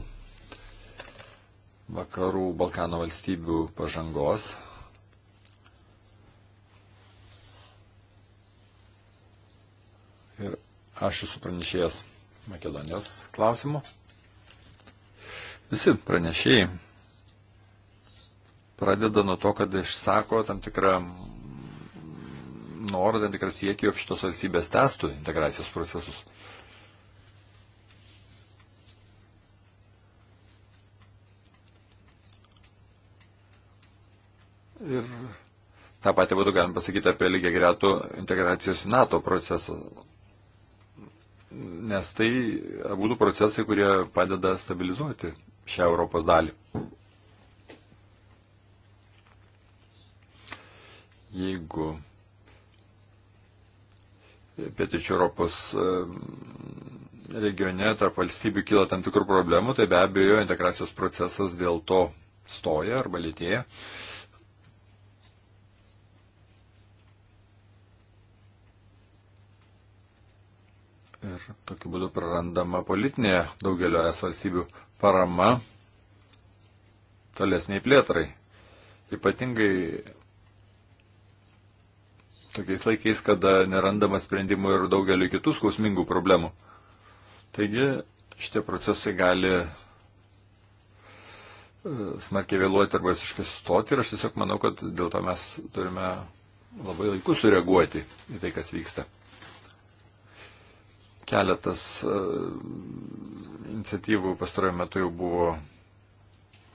vakarų Balkano valstybių pažangos. Ir aš esu pranešėjęs Makedonijos klausimu. Visi pranešėjai pradeda nuo to, kad išsako tam tikrą norą, tam tikrą siekį, jog šitos valstybės testų integracijos procesus. Ir tą patį būtų galima pasakyti apie lygiai gretų integracijos į NATO procesą. Nes tai būtų procesai, kurie padeda stabilizuoti šią Europos dalį. Jeigu pietičių Europos regione tarp valstybių kyla tam tikrų problemų, tai be abejo integracijos procesas dėl to stoja arba lėtėja. Uh, Ir tokiu būdu prarandama politinė daugelio es valstybių parama tolesniai plėtrai. Ypatingai tokiais laikais, kada nerandama sprendimų ir daugeliu kitų skausmingų problemų. Taigi šitie procesai gali e, smarkiai vėluoti arba visiškai sustoti ir aš tiesiog manau, kad dėl to mes turime labai laiku sureaguoti į tai, kas vyksta. Keletas e, iniciatyvų pastarojame metu jau buvo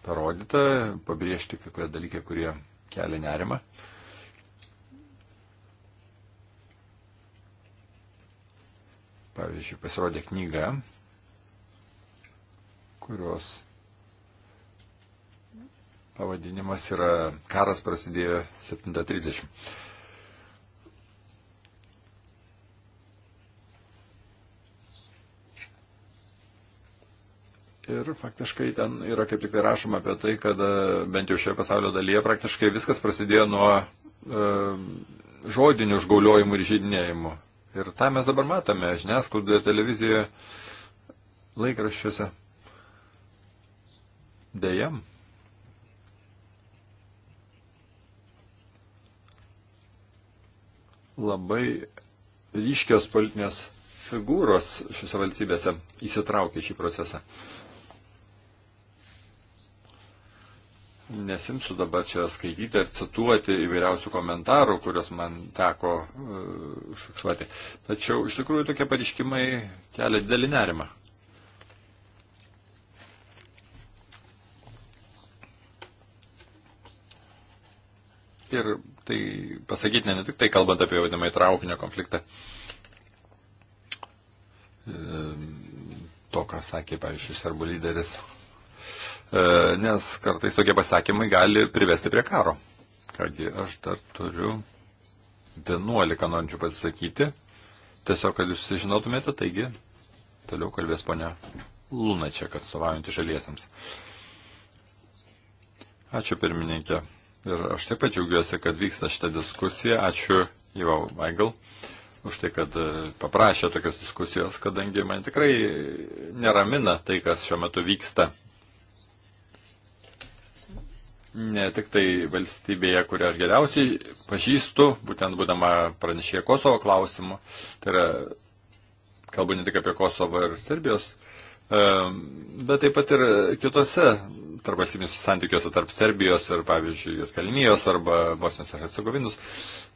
parodyta, pabrėžti kai kurie dalykai, kurie kelia nerimą. Pavyzdžiui, pasirodė knyga, kurios pavadinimas yra Karas prasidėjo 7.30. Ir faktiškai ten yra kaip tik tai rašoma apie tai, kad e, bent jau šioje pasaulio dalyje praktiškai viskas prasidėjo nuo e, žodinių užgauliojimų ir žydinėjimų. Ir tą mes dabar matome žiniasklaidoje, televizijoje, laikraščiuose. Dejam. Labai ryškios politinės figūros šiuose valstybėse įsitraukia šį procesą. nesimsiu dabar čia skaityti ar cituoti įvairiausių komentarų, kuriuos man teko e, užfiksuoti. Tačiau iš tikrųjų tokie pareiškimai kelia didelį nerimą. Ir tai pasakyti ne, ne tik tai kalbant apie vadinamą įtraukinio konfliktą. E, to, ką sakė, pavyzdžiui, serbų lyderis E, nes kartais tokie pasakymai gali privesti prie karo. Kągi, aš dar turiu 11 norinčių pasisakyti. Tiesiog, kad jūs susižinotumėte, taigi toliau kalbės ponia Lunačia, kad suvaujantį žaliesiams. Ačiū pirmininkė. Ir aš taip pat džiaugiuosi, kad vyksta šitą diskusiją. Ačiū Ivo Vaigal už tai, kad e, paprašė tokios diskusijos, kadangi man tikrai neramina tai, kas šiuo metu vyksta ne tik tai valstybėje, kurią aš geriausiai pažįstu, būtent būdama pranešė Kosovo klausimu, tai yra, kalbu ne tik apie Kosovą ir Serbijos, bet taip pat ir kitose tarpvalstybiniuose santykiuose tarp Serbijos ir, pavyzdžiui, ir Kalinijos arba Bosnijos ir Hercegovinos.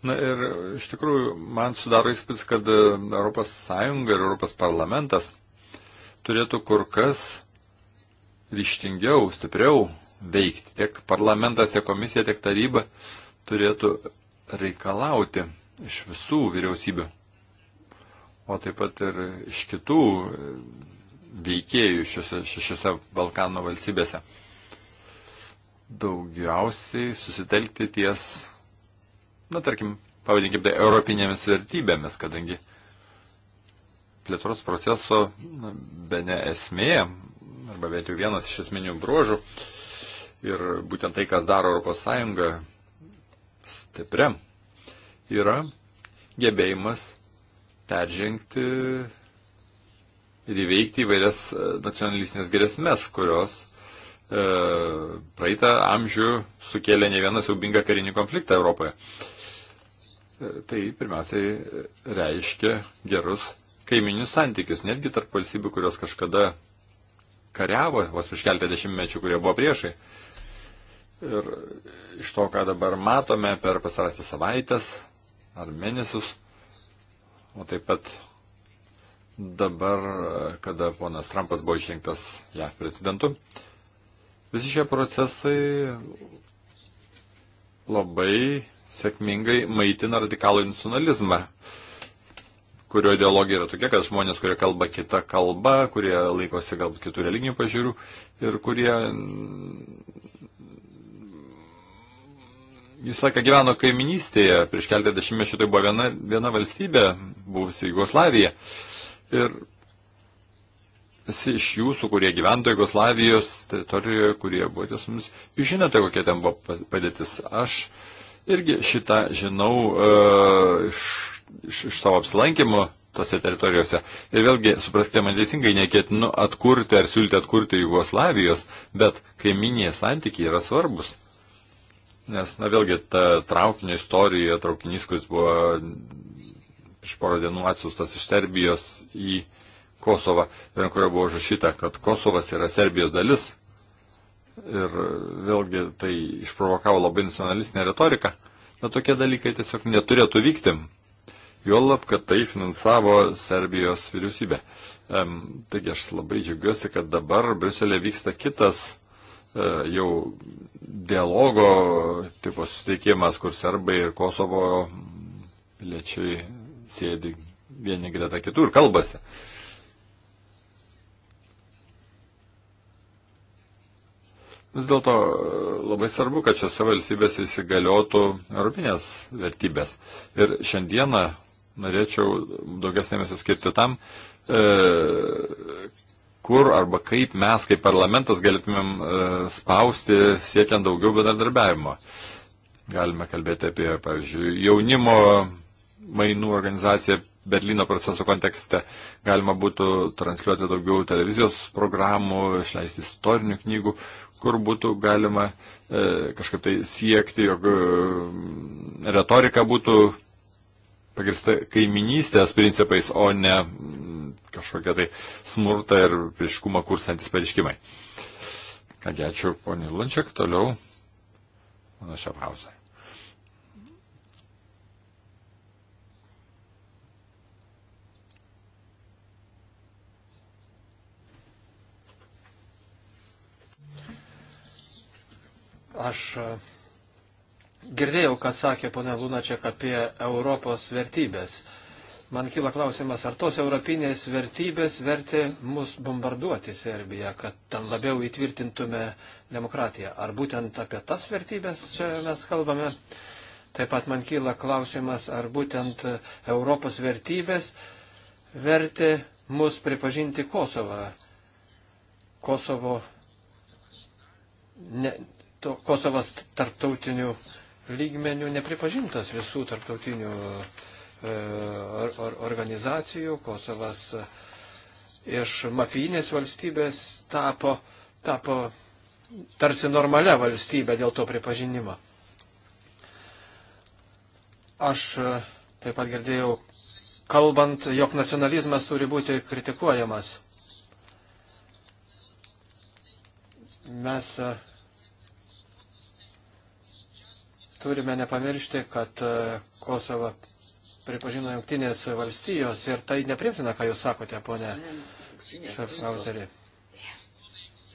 Na ir iš tikrųjų man sudaro įspūdis, kad ES ir ES parlamentas turėtų kur kas ryštingiau, stipriau veikti. Tiek parlamentas, tiek komisija, tiek taryba turėtų reikalauti iš visų vyriausybių, o taip pat ir iš kitų veikėjų šiuose, šešiose Balkanų valstybėse. Daugiausiai susitelkti ties, na tarkim, pavadinkime tai europinėmis vertybėmis, kadangi plėtros proceso be ne esmė, arba bent jau vienas iš esminių bruožų, uh, Ir būtent tai, kas daro ES stipria, yra gebėjimas peržengti ir įveikti įvairias e, nacionalistinės grėsmės, kurios e, praeitą amžių sukėlė ne vieną siaubingą karinį konfliktą Europoje. E, tai pirmiausiai reiškia gerus kaiminius santykius, netgi tarp valstybių, kurios kažkada kariavo, vos prieš keletą dešimtmečių, kurie buvo priešai. E, Ir iš to, ką dabar matome per pastarąsias savaitės ar mėnesius, o taip pat dabar, kada ponas Trumpas buvo išrinktas JAV prezidentu, visi šie procesai labai sėkmingai maitina radikalų nacionalizmą, kurio ideologija yra tokia, kad žmonės, kurie kalba kitą kalbą, kurie laikosi galbūt kitų religinių pažiūrų ir kurie visą laiką gyveno kaiminystėje. Prieš keletą dešimtmečių tai buvo viena, viena valstybė, buvusi Jugoslavija. Ir visi iš jūsų, kurie gyveno Jugoslavijos teritorijoje, kurie buvote su mumis, jūs žinote, kokia ten buvo padėtis. Aš irgi šitą žinau uh, iš, iš, iš savo apsilankimo tose teritorijose. Ir vėlgi, supraskite man teisingai, neketinu atkurti ar siūlyti atkurti Jugoslavijos, bet kaiminėje santykiai yra svarbus. Nes, na vėlgi, ta traukinio istorija, traukinys, kuris buvo prieš porą dienų atsiųstas iš Serbijos į Kosovą, ir kurio buvo užrašyta, kad Kosovas yra Serbijos dalis. Ir vėlgi tai išprovokavo labai nacionalistinę retoriką. Na tokie dalykai tiesiog neturėtų vykti. Juolab, kad tai finansavo Serbijos vyriausybė. Ehm, taigi aš labai džiaugiuosi, kad dabar Briuselė vyksta kitas E, jau dialogo tipo susitikimas, kur serbai ir Kosovo piliečiai sėdi vieni greta kitų ir kalbasi. Vis dėlto e, labai svarbu, kad šiose valstybėse įsigaliotų europinės vertybės. Ir šiandieną norėčiau daugias dėmesio skirti tam, e, kur arba kaip mes kaip parlamentas galėtumėm e, spausti siekiant daugiau bendradarbiavimo. Galime kalbėti apie, pavyzdžiui, jaunimo mainų organizaciją Berlyno proceso kontekste. Galima būtų transliuoti daugiau televizijos programų, išleisti istorinių knygų, kur būtų galima e, kažkaip tai siekti, jog e, retorika būtų pagrįsta kaiminystės principais, o ne kažkokie tai smurtą ir prieškumą kursantis pareiškimai. Kągi, ačiū poniai Lunčiak, toliau mano Šafhausai. Aš e, girdėjau, ką sakė ponia Lunačiak apie Europos vertybės. Man kyla klausimas, ar tos europinės vertybės vertė mus bombarduoti Serbiją, kad ten labiau įtvirtintume demokratiją. Ar būtent apie tas vertybės čia mes kalbame? Taip pat man kyla klausimas, ar būtent Europos vertybės vertė mus pripažinti Kosovą. Kosovo, ne, to, Kosovas tarptautinių lygmenių nepripažintas visų tarptautinių uh, E, organizacijų, Kosovas e, iš mafijinės valstybės tapo, tapo tarsi normalia valstybė dėl to pripažinimo. Aš e, taip pat girdėjau, kalbant, jog nacionalizmas turi būti kritikuojamas. Mes turime nepamiršti, kad Kosova pripažino jungtinės valstijos ir tai neprimtina, ką jūs sakote, ponė Šafhauserį.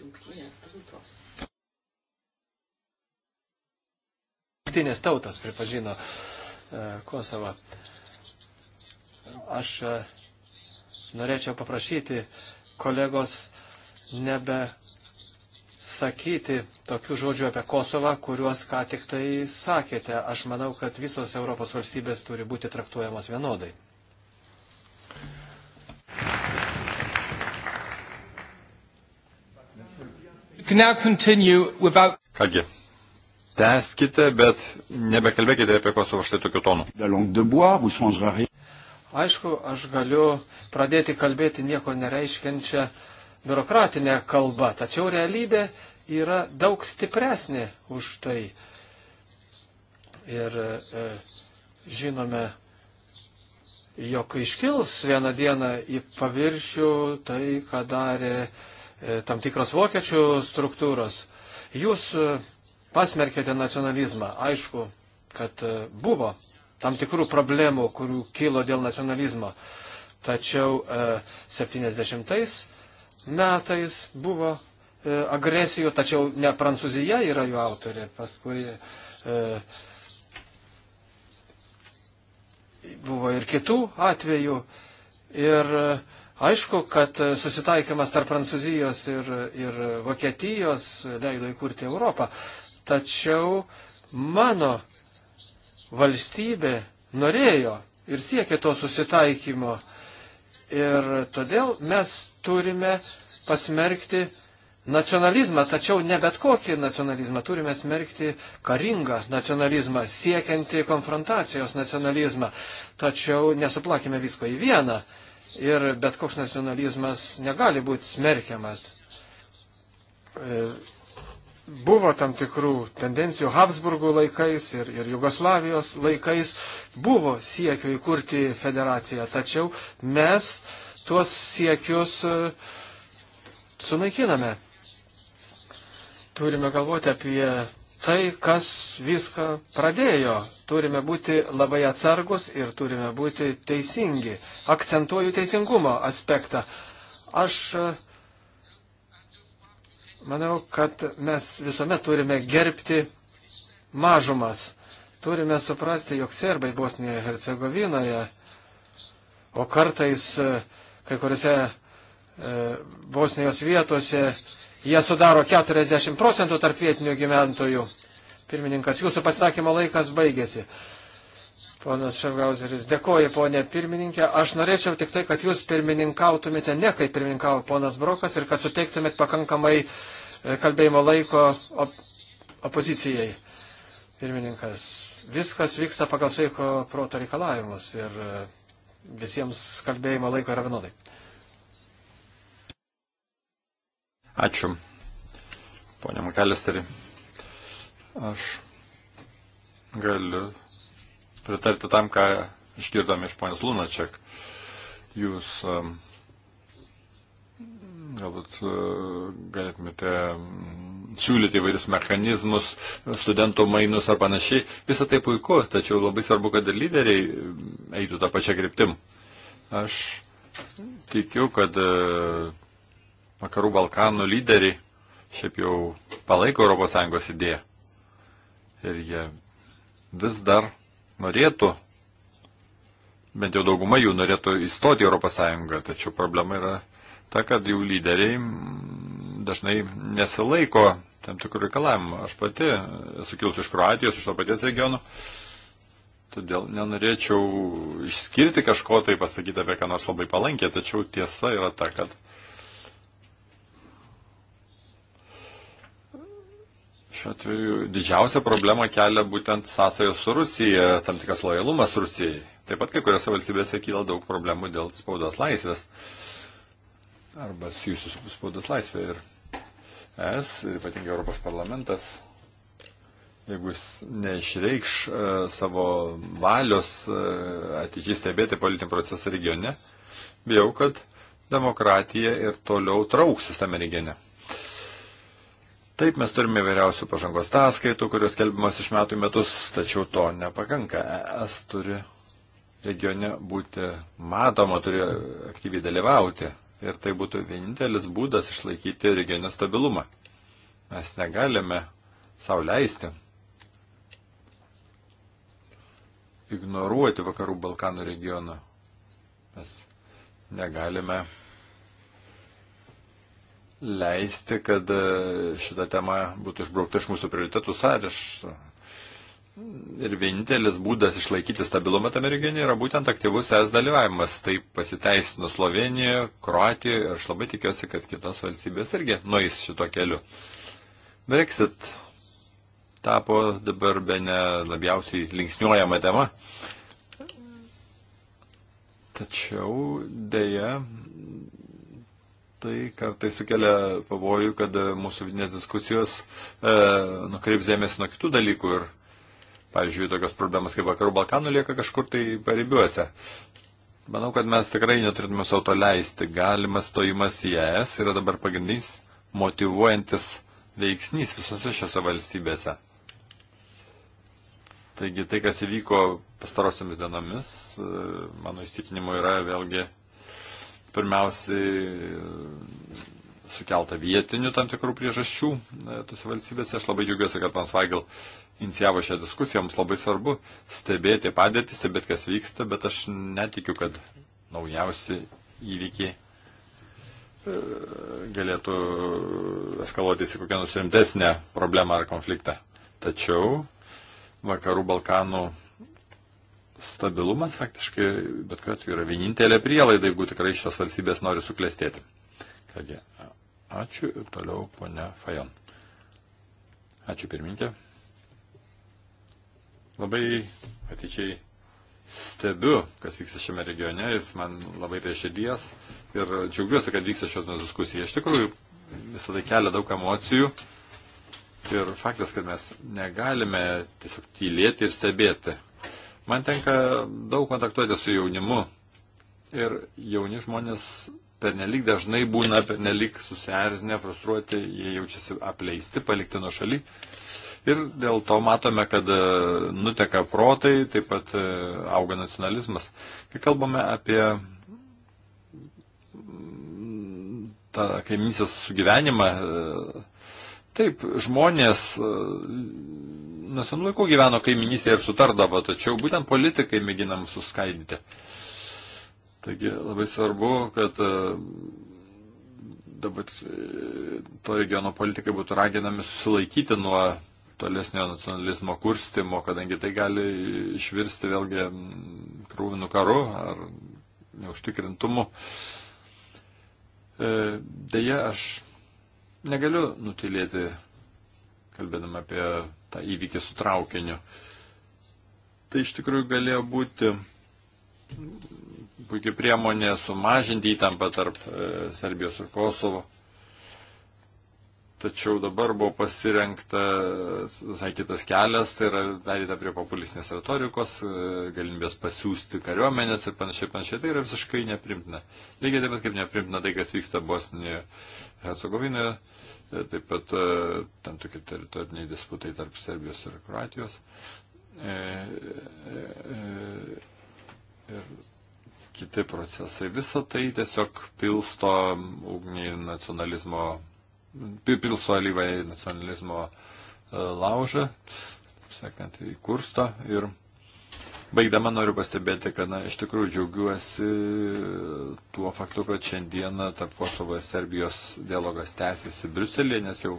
Jungtinės tautos. Jungtinės tautos pripažino e, Kosovą. Aš e, norėčiau paprašyti kolegos nebe sakyti tokių žodžių apie Kosovą, kuriuos ką tik tai sakėte. Aš manau, kad visos Europos valstybės turi būti traktuojamos vienodai. Without... Kągi, teskite, bet nebekalbėkite apie Kosovą štai tokiu tonu. Aišku, aš galiu pradėti kalbėti nieko nereiškiančią biurokratinė kalba, tačiau realybė yra daug stipresnė už tai. Ir e, žinome, jog iškils vieną dieną į paviršių tai, ką darė e, tam tikros vokiečių struktūros. Jūs e, pasmerkėte nacionalizmą. Aišku, kad e, buvo tam tikrų problemų, kurių kilo dėl nacionalizmo. Tačiau e, 70-ais metais buvo e, agresijų, tačiau ne Prancūzija yra jų autorė, paskui e, buvo ir kitų atvejų. Ir e, aišku, kad susitaikymas tarp Prancūzijos ir, ir Vokietijos leido įkurti Europą. Tačiau mano valstybė norėjo ir siekė to susitaikymo. Ir todėl mes turime pasmerkti nacionalizmą, tačiau ne bet kokį nacionalizmą, turime smerkti karingą nacionalizmą, siekiantį konfrontacijos nacionalizmą. Tačiau nesuplakime visko į vieną ir bet koks nacionalizmas negali būti smerkiamas. E, buvo tam tikrų tendencijų Habsburgų laikais ir, ir Jugoslavijos laikais, buvo siekio įkurti federaciją, tačiau mes tuos siekius e, sunaikiname. Turime galvoti apie tai, kas viską pradėjo. Turime būti labai atsargus ir turime būti teisingi. Akcentuoju teisingumo aspektą. Aš e, manau, kad mes visuomet turime gerbti mažumas. Turime suprasti, jog serbai Bosnijoje ir Hercegovinoje, o kartais e, kai kuriuose e, Bosnijos vietose jie sudaro 40 procentų tarp vietinių gyventojų. Pirmininkas, jūsų pasakymo laikas baigėsi. Ponas Šargauzeris, dėkoju, ponė pirmininkė. Aš norėčiau tik tai, kad jūs pirmininkautumėte ne kaip pirmininkavo ponas Brokas ir kad suteiktumėt pakankamai e, kalbėjimo laiko op opozicijai pirmininkas. Viskas vyksta pagal sveiko proto reikalavimus ir e, visiems kalbėjimo laiko yra vienodai. Ačiū, ponia Makalisteri. Aš galiu pritarti tam, ką išgirdome iš ponios Lunačiak. Jūs um, galbūt e, galėtumėte siūlyti įvairius mechanizmus, studentų mainus ar panašiai. Visą tai puiku, tačiau labai svarbu, kad ir lyderiai e, eitų tą pačią kryptim. Aš tikiu, kad e, vakarų Balkanų lyderiai šiaip jau palaiko ES idėją. Ir jie vis dar norėtų, bent jau dauguma jų norėtų įstoti į ES, tačiau problema yra ta, kad jų lyderiai dažnai nesilaiko tam tikrų reikalavimų. Aš pati esu kilus iš Kroatijos, iš to paties regiono. Todėl nenorėčiau išskirti kažko tai pasakyti apie ką nors labai palankę, tačiau tiesa yra ta, kad šiuo atveju didžiausia problema kelia būtent sąsajos su Rusija, tam tikras lojalumas Rusijai. Taip pat kai kuriuose valstybėse kyla daug problemų dėl spaudos laisvės arba susijusių su spaudos laisvė. Ir es, ypatingai Europos parlamentas, jeigu jis neišreikš e, savo valios e, ateičiai stebėti politinį procesą regione, bijau, kad demokratija ir toliau trauksis tame regione. Taip mes turime vairiausių pažangos ataskaitų, kurios kelbimas iš metų į metus, tačiau to nepakanka. ES turi regione būti matoma, turi aktyviai dalyvauti ir tai būtų vienintelis būdas išlaikyti regionio stabilumą. Mes negalime savo leisti ignoruoti vakarų Balkanų regioną. Mes negalime leisti, kad e, šita tema būtų išbraukta iš mūsų prioritetų sąrašo ir vienintelis būdas išlaikyti stabilumą tame regione yra būtent aktyvus es dalyvavimas. Tai pasiteisino Slovenijoje, Kroatijoje ir aš labai tikiuosi, kad kitos valstybės irgi nueis šito keliu. Brexit tapo dabar be ne labiausiai linksniuojama tema. Tačiau dėja, tai kartais sukelia pavojų, kad mūsų vidinės diskusijos e, nukreips dėmesį nuo kitų dalykų ir Pavyzdžiui, tokios problemas kaip Vakarų Balkanų lieka kažkur tai paribiuose. Manau, kad mes tikrai neturėtume savo to leisti. Galimas stojimas į ES yra dabar pagrindinis motivuojantis veiksnys visose šiose valstybėse. Taigi tai, kas įvyko pastarosiomis dienomis, e, mano įstikinimu yra vėlgi pirmiausiai e, sukelta vietinių tam tikrų priežasčių e, tose valstybėse. Aš labai džiaugiuosi, kad Pansvagil inicijavo šią diskusiją, mums labai svarbu stebėti padėtį, stebėti, kas vyksta, bet aš netikiu, kad naujausi įvykiai e, galėtų eskaluotis į kokią nors rimtesnę problemą ar konfliktą. Tačiau vakarų Balkanų stabilumas faktiškai, bet kuriuo atveju, yra vienintelė prielaida, jeigu tikrai šios valstybės nori suklestėti. Kągi, ačiū ir toliau ponia Fajon. Ačiū pirmininkė. Labai ateičiai stebiu, kas vyksta šiame regione, jis man labai prie širdies ir džiaugiuosi, kad vyksta šios diskusijos. Iš tikrųjų, visą tai kelia daug emocijų ir faktas, kad mes negalime tiesiog tylėti ir stebėti. Man tenka daug kontaktuoti su jaunimu ir jauni žmonės pernelik dažnai būna pernelik susierzinę, frustruoti, jie jaučiasi apleisti, palikti nuo šaly. Ir dėl to matome, kad e, nuteka protai, taip pat e, auga nacionalizmas. Kai kalbame apie tą kaimynės sugyvenimą, e, taip, žmonės nuo senų laikų gyveno kaiminystėje ir sutardavo, tačiau būtent politikai mėginam suskaidyti. Taigi labai svarbu, kad dabar to regiono politikai būtų raginami susilaikyti nuo tolesnio nacionalizmo kurstimo, kadangi tai gali išvirsti vėlgi krūvinų karu ar neužtikrintumu. E, deja, aš negaliu nutilėti, kalbėdama apie tą įvykį su traukiniu. Tai iš tikrųjų galėjo būti puikia priemonė sumažinti įtampą tarp e, Serbijos ir Kosovo tačiau dabar buvo pasirinkta visai kitas kelias, tai yra perėta prie populistinės retorikos, galimybės pasiūsti kariuomenės ir panašiai, panašiai, tai yra visiškai neprimtina. Lygiai taip pat kaip neprimtina tai, kas vyksta Bosnijoje, Hercegovinoje, taip pat ten tokie teritoriniai disputai tarp Serbijos ir Kroatijos. E, e, e ir kiti procesai. Visą tai tiesiog pilsto ugnį nacionalizmo pilso alyvą į nacionalizmo e, laužą, sakant, į kursto. Ir baigdama noriu pastebėti, kad na, iš tikrųjų džiaugiuosi e, tuo faktu, kad šiandieną tarp Kosovo ir Serbijos dialogas tęsiasi Briuselėje, nes jau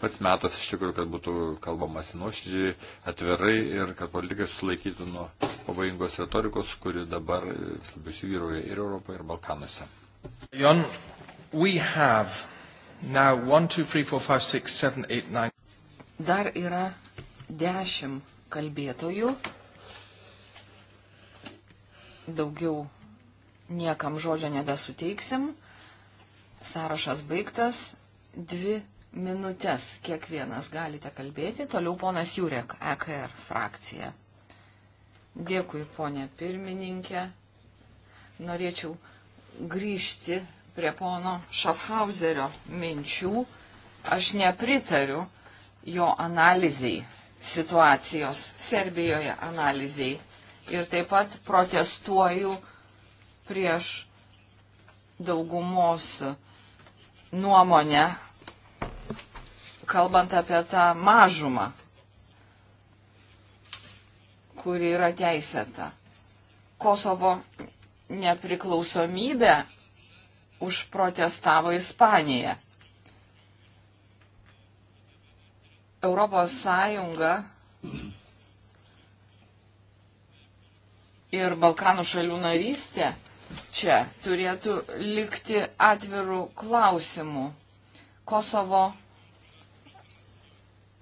pats metas iš tikrųjų, kad būtų kalbamasi nuoširdžiai, atvirai ir kad politikai susilaikytų nuo pavojingos retorikos, kuri dabar e, labiau įsivyruoja ir Europoje, ir Balkanuose. Jon, we have Now, one, two, three, four, five, six, seven, eight, nine. Dar yra dešimt kalbėtojų. Daugiau niekam žodžio nebesuteiksim. Sąrašas baigtas. Dvi minutės kiekvienas galite kalbėti. Toliau ponas Jurek, EKR frakcija. Dėkui, ponė pirmininkė. Norėčiau grįžti prie pono Šafhauserio minčių. Aš nepritariu jo analizai situacijos Serbijoje analizai ir taip pat protestuoju prieš daugumos nuomonę, kalbant apie tą mažumą, kuri yra teisėta. Kosovo nepriklausomybė užprotestavo Ispanija. Europos Sąjunga ir Balkanų šalių narystė čia turėtų likti atvirų klausimų. Kosovo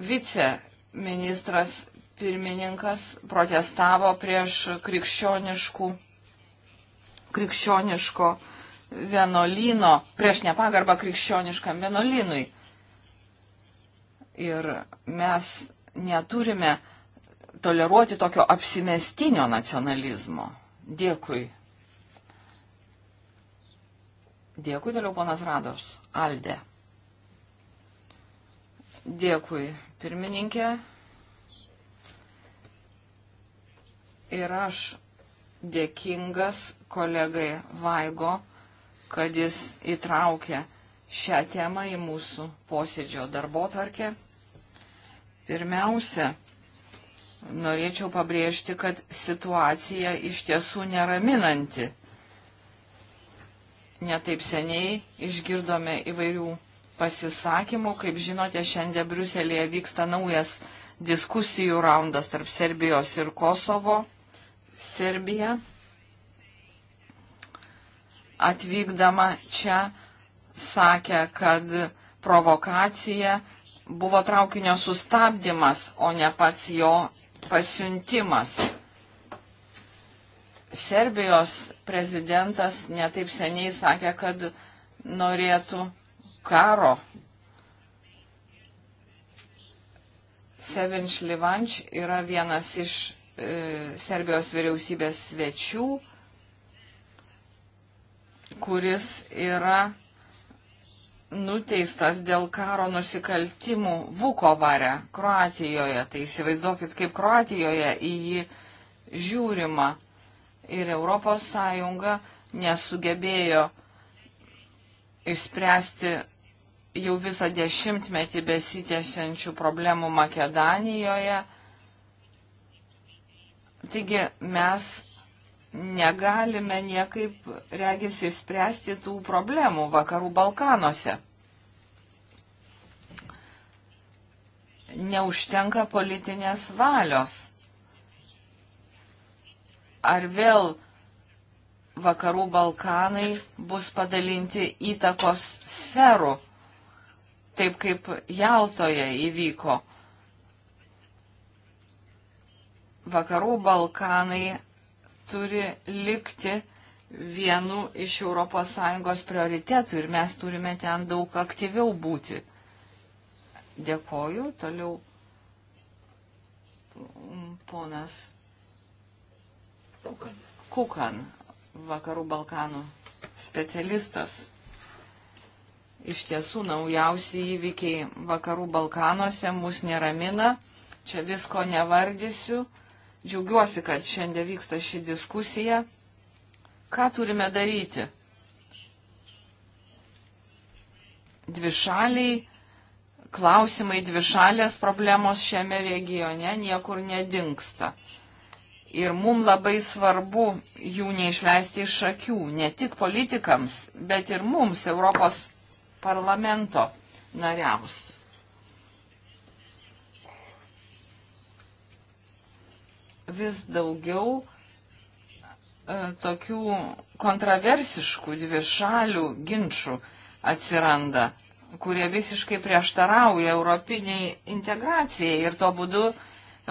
viceministras pirmininkas protestavo prieš krikščioniškų, krikščioniško vienolyno, prieš nepagarbą krikščioniškam vienolynui. Ir mes neturime toleruoti tokio apsimestinio nacionalizmo. Dėkui. Dėkui toliau ponas Rados. Alde. Dėkui, pirmininkė. Ir aš dėkingas kolegai Vaigo kad jis įtraukė šią temą į mūsų posėdžio darbo tvarkę. Pirmiausia, norėčiau pabrėžti, kad situacija iš tiesų neraminanti. Netaip seniai išgirdome įvairių pasisakymų. Kaip žinote, šiandien Briuselėje vyksta naujas diskusijų raundas tarp Serbijos ir Kosovo. Serbija atvykdama čia sakė, kad provokacija buvo traukinio sustabdymas, o ne pats jo pasiuntimas. Serbijos prezidentas netaip seniai sakė, kad norėtų karo. Sevinč Livanč yra vienas iš e, Serbijos vyriausybės svečių kuris yra nuteistas dėl karo nusikaltimų Vukovare, Kroatijoje. Tai įsivaizduokit, kaip Kroatijoje į jį žiūrima. Ir ES nesugebėjo išspręsti jau visą dešimtmetį besitėsiančių problemų Makedonijoje. Taigi mes negalime niekaip regis išspręsti tų problemų vakarų Balkanuose. Neužtenka politinės valios. Ar vėl vakarų Balkanai bus padalinti įtakos sferų, taip kaip Jaltoje įvyko. Vakarų Balkanai turi likti vienu iš ES prioritetų ir mes turime ten daug aktyviau būti. Dėkoju. Toliau ponas Kukan, Kukan vakarų Balkanų specialistas. Iš tiesų naujausi įvykiai vakarų Balkanuose mus neramina. Čia visko nevardysiu Džiaugiuosi, kad šiandien vyksta ši diskusija. Ką turime daryti? Dvišaliai klausimai, dvišalės problemos šiame regione niekur nedingsta. Ir mums labai svarbu jų neišleisti iš akių, ne tik politikams, bet ir mums, Europos parlamento nariams. vis daugiau e, tokių kontroversiškų dvišalių ginčių atsiranda, kurie visiškai prieštarauja europiniai integracijai ir to būdu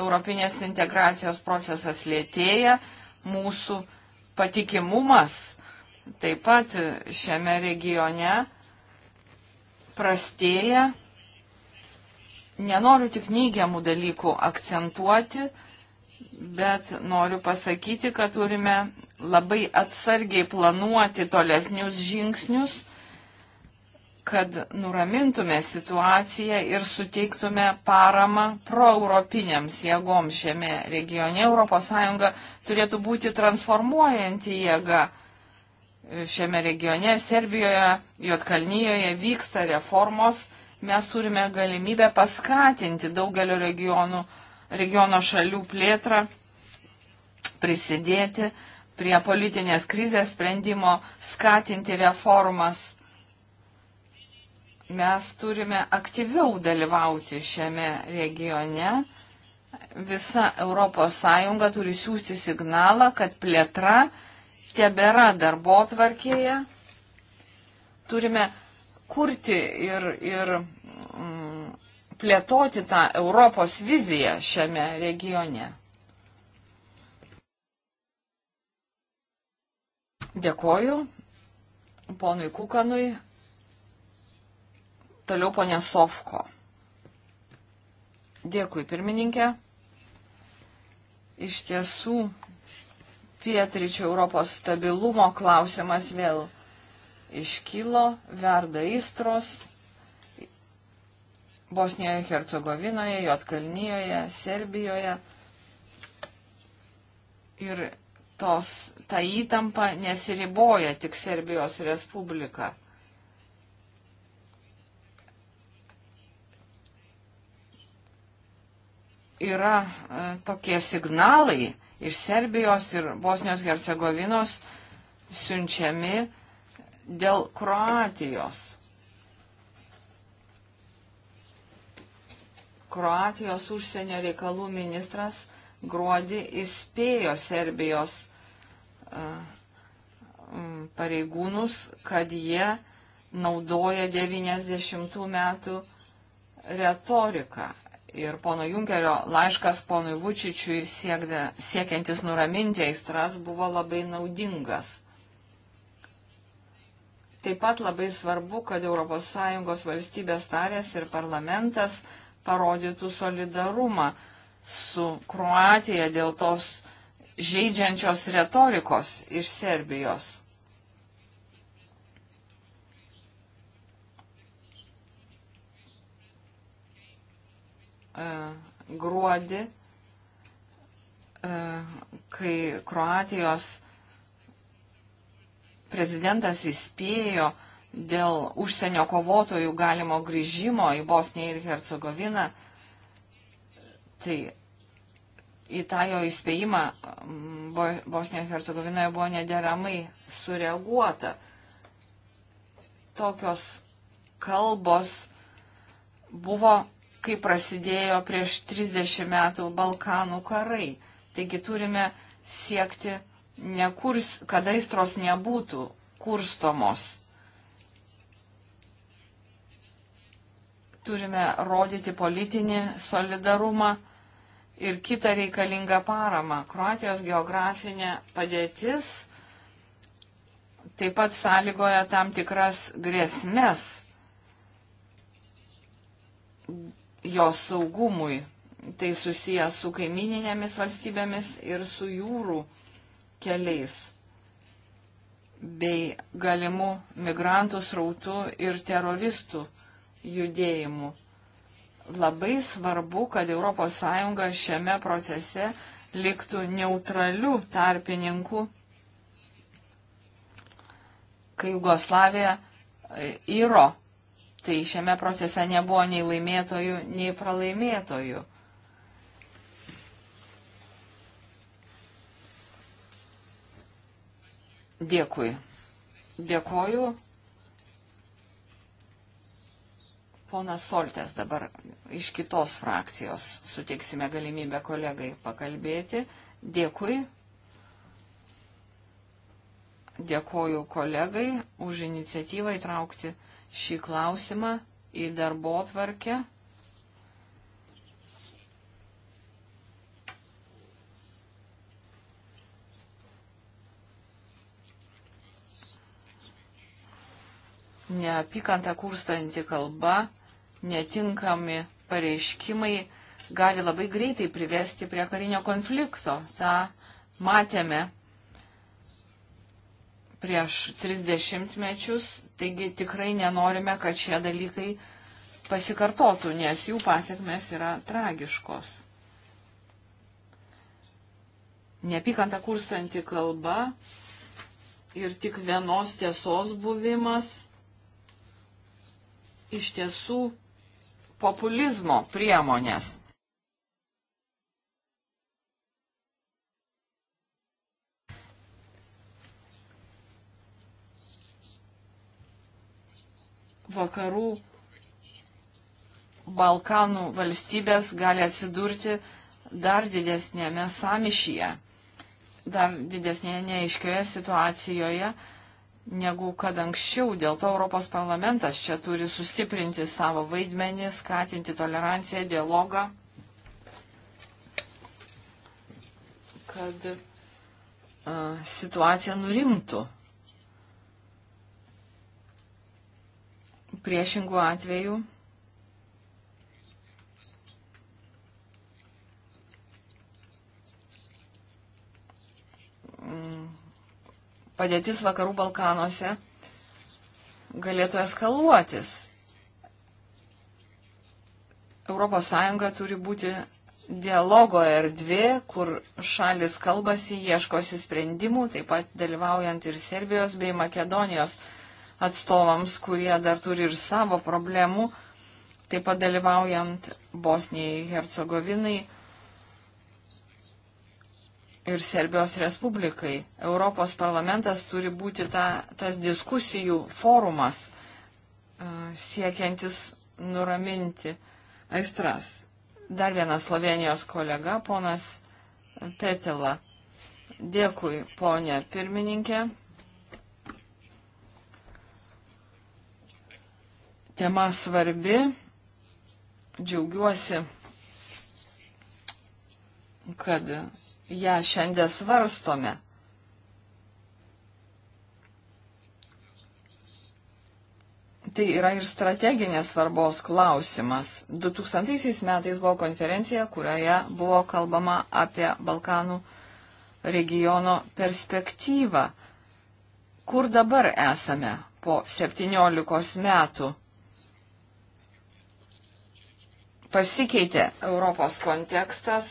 europinės integracijos procesas lėtėja, mūsų patikimumas taip pat šiame regione prastėja. Nenoriu tik neigiamų dalykų akcentuoti, bet noriu pasakyti, kad turime labai atsargiai planuoti tolesnius žingsnius, kad nuramintume situaciją ir suteiktume paramą proeuropinėms jėgoms šiame regione. ES turėtų būti transformuojanti jėga šiame regione. Serbijoje, Jotkalnyjoje vyksta reformos. Mes turime galimybę paskatinti daugelio regionų uh, regiono šalių plėtrą, prisidėti prie politinės krizės sprendimo, skatinti reformas. Mes turime aktyviau dalyvauti šiame regione. Visa ES turi siūsti signalą, kad plėtra tebėra darbo tvarkėje. Turime kurti ir, ir mm, plėtoti tą Europos viziją šiame regione. Dėkoju ponui Kukanui. Toliau ponė Sofko. Dėkui, pirmininkė. Iš tiesų, pietričio Europos stabilumo klausimas vėl iškilo, verda įstros Bosnijoje, Hercegovinoje, Jotkalnyjoje, Serbijoje. Ir tos, ta įtampa nesiriboja tik Serbijos Respublika. Yra e, tokie signalai iš Serbijos ir Bosnijos Hercegovinos siunčiami dėl Kroatijos. Kroatijos užsienio reikalų ministras gruodį įspėjo Serbijos e, pareigūnus, kad jie naudoja 90 metų retoriką. Ir pono Junkerio laiškas ponui Vučičiui siekda, siekiantis nuraminti aistras buvo labai naudingas. Taip pat labai svarbu, kad ES valstybės tarės ir parlamentas uh, parodytų solidarumą su Kroatija dėl tos žaidžiančios retorikos iš Serbijos. E, gruodį, e, kai Kroatijos prezidentas įspėjo, dėl užsienio kovotojų galimo grįžimo į Bosniją ir Hercegoviną, tai į tą jo įspėjimą Bosnijoje ir Hercegovinoje buvo nederamai sureaguota. Tokios kalbos buvo, kai prasidėjo prieš 30 metų Balkanų karai. Taigi turime siekti, nekurs, kad aistros nebūtų kurstomos Turime rodyti politinį solidarumą ir kitą reikalingą paramą. Kroatijos geografinė padėtis taip pat sąlygoja tam tikras grėsmės jos saugumui. Tai susijęs su kaimininėmis valstybėmis ir su jūrų keliais bei galimų migrantų srautų ir teroristų judėjimu. Labai svarbu, kad ES šiame procese liktų neutralių tarpininkų, kai Jugoslavija e, įro. Tai šiame procese nebuvo nei laimėtojų, nei pralaimėtojų. Dėkui. Dėkoju. Ponas Soltės dabar iš kitos frakcijos suteiksime galimybę kolegai pakalbėti. Dėkui. Dėkoju kolegai už iniciatyvą įtraukti šį klausimą į darbo tvarkę. neapykantą kurstanti kalba netinkami pareiškimai gali labai greitai privesti prie karinio konflikto. Ta matėme prieš 30 mečius, taigi tikrai nenorime, kad šie dalykai pasikartotų, nes jų pasiekmes yra tragiškos. Nepykanta kurstanti kalba ir tik vienos tiesos buvimas iš tiesų populizmo priemonės. Vakarų Balkanų valstybės gali atsidurti dar didesnėme samišyje, dar didesnėje neaiškioje situacijoje, negu kad anksčiau. Dėl to Europos parlamentas čia turi sustiprinti savo vaidmenį, skatinti toleranciją, dialogą, kad uh, situacija nurimtų. Priešingų atvejų mm, padėtis vakarų Balkanuose galėtų eskaluotis. ES turi būti dialogo erdvė, kur šalis kalbasi, ieškosi sprendimų, taip pat dalyvaujant ir Serbijos bei Makedonijos atstovams, kurie dar turi ir savo problemų, taip pat dalyvaujant Bosnijai, Hercegovinai, ir Serbijos Respublikai. Europos parlamentas turi būti ta, tas diskusijų forumas e, siekiantis nuraminti aistras. Dar vienas Slovenijos kolega, ponas Petela. Dėkui, ponė pirmininkė. Tema svarbi. Džiaugiuosi, kad ją šiandien svarstome. Tai yra ir strateginės svarbos klausimas. 2000 metais buvo konferencija, kurioje buvo kalbama apie Balkanų regiono perspektyvą. Kur dabar esame po 17 metų? Pasikeitė Europos kontekstas,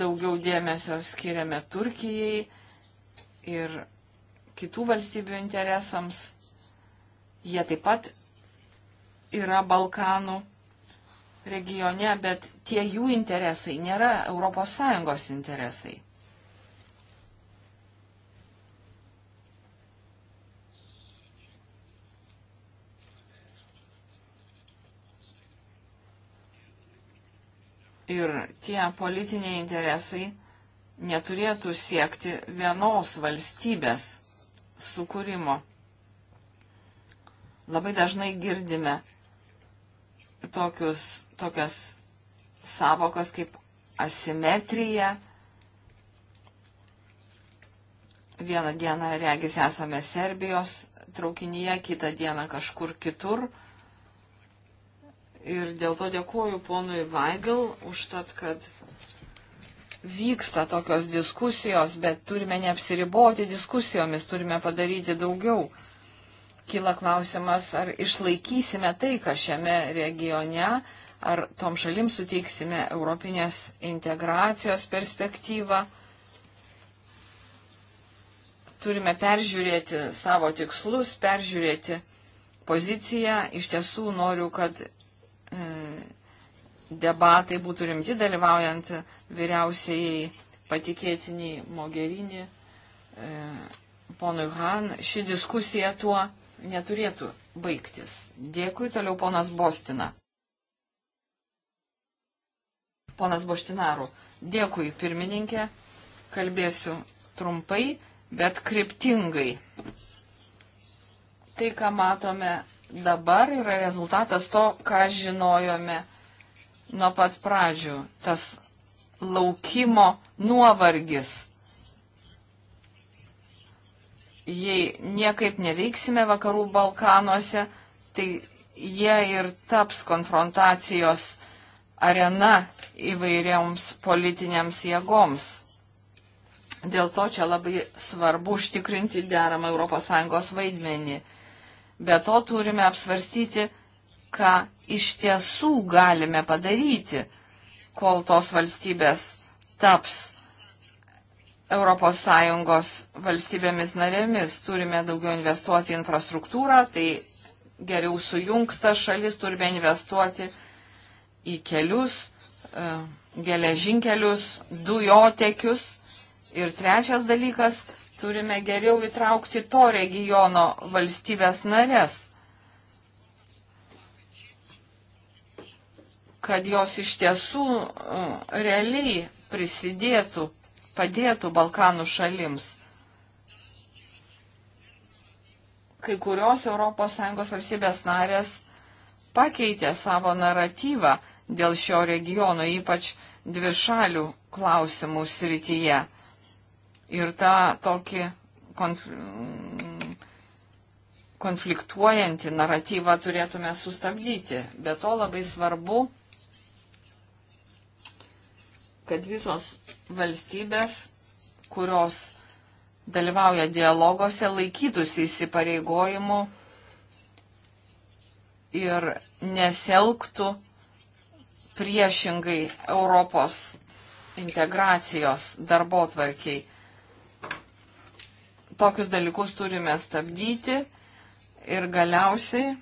daugiau dėmesio skiriame Turkijai ir kitų valstybių interesams. Jie taip pat yra Balkanų regione, bet tie jų interesai nėra ES interesai. ir tie politiniai interesai neturėtų siekti vienos valstybės sukūrimo. Labai dažnai girdime tokius, tokias savokas kaip asimetrija. Vieną dieną regis esame Serbijos traukinyje, kitą dieną kažkur kitur. Ir dėl to dėkuoju ponui Vaigel už tad, kad vyksta tokios diskusijos, bet turime neapsiriboti diskusijomis, turime padaryti daugiau. Kila klausimas, ar išlaikysime tai, ką šiame regione, ar tom šalim suteiksime europinės integracijos perspektyvą. Turime peržiūrėti savo tikslus, peržiūrėti poziciją. Iš tiesų noriu, kad debatai būtų rimti, dalyvaujant vyriausiai patikėtiniai Mogerinį, e, ponui Han, ši diskusija tuo neturėtų baigtis. Dėkui, toliau ponas Bostina. Ponas Boštinaru, dėkui pirmininkė, kalbėsiu trumpai, bet kryptingai. Tai, ką matome dabar, yra rezultatas to, ką žinojome nuo pat pradžių, tas laukimo nuovargis. Jei niekaip neveiksime vakarų Balkanuose, tai jie ir taps konfrontacijos arena įvairioms politinėms jėgoms. Dėl to čia labai svarbu užtikrinti deramą ES vaidmenį. Be to turime apsvarstyti, ką iš tiesų galime padaryti, kol tos valstybės taps ES valstybėmis narėmis. Turime daugiau investuoti į infrastruktūrą, tai geriau sujungs tas šalis, turime investuoti į kelius, e, geležinkelius, dujotekius. Ir trečias dalykas, turime geriau įtraukti to regiono valstybės narės kad jos iš tiesų e, realiai prisidėtų, padėtų Balkanų šalims. Kai kurios ES valstybės narės pakeitė savo naratyvą dėl šio regiono, ypač dvišalių klausimų srityje. Ir tą tokį konfliktuojantį naratyvą turėtume sustabdyti. Be to labai svarbu kad visos valstybės, kurios dalyvauja dialoguose, laikytųsi įsipareigojimų ir neselgtų priešingai Europos integracijos darbo tvarkiai. Tokius dalykus turime stabdyti ir galiausiai,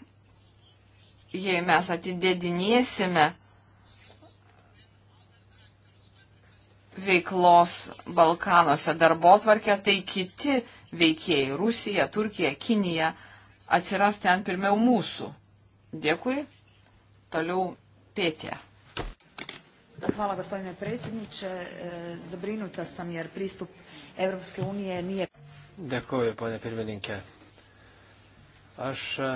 jei mes atidėdinėsime veiklos Balkanuose darbo tvarkę, tai kiti veikėjai - Rusija, Turkija, Kinija - atsiras ten pirmiau mūsų. Dėkui. Toliau Pėtė. Hvala gospodine predsjedniče. E, zabrinuta sam jer pristup Europske unije nije. Dėkuoju, ponė pirmininkė. Aš e,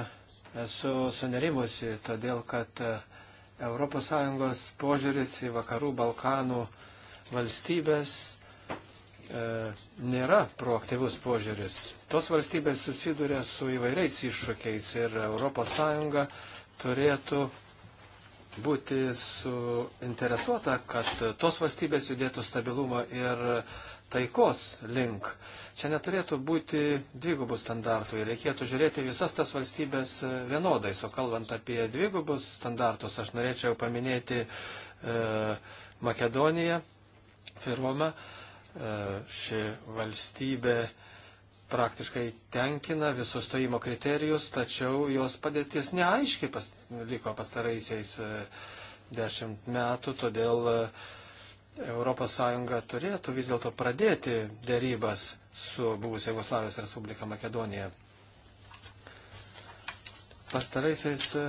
esu sunerimusi, todėl kad ES požiūris į vakarų Balkanų uh, valstybės e, nėra proaktyvus požiūris. Tos valstybės susiduria su įvairiais iššūkiais ir ES turėtų būti suinteresuota, kad tos valstybės judėtų stabilumo ir taikos link. Čia neturėtų būti dvigubų standartų ir reikėtų žiūrėti visas tas valstybės vienodais. O kalbant apie dvigubus standartus, aš norėčiau paminėti e, Makedoniją, Firmama. E, ši valstybė praktiškai tenkina visus stojimo kriterijus, tačiau jos padėtis neaiškiai pas, liko pastaraisiais e, dešimt metų, todėl ES turėtų vis dėlto pradėti dėrybas su buvusia Jugoslavijos Respublika Makedonija. Pastaraisiais e,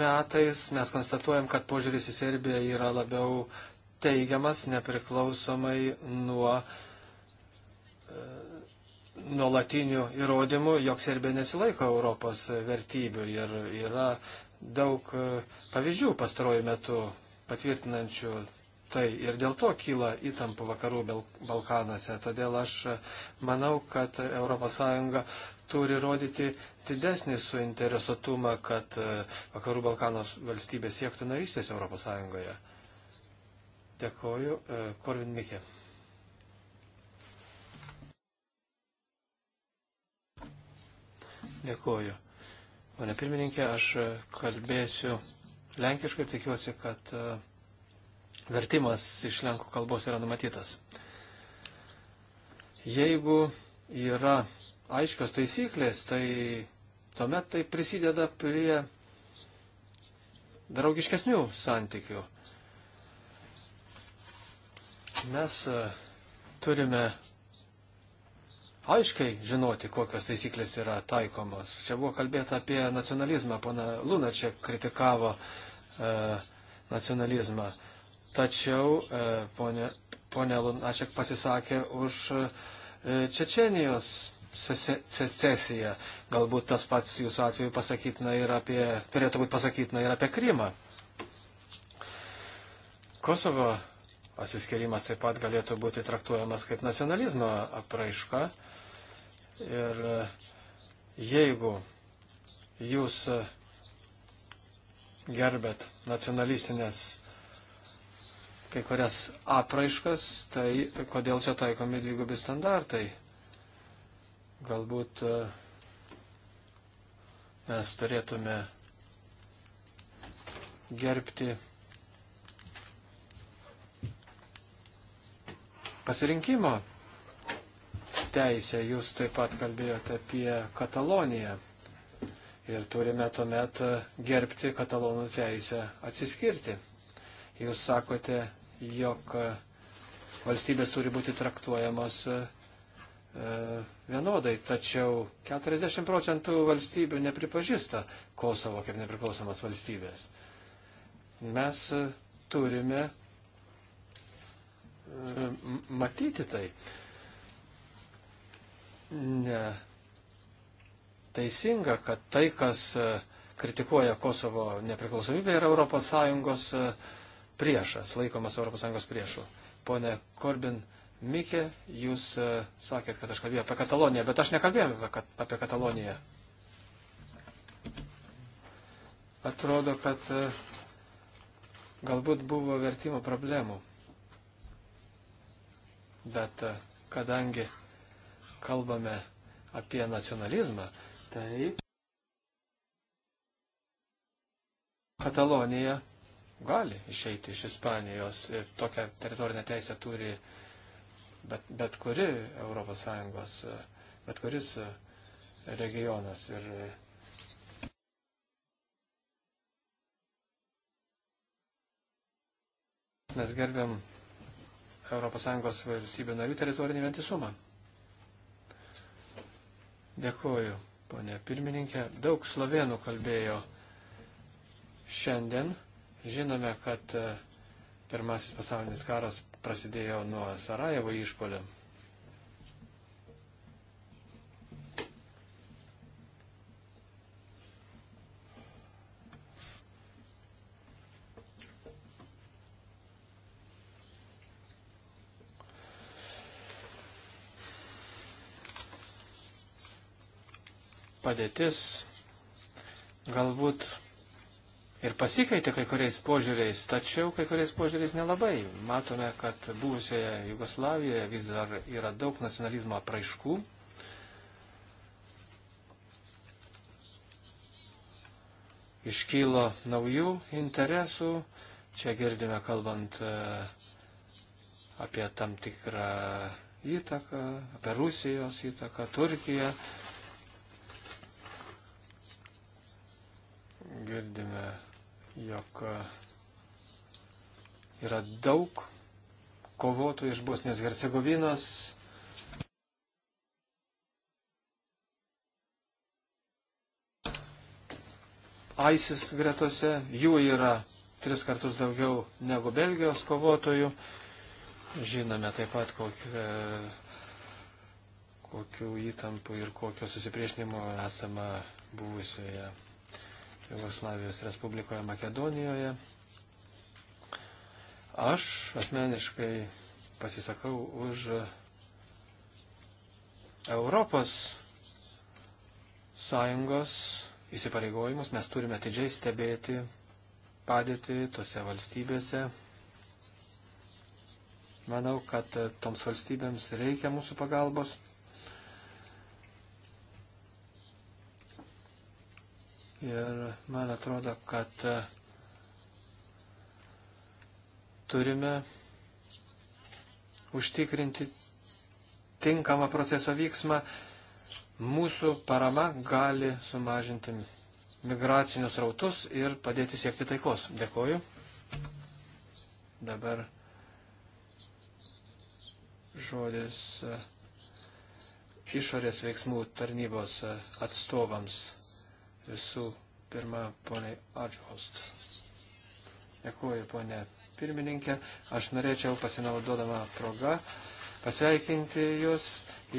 metais mes konstatuojam, kad požiūris į Serbiją yra labiau teigiamas nepriklausomai nuo e, nuolatinių įrodymų, jog Serbija nesilaiko Europos vertybių ir yra daug e, pavyzdžių pastaruoju metu patvirtinančių tai ir dėl to kyla įtampų vakarų Balkanuose. Todėl aš e, manau, kad ES turi rodyti didesnį suinteresuotumą, kad vakarų Balkanos valstybės siektų narystės ES. Dėkoju. E, Korvin Mikė. Dėkoju. Pane pirmininkė, aš e, kalbėsiu lenkiškai ir tikiuosi, kad e, vertimas iš lenkų kalbos yra numatytas. Jeigu yra aiškios taisyklės, tai tuomet tai prisideda prie draugiškesnių santykių. Mes e, turime aiškiai žinoti, kokios taisyklės yra taikomos. Čia buvo kalbėta apie nacionalizmą. Pana Luna čia kritikavo e, nacionalizmą. Tačiau e, ponė, ponė Lunačiak pasisakė už e, Čečenijos secesiją. Galbūt tas pats jūsų atveju pasakytina ir apie, turėtų būti pasakytina ir apie Krymą. Kosovo atsiskirimas taip pat galėtų būti traktuojamas kaip nacionalizmo apraiška. Ir e, jeigu jūs e, gerbėt nacionalistinės kai kurias apraiškas, tai kodėl čia taikomi dvigubi standartai? Galbūt e, mes turėtume gerbti pasirinkimo teisę. Jūs taip pat kalbėjote apie Kataloniją. Ir turime tuomet gerbti katalonų teisę atsiskirti. Jūs sakote, jog valstybės turi būti traktuojamos e, vienodai, tačiau 40 procentų valstybių nepripažįsta Kosovo kaip nepriklausomas valstybės. Mes e, turime E, matyti tai. Ne. Teisinga, kad tai, kas e, kritikuoja Kosovo nepriklausomybę, yra ES e, priešas, laikomas ES priešu. Pone Korbin, Mikė, jūs sakėt, kad aš kalbėjau apie Kataloniją, bet aš nekalbėjau apie, apie Kataloniją. Atrodo, kad galbūt buvo vertimo problemų. Bet e, kadangi kalbame apie nacionalizmą, tai Katalonija gali išeiti iš Ispanijos ir tokią teritorinę teisę turi bet, bet kuri ES, e, bet kuris e, regionas. Ir, mes gerbiam ES valstybių narių teritorinį vientisumą. Dėkuoju, ponė pirmininkė. Daug slovenų kalbėjo šiandien. Žinome, kad e, pirmasis pasaulinis karas prasidėjo nuo Sarajevo išpolio. padėtis galbūt ir pasikeitė kai kuriais požiūriais, tačiau kai kuriais požiūriais nelabai. Matome, kad buvusioje Jugoslavijoje vis dar yra daug nacionalizmo apraiškų. Iškylo naujų interesų, čia girdime kalbant apie tam tikrą įtaką, apie Rusijos įtaką, Turkiją, girdime, jog e, yra daug kovotojų iš Bosnijos Hercegovinos. ISIS gretose, jų yra tris kartus daugiau negu Belgijos kovotojų. Žinome taip pat, kokie, kokių įtampų ir kokio susipriešinimo esama buvusioje Jugoslavijos Respublikoje Makedonijoje. Aš asmeniškai pasisakau už Europos Sąjungos įsipareigojimus. Mes turime atidžiai stebėti padėti tose valstybėse. Manau, kad toms valstybėms reikia mūsų pagalbos. Ir man atrodo, kad e, turime užtikrinti tinkamą proceso vyksmą. Mūsų parama gali sumažinti migracinius rautus ir padėti siekti taikos. Dėkoju. Dabar žodis e, išorės veiksmų tarnybos e, atstovams. Visų pirma, ponai Adžhost. Dėkuoju, ponė pirmininkė. Aš norėčiau pasinaudodama progą pasveikinti Jūs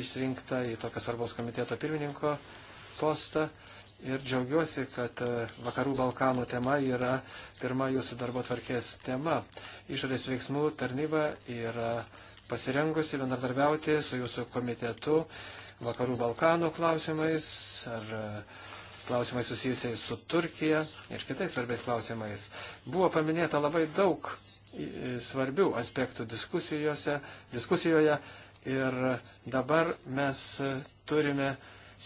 išrinktą į tokią svarbos komiteto pirmininko postą. Ir džiaugiuosi, kad e, Vakarų Balkanų tema yra pirma Jūsų darbo tvarkės tema. Išorės veiksmų tarnyba yra pasirengusi bendradarbiauti su Jūsų komitetu Vakarų Balkanų klausimais ar e, klausimais susijusiais su Turkija ir kitais svarbiais klausimais. Buvo paminėta labai daug svarbių aspektų diskusijoje ir dabar mes turime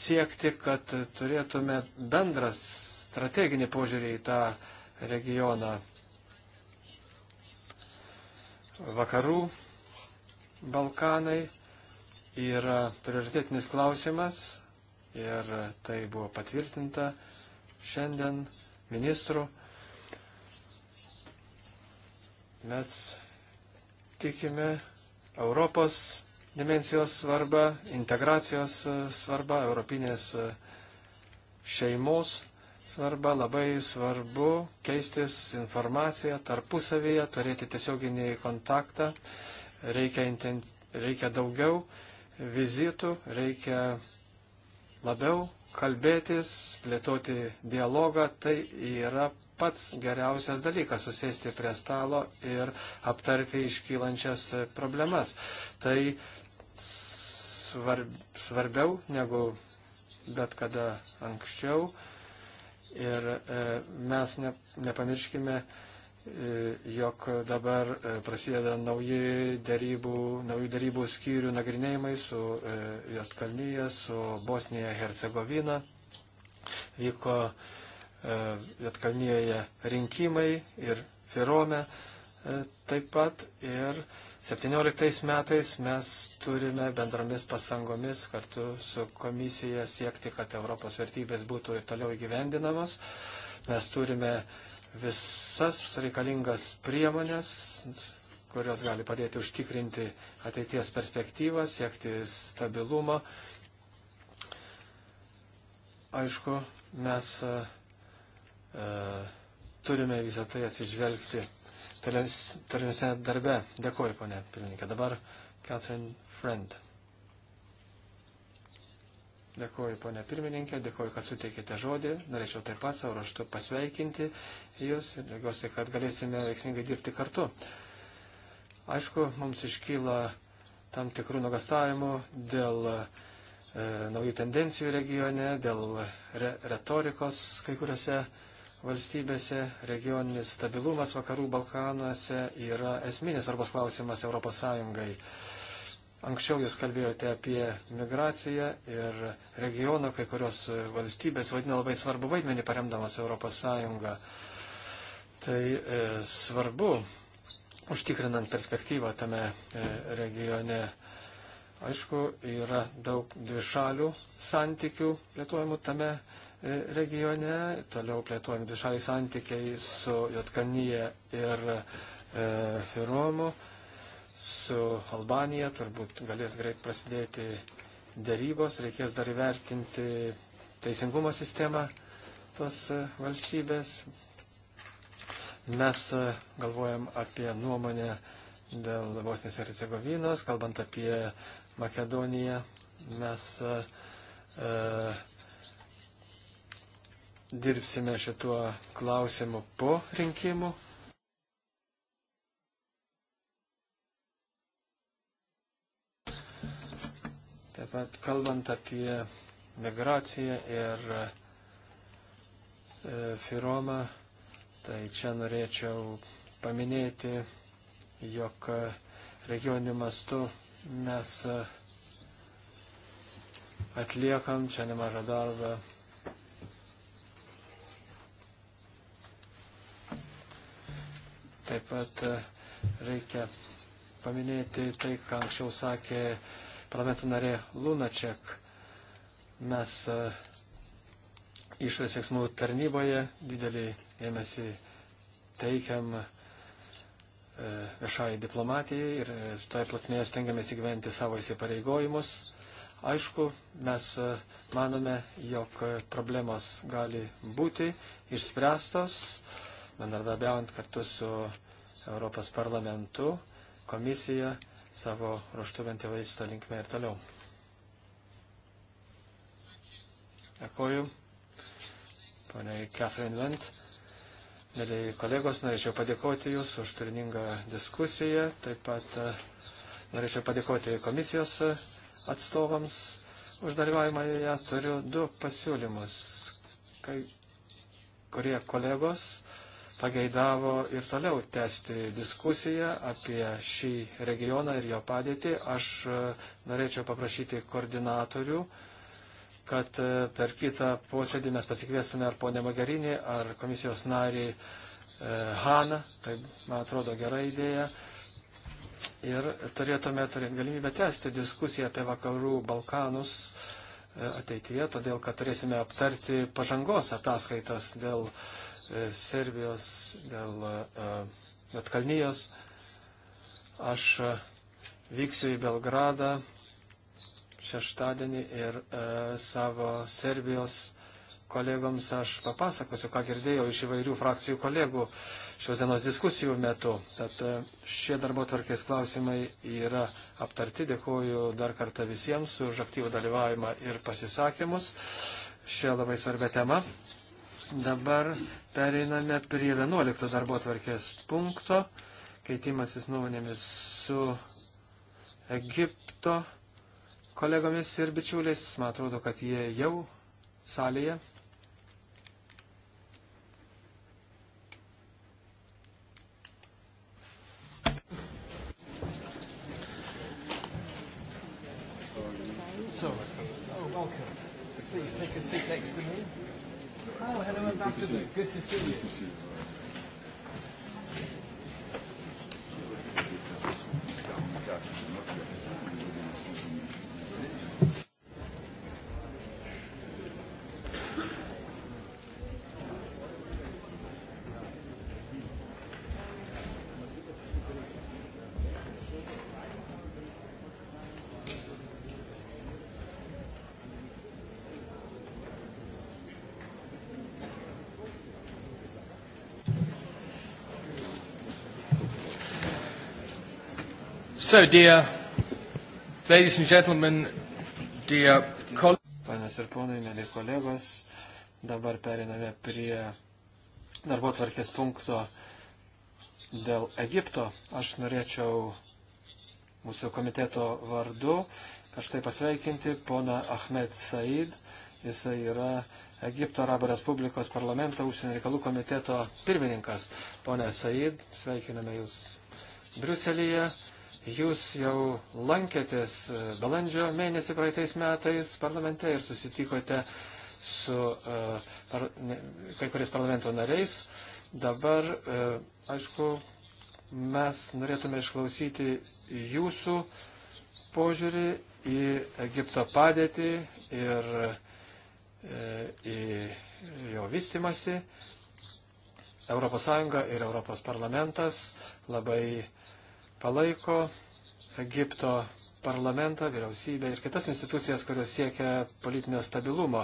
siekti, kad turėtume bendrą strateginį požiūrį į tą regioną. Vakarų Balkanai yra prioritetinis klausimas ir tai buvo patvirtinta šiandien ministrų. Mes tikime Europos dimensijos svarbą, integracijos e, svarbą, europinės e, šeimos svarbą, labai svarbu keistis informaciją tarpusavyje, turėti tiesioginį kontaktą, reikia, inten, reikia daugiau vizitų, reikia labiau kalbėtis, plėtoti dialogą, tai yra pats geriausias dalykas susėsti prie stalo ir aptarti iškylančias problemas. Tai svarb, svarbiau negu bet kada anksčiau ir e, mes ne, nepamirškime, e, jog dabar e, prasideda nauji darybų, naujų darybų skyrių nagrinėjimai su e, Jotkalnyje, su Bosnija Hercegovina. Vyko e, Jotkalnyje rinkimai ir Firome taip pat. Ir 17 metais mes turime bendromis pasangomis kartu su komisija siekti, kad Europos vertybės būtų ir toliau įgyvendinamos. Mes turime uh, visas reikalingas priemonės, kurios gali padėti užtikrinti ateities perspektyvą, siekti stabilumą. Aišku, mes e, e turime visą tai atsižvelgti tolimesnė darbe. Dėkuoju, ponė Pilinkė. Dabar Catherine Friend. Dėkuoju, ponė pirmininkė, dėkuoju, kad suteikėte žodį. Norėčiau taip pat savo raštu pasveikinti jūs ir džiaugiuosi, kad galėsime veiksmingai dirbti kartu. Aišku, mums iškyla tam tikrų nugastavimų dėl e, naujų tendencijų regione, dėl re, retorikos kai kuriuose valstybėse regioninis stabilumas vakarų Balkanuose yra esminis svarbus klausimas ES. Anksčiau jūs kalbėjote apie migraciją ir regioną, kai kurios valstybės vadina labai svarbu vaidmenį paremdamas ES. Tai e, svarbu, užtikrinant perspektyvą tame e, regione. Aišku, yra daug dvišalių santykių plėtojimų tame e, regione, toliau plėtojami dvišaliai santykiai su Jotkanyje ir e, Firomu. E, su Albanija, turbūt galės greit prasidėti dėrybos, reikės dar įvertinti teisingumo sistemą tos e, valstybės. Mes e, galvojam apie nuomonę dėl Bosnijos ir Hercegovinos, kalbant apie Makedoniją, mes e, e dirbsime šituo klausimu po rinkimų Taip pat kalbant apie migraciją ir e, firomą, tai čia norėčiau paminėti, jog regioniu mastu mes e, atliekam čia nemažą darbą. Taip pat e, reikia paminėti tai, ką anksčiau sakė parlamento narė Lunaček. Mes e, išorės veiksmų tarnyboje didelį dėmesį teikiam e, viešai diplomatijai ir su toje platmėje stengiamės įgyventi savo įsipareigojimus. Aišku, mes e, manome, jog problemos gali būti išspręstos, bendradarbiaujant kartu su Europos parlamentu, komisija savo ruoštų bent jau įsta linkme ir toliau. Dėkoju. Poniai Catherine Lent. Mėlyi kolegos, norėčiau padėkoti Jūs už turiningą diskusiją. Taip pat e, norėčiau padėkoti komisijos atstovams už dalyvavimą joje. Turiu du pasiūlymus, kai, kurie kolegos pageidavo ir toliau tęsti diskusiją apie šį regioną ir jo padėtį. Aš e, norėčiau paprašyti koordinatorių, kad e, per kitą posėdį mes pasikviestume ar ponę Magarinį, ar komisijos narį e, Haną. Tai, man atrodo, gera idėja. Ir turėtume turėti galimybę tęsti diskusiją apie vakarų Balkanus ateityje, todėl kad turėsime aptarti pažangos ataskaitas dėl uh, E, Serbijos, dėl Metkalnyjos. Aš e, vyksiu į Belgradą šeštadienį ir e, savo Serbijos kolegoms aš papasakosiu, ką girdėjau iš įvairių frakcijų kolegų šios dienos diskusijų metu. Tad e, šie darbo tvarkės klausimai yra aptarti. Dėkuoju dar kartą visiems už aktyvų dalyvavimą ir pasisakymus. Šia labai svarbia tema. Dabar pereiname prie 11 darbo tvarkės punkto, keitimasis nuomonėmis su Egipto kolegomis ir bičiuliais. Man atrodo, kad jie jau salėje. So, so welcome. Please take a seat next to me. Hello, hello, Ambassador. Good to see you. Good to see you. So, dear ladies and gentlemen, dear colleagues. Panas ir ponai, mėly kolegos, dabar periname prie darbo tvarkės punkto dėl Egipto. Aš norėčiau mūsų komiteto vardu kažtai pasveikinti poną Ahmed Said. Jisai yra Egipto Arabų Respublikos parlamento užsienio reikalų komiteto pirmininkas. Pone Said, sveikiname Jūs Briuselėje. Jūs jau lankėtės e, balandžio mėnesį praeitais metais parlamente ir susitikote su uh, par, ne, kai kuriais parlamento nariais. Dabar, uh, aišku, mes norėtume išklausyti jūsų požiūrį į Egipto padėtį ir uh, į jo vystimasi. ES ir ES parlamentas labai uh, palaiko Egipto parlamentą, vyriausybę ir kitas institucijas, kurios siekia politinio stabilumo.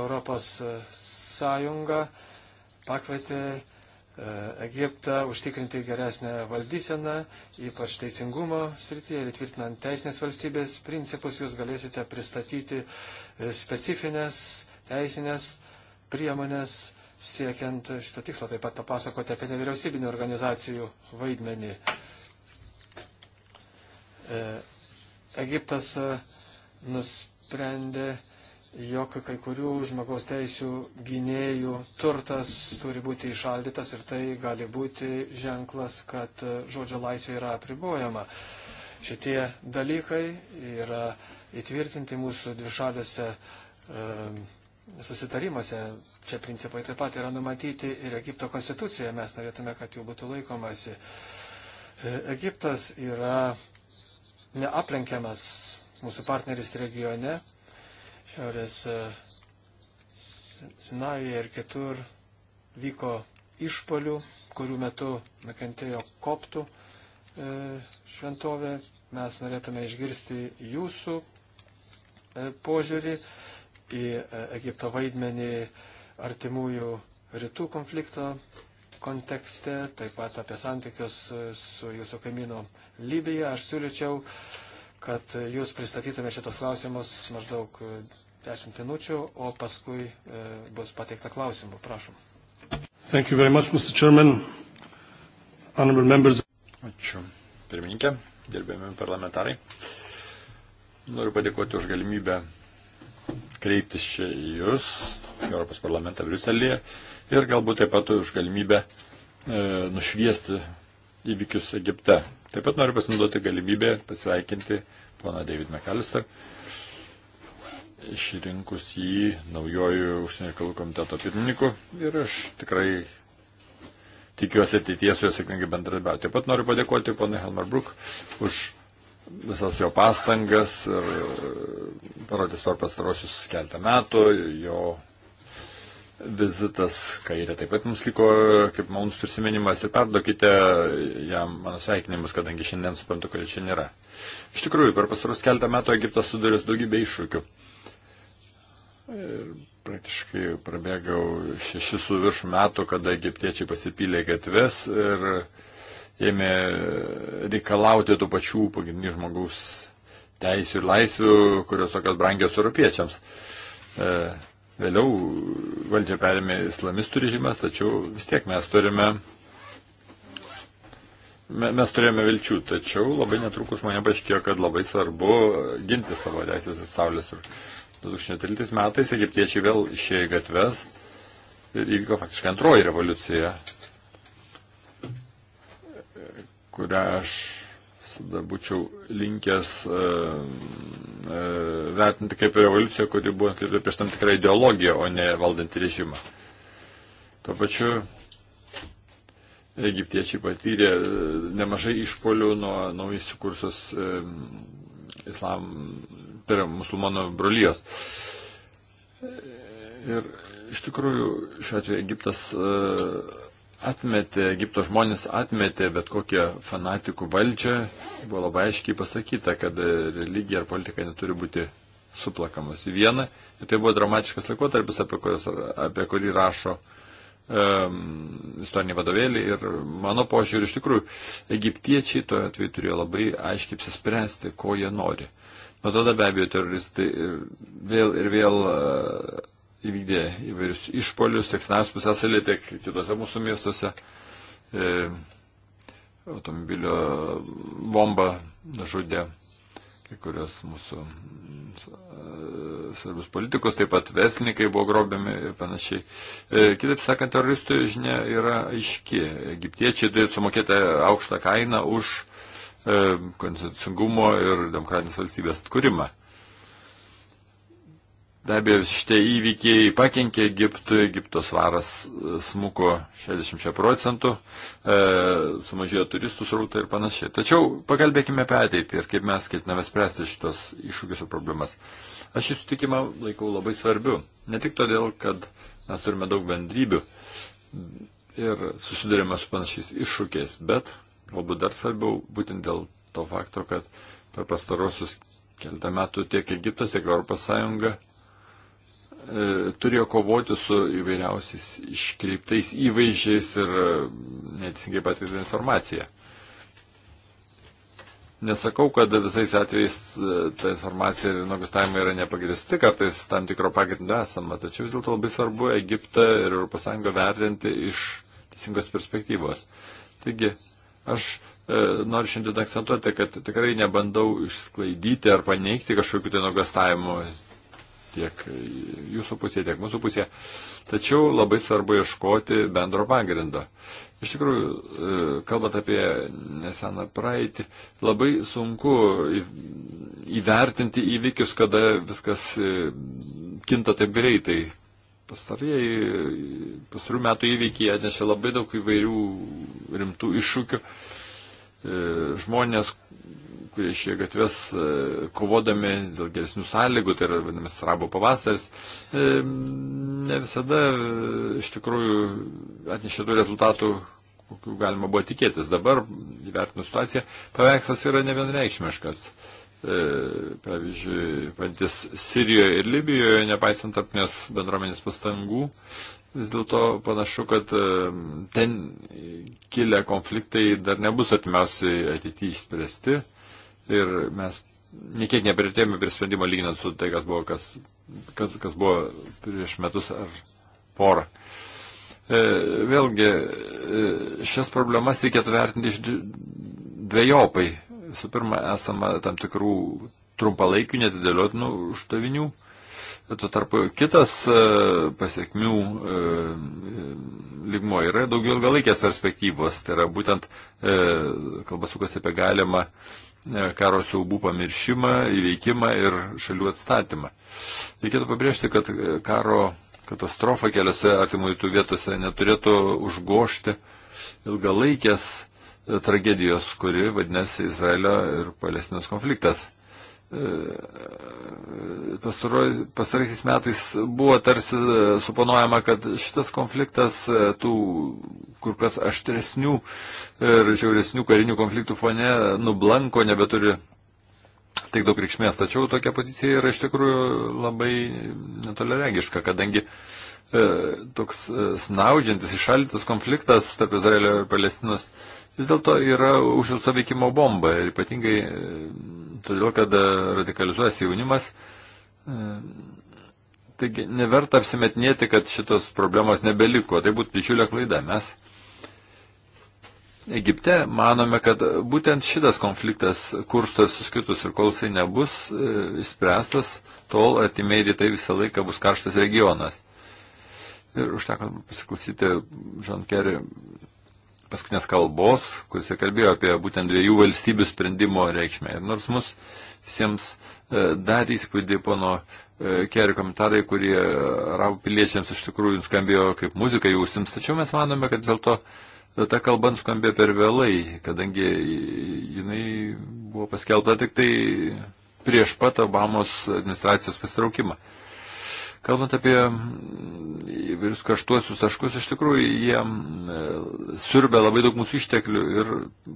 Europos e, Sąjunga pakvietė e, Egiptą užtikrinti geresnę valdyseną, ypač teisingumo srityje ir tvirtinant teisinės valstybės principus, jūs galėsite pristatyti e, specifines teisinės priemonės siekiant šito tikslo. Taip pat papasakote apie nevyriausybinio organizacijų vaidmenį. E, Egiptas e, nusprendė, jog kai kurių žmogaus teisų gynėjų turtas turi būti išaldytas ir tai gali būti ženklas, kad e, žodžio laisvė yra apribojama. Šitie dalykai yra įtvirtinti mūsų dvišaliuose e, susitarimuose. Čia principai taip pat yra numatyti ir Egipto konstitucijoje. Mes norėtume, kad jų būtų laikomasi. Egiptas yra neaplenkiamas mūsų partneris regione, Šiaurės e, Sinajoje ir kitur vyko išpolių, kurių metu nukentėjo koptų e, šventovė. Mes norėtume išgirsti jūsų e, požiūrį į Egipto vaidmenį artimųjų rytų konflikto kontekste, taip pat apie santykius su jūsų kaimynu Libija. Aš siūlyčiau, kad jūs pristatytume šitos klausimus maždaug 10 minučių, o paskui e, bus pateikta klausimų. Prašom. Much, Mr. Chairman. Honorable members. Ačiū. Pirmininkė, gerbėmi parlamentarai. Noriu padėkoti už galimybę kreiptis čia į Jūs, Europos parlamentą Briuselėje ir galbūt taip pat už galimybę e, nušviesti įvykius Egipte. Taip pat noriu pasinaudoti galimybę pasveikinti poną David McAllister, išrinkus jį naujojų užsienio reikalų komiteto pirmininku ir aš tikrai tikiuosi ateityje su juo sėkmingai bendradarbiauti. Taip pat noriu padėkoti ponui Helmer Brook už visas jo pastangas ir e, parodys per pastarosius keltą metų, jo vizitas kairė. Taip pat mums liko, kaip mums prisiminimas, ir perdokite jam mano sveikinimus, kadangi šiandien suprantu, kad čia nėra. Iš tikrųjų, per pasarus keltą metų Egiptas sudarys daugybę iššūkių. Ir praktiškai prabėgau šešis su viršų metų, kada egiptiečiai pasipylė gatves ir ėmė reikalauti tų pačių pagrindinių žmogaus teisų ir laisvių, kurios tokios brangios europiečiams. E, Vėliau valdžią perėmė islamistų režimas, tačiau vis tiek mes turime. Mes turėjome vilčių, tačiau labai netrukus žmonė paaiškėjo, kad labai svarbu ginti savo teisės ir saulės. Ir 2003 metais egiptiečiai vėl išėjo į gatves ir įvyko faktiškai antroji revoliucija, kurią aš tada būčiau linkęs e, e, vertinti kaip revoliuciją, kuri buvo atlikta prieš tam tikrą ideologiją, o ne valdantį režimą. Tuo pačiu egiptiečiai patyrė e, nemažai išpolių nuo naujai sukursios e, islam, tai yra musulmonų brolyjos. E, ir iš tikrųjų šiuo atveju Egiptas e, atmetė, Egipto žmonės atmetė bet kokią fanatikų valdžią, buvo labai aiškiai pasakyta, kad e, religija ar politika neturi būti suplakamas į vieną. Ir tai buvo dramatiškas laikotarpis, apie, kurios, apie kurį rašo um, istoriniai vadovėliai. Ir mano požiūrį, iš tikrųjų, egiptiečiai toje atveju turėjo labai aiškiai apsispręsti, ko jie nori. Nuo tada be abejo teroristai vėl ir vėl uh, įvykdė įvairius išpolius tiek Sinajos pusėsalį, tiek kitose mūsų miestuose. E, automobilio bomba žudė kai kurios mūsų e, svarbius politikus, taip pat veslininkai buvo grobiami ir panašiai. E, kitaip sakant, teroristų žinia yra aiški. Egiptiečiai turėtų sumokėti aukštą kainą už e, konstitucingumo ir demokratinės valstybės atkūrimą. Be abejo, šitie įvykiai pakenkė Egiptui, Egipto svaras e, smuko 60 procentų, e, sumažėjo turistų srautą ir panašiai. Tačiau pakalbėkime apie ateitį ir kaip mes ketiname spręsti šitos iššūkius ir problemas. Aš šį sutikimą laikau labai svarbiu. Ne tik todėl, kad mes turime daug bendrybių ir susidurime su panašiais iššūkiais, bet galbūt dar svarbiau būtent dėl to fakto, kad per pastarosius keletą metų tiek Egiptas, tiek Europos Sąjunga E, turėjo kovoti su įvairiausiais iškreiptais įvaizdžiais ir e, neteisingai patys informacija. Nesakau, kad visais atvejais e, ta informacija ir nuogastavimai yra nepagristi, kartais tam tikro pagrindo esama, tačiau vis dėlto labai svarbu Egiptą ir ES vertinti iš teisingos perspektyvos. Taigi, aš noriu šiandien akcentuoti, kad tikrai nebandau išsklaidyti ar paneigti kažkokiu tai nuogastavimu tiek jūsų pusėje, tiek mūsų pusėje. Tačiau labai svarbu ieškoti bendro pagrindo. Iš tikrųjų, e, kalbant apie neseną praeitį, labai sunku įvertinti įvykius, kada viskas e, kinta taip greitai. Pastarų metų įvykiai atnešė labai daug įvairių rimtų iššūkių. E, žmonės, kurie išėjo gatves e, kovodami dėl geresnių sąlygų, tai yra vadinamas arabo pavasaris, e, ne visada e, iš tikrųjų atnešė tų rezultatų, kokių galima buvo tikėtis. Dabar, įvertinus situaciją, paveikslas yra nevienreikšmiškas. Pavyzdžiui, patys Sirijoje ir Libijoje, nepaisant tarpnės bendruomenės pastangų, Vis dėlto panašu, kad ten kilę konfliktai dar nebus atmiausiai ateityje išspręsti ir mes niekiek neprieartėjome prie sprendimo lyginant su tai, kas buvo, kas, kas, kas buvo prieš metus ar porą. E, vėlgi, e, šias problemas reikėtų vertinti iš dviejopai. Su pirma, esama tam tikrų trumpalaikių, nedideliotinų uždavinių. E, tuo tarpu kitas pasiekmių lygmo yra daugiau ilgalaikės perspektyvos. Tai yra būtent kalba sukasi apie galimą E, karo siaubų pamiršimą, įveikimą ir šalių atstatymą. Reikėtų pabrėžti, kad e, karo katastrofa keliose artimų rytų vietose neturėtų užgošti ilgalaikės e, tragedijos, kuri vadinasi Izraelio ir Palestinos konfliktas pastaraisiais metais buvo tarsi e, suponuojama, kad šitas konfliktas e, tų kur kas aštresnių ir žiauresnių karinių konfliktų fone nublanko, nebeturi tiek daug reikšmės. Tačiau tokia pozicija yra iš tikrųjų labai netoleregiška, kadangi e, toks snaudžiantis, išalytas konfliktas tarp Izraelio ir Palestinos vis dėlto yra užsilso veikimo bomba ir ypatingai e, todėl, kad e, radikalizuojasi jaunimas. E, taigi neverta apsimetinėti, kad šitos problemos nebeliko. Tai būtų didžiulė klaida. Mes Egipte manome, kad būtent šitas konfliktas kursto visus kitus ir kol jisai nebus išspręstas, tol artimiai rytai visą laiką bus karštas regionas. Ir užteko pasiklausyti Žan Kerry paskutinės kalbos, kuris kalbėjo apie būtent dviejų valstybių sprendimo reikšmę. Ir nors mus visiems e, dar įspūdį pono e, Kerį komentarai, kurie e, arabų piliečiams iš tikrųjų skambėjo kaip muzika jų sims, tačiau mes manome, kad dėl to ta kalba skambėjo per vėlai, kadangi jinai buvo paskelbta tik tai prieš pat Obamos administracijos pasitraukimą. Kalbant apie įvairius karštuosius taškus, iš tikrųjų jie e, siurbia labai daug mūsų išteklių ir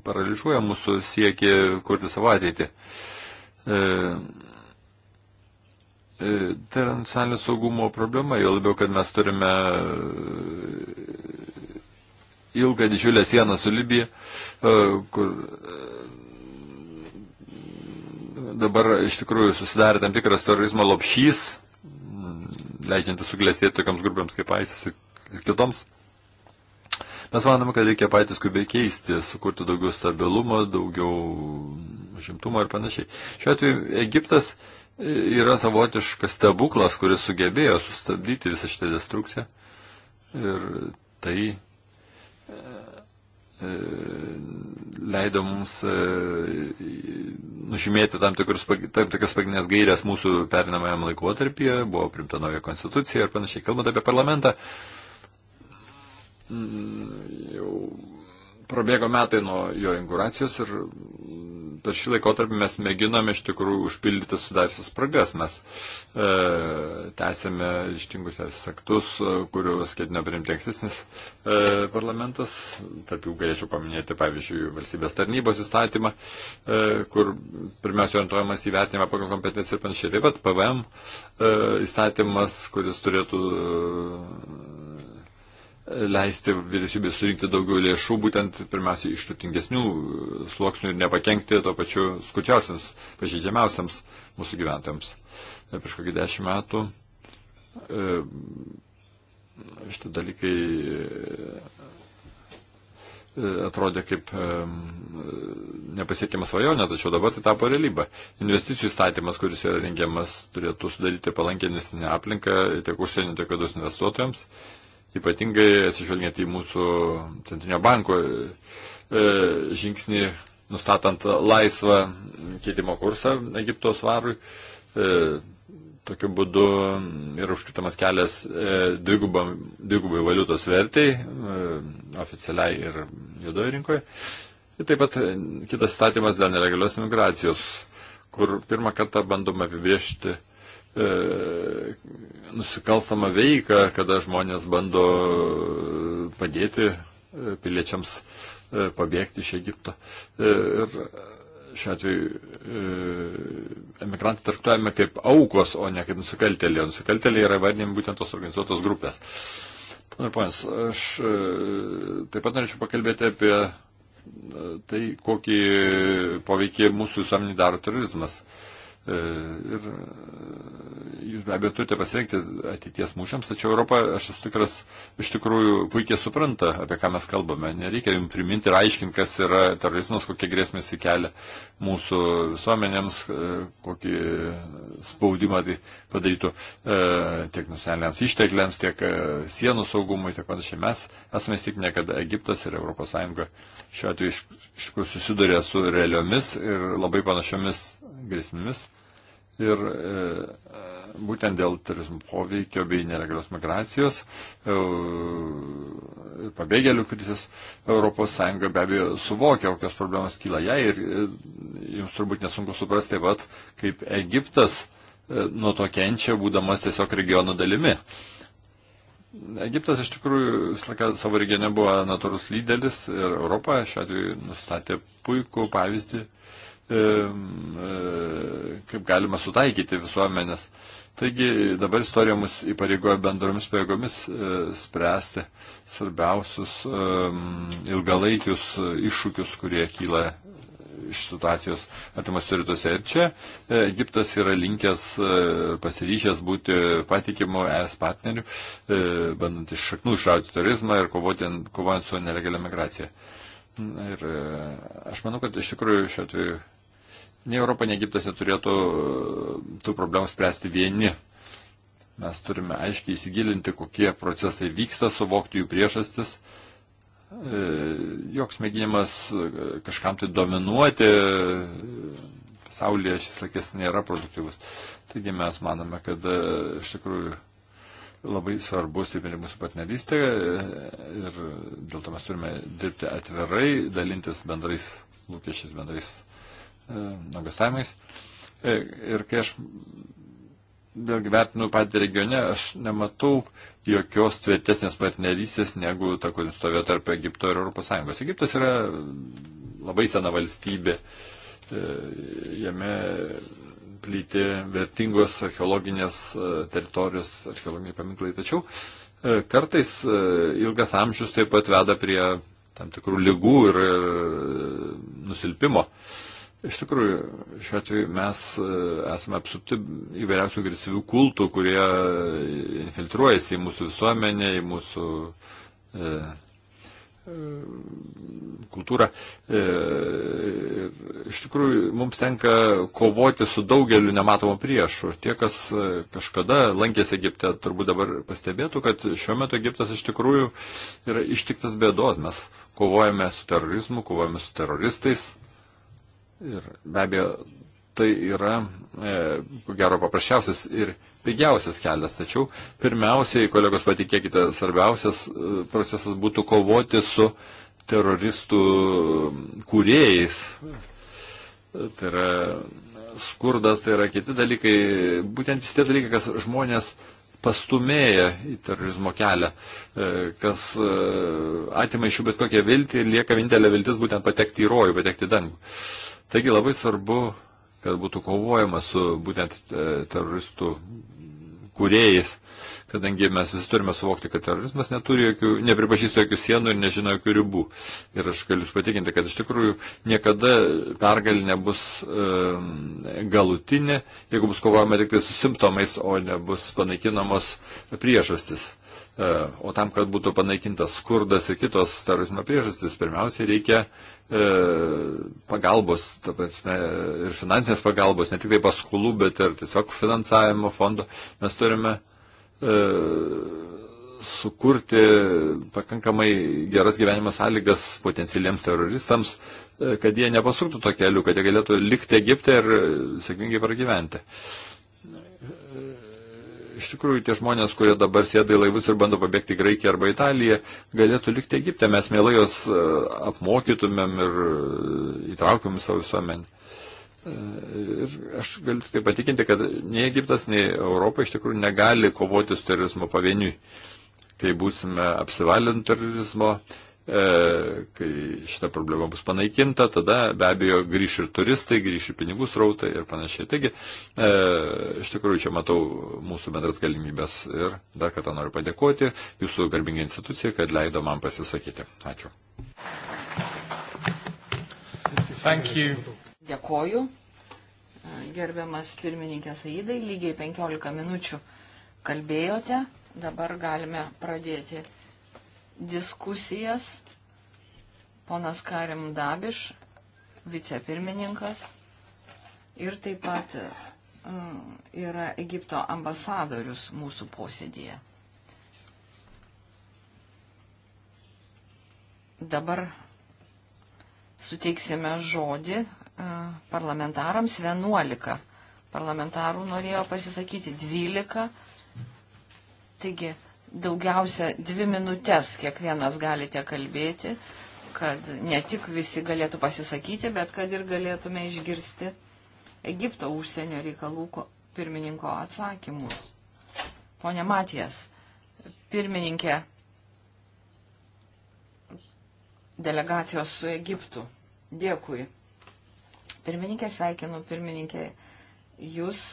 paralyžiuoja mūsų siekį kurti savo ateitį. E, e Tai yra nacionalinio saugumo problema, jau labiau, kad mes turime e, ilgą didžiulę sieną su Libija, kur dabar iš tikrųjų susidarė tam tikras terorizmo lopšys, leidžianti suglėsėti tokiams grupėms kaip ISIS ir kitoms. Mes manome, kad reikia patys skubiai keisti, sukurti daugiau stabilumo, daugiau žimtumo ir panašiai. Šiuo atveju Egiptas yra savotiškas stebuklas, kuris sugebėjo sustabdyti visą šitą destrukciją. Ir tai E, leido mums e, nužymėti tam, tikrus, tam tikras pagrindinės gairias mūsų perinamajam laikotarpyje, buvo primta nauja konstitucija ir panašiai. Kalbant apie parlamentą, mm, jau prabėgo metai nuo jo inauguracijos ir per šį laikotarpį mes mėginame iš tikrųjų užpildyti sudariusias spragas. Mes e, tęsėme ištingus aktus, e, kuriuos ketinio priimti ankstesnis e, parlamentas. Tarp jų galėčiau paminėti, pavyzdžiui, valstybės tarnybos įstatymą, e, kur pirmiausia orientuojamas įvertinimą pagal kompetenciją ir panašiai. Taip pat PVM e, įstatymas, kuris turėtų. E, leisti vyriausybė surinkti daugiau lėšų, būtent pirmiausiai iš turtingesnių sluoksnių ir nepakengti to pačiu skurčiausiams, pažeidžiamiausiams mūsų gyventojams. Prieš kokį dešimt metų e, šitie dalykai e, atrodė kaip e, nepasiekiama svajonė, tačiau dabar tai tapo realybė. Investicijų įstatymas, kuris yra rengiamas, turėtų sudaryti palankę investicinę aplinką tiek užsienio, tiek vidaus investuotojams. investuotojams ypatingai atsižvelgiant į mūsų centrinio banko e, žingsnį, nustatant laisvą keitimo kursą Egipto svarui. E, tokiu būdu yra užkirtamas kelias e, dvigubai valiutos vertei, oficialiai ir juodoje rinkoje. Ir taip pat kitas statymas dėl nelegalios imigracijos, kur pirmą kartą bandoma apibriežti uh, e, nusikalstamą veiką, kada žmonės bando padėti e, piliečiams e, pabėgti iš Egipto. E, ir šiuo atveju emigrantai traktuojame kaip aukos, o ne kaip nusikaltėliai. Nusikaltėliai yra vardinami būtent tos organizuotos grupės. Pana ir ponas, aš taip pat norėčiau pakalbėti apie tai, kokį poveikį mūsų visuomenį daro terorizmas. Uh, E, ir e, jūs be abejo turite pasirinkti ateities mūšiams, tačiau Europa, aš esu tikras, iš tikrųjų puikiai supranta, apie ką mes kalbame. Nereikia jums priminti ir aiškinti, kas yra terorizmas, kokie grėsmės į kelią mūsų visuomenėms, e, kokį spaudimą tai padarytų tiek nusenėliams ištekliams, tiek sienų saugumui, tiek panašiai. Mes esame įsitikinę, kad Egiptas ir ES šiuo atveju iš, iš, susiduria su realiomis ir labai panašiomis grėsmėmis Ir e, būtent dėl turizmo poveikio bei nelegalios migracijos, e, pabėgėlių krizės, ES be abejo suvokia, kokios problemos kyla jai ir e, jums turbūt nesunku suprasti, vat, kaip Egiptas nuo to kenčia, būdamas tiesiog regiono dalimi. Egiptas iš tikrųjų visą laiką savo regione buvo natūrus lyderis ir Europoje šiuo atveju nustatė puikų pavyzdį. Uh, E, kaip galima sutaikyti visuomenės. Taigi dabar istorija mus įpareigoja bendromis pajėgomis e, spręsti svarbiausius ilgalaikius iššūkius, kurie kyla iš situacijos atimuose rytuose. Ir čia e, Egiptas yra linkęs pasiryžęs būti patikimu ES partneriu, bandant iš šaknų išrauti turizmą ir kovoti, kovojant su nelegalia migracija. Ir aš manau, kad iš tikrųjų šiuo atveju nei Europa, nei Egiptas neturėtų e, tų problemų spręsti vieni. Mes turime aiškiai įsigilinti, kokie procesai vyksta, suvokti jų priežastis. E, joks mėginimas e, kažkam tai dominuoti pasaulyje šis laikas nėra produktyvus. Taigi mes manome, kad iš tikrųjų labai svarbu stiprinti mūsų partnerystę ir dėl to mes turime dirbti atvirai, dalintis bendrais lūkesčiais, bendrais E, nuogastavimais. E, ir kai aš vėlgi vertinu patį regione, aš nematau jokios tvirtesnės partnerystės negu ta, kuri stovėjo tarp Egipto ir ES. Egiptas yra labai sena valstybė. E, jame plyti vertingos archeologinės teritorijos, archeologiniai paminklai. Tačiau kartais ilgas amžius taip pat veda prie tam tikrų lygų ir nusilpimo. Uh, Iš tikrųjų, šiuo atveju mes e, esame apsupti įvairiausių agresyvių kultų, kurie e, infiltruojasi į mūsų visuomenę, į mūsų e, e, kultūrą. E, e, iš tikrųjų, mums tenka kovoti su daugeliu nematomų priešų. Tie, kas kažkada lankėsi Egipte, turbūt dabar pastebėtų, kad šiuo metu Egiptas iš tikrųjų yra ištiktas bėdos. Mes kovojame su terorizmu, kovojame su teroristais Ir be abejo, tai yra, e, gero, paprasčiausias ir pigiausias kelias. Tačiau pirmiausiai, kolegos, patikėkite, svarbiausias e, procesas būtų kovoti su teroristų kūrėjais. Tai yra skurdas, tai yra kiti dalykai. Būtent visi tie dalykai, kas žmonės pastumėja į terorizmo kelią, e, kas e, atima iš jų bet kokią viltį ir lieka vienintelė viltis būtent patekti į rojų, patekti į dangų. Taigi labai svarbu, kad būtų kovojama su būtent e, teroristų kūrėjais, kadangi mes visi turime suvokti, kad terorizmas neturi jokių, nepripažįsta jokių sienų ir nežino jokių ribų. Ir aš galiu jūs patikinti, kad iš tikrųjų niekada pergalė nebus e, galutinė, jeigu bus kovojama tik tai su simptomais, o nebus panaikinamos priežastis. E, o tam, kad būtų panaikintas skurdas ir kitos terorizmo priežastis, pirmiausiai reikia E, pagalbos, ta prasme, ir finansinės pagalbos, ne tik tai paskolų, bet ir tiesiog finansavimo fondo, mes turime e, sukurti pakankamai geras gyvenimo sąlygas potencialiems teroristams, e, kad jie nepasuktų to keliu, kad jie galėtų likti Egipte ir sėkmingai pragyventi. E, iš tikrųjų tie žmonės, kurie dabar sėda į laivus ir bando pabėgti į Graikiją arba Italiją, galėtų likti Egipte. Mes mielai juos e, apmokytumėm ir e, įtrauktumėm savo visuomenį. E, ir aš galiu tik tai patikinti, kad nei Egiptas, nei Europa iš tikrųjų negali kovoti su terorizmo pavieniui. Kai būsime apsivalinti terorizmo, uh, E, kai šita problema bus panaikinta, tada be abejo grįš ir turistai, grįš ir pinigų srautai ir panašiai. Taigi, e, iš tikrųjų, čia matau mūsų bendras galimybės ir dar kartą noriu padėkoti jūsų garbingai institucijai, kad leido man pasisakyti. Ačiū. Dėkoju. Gerbiamas pirmininkės Aidai, lygiai 15 minučių kalbėjote, dabar galime pradėti diskusijas ponas Karim Dabiš, vicepirmininkas ir taip pat mm, yra Egipto ambasadorius mūsų posėdėje. Dabar suteiksime žodį e, parlamentarams 11. Parlamentarų norėjo pasisakyti 12. Taigi, daugiausia dvi minutės kiekvienas galite kalbėti, kad ne tik visi galėtų pasisakyti, bet kad ir galėtume išgirsti Egipto užsienio reikalų pirmininko atsakymus. Pone Matijas, pirmininkė delegacijos su Egiptu. Dėkui. Pirmininkė sveikinu, pirmininkė, jūs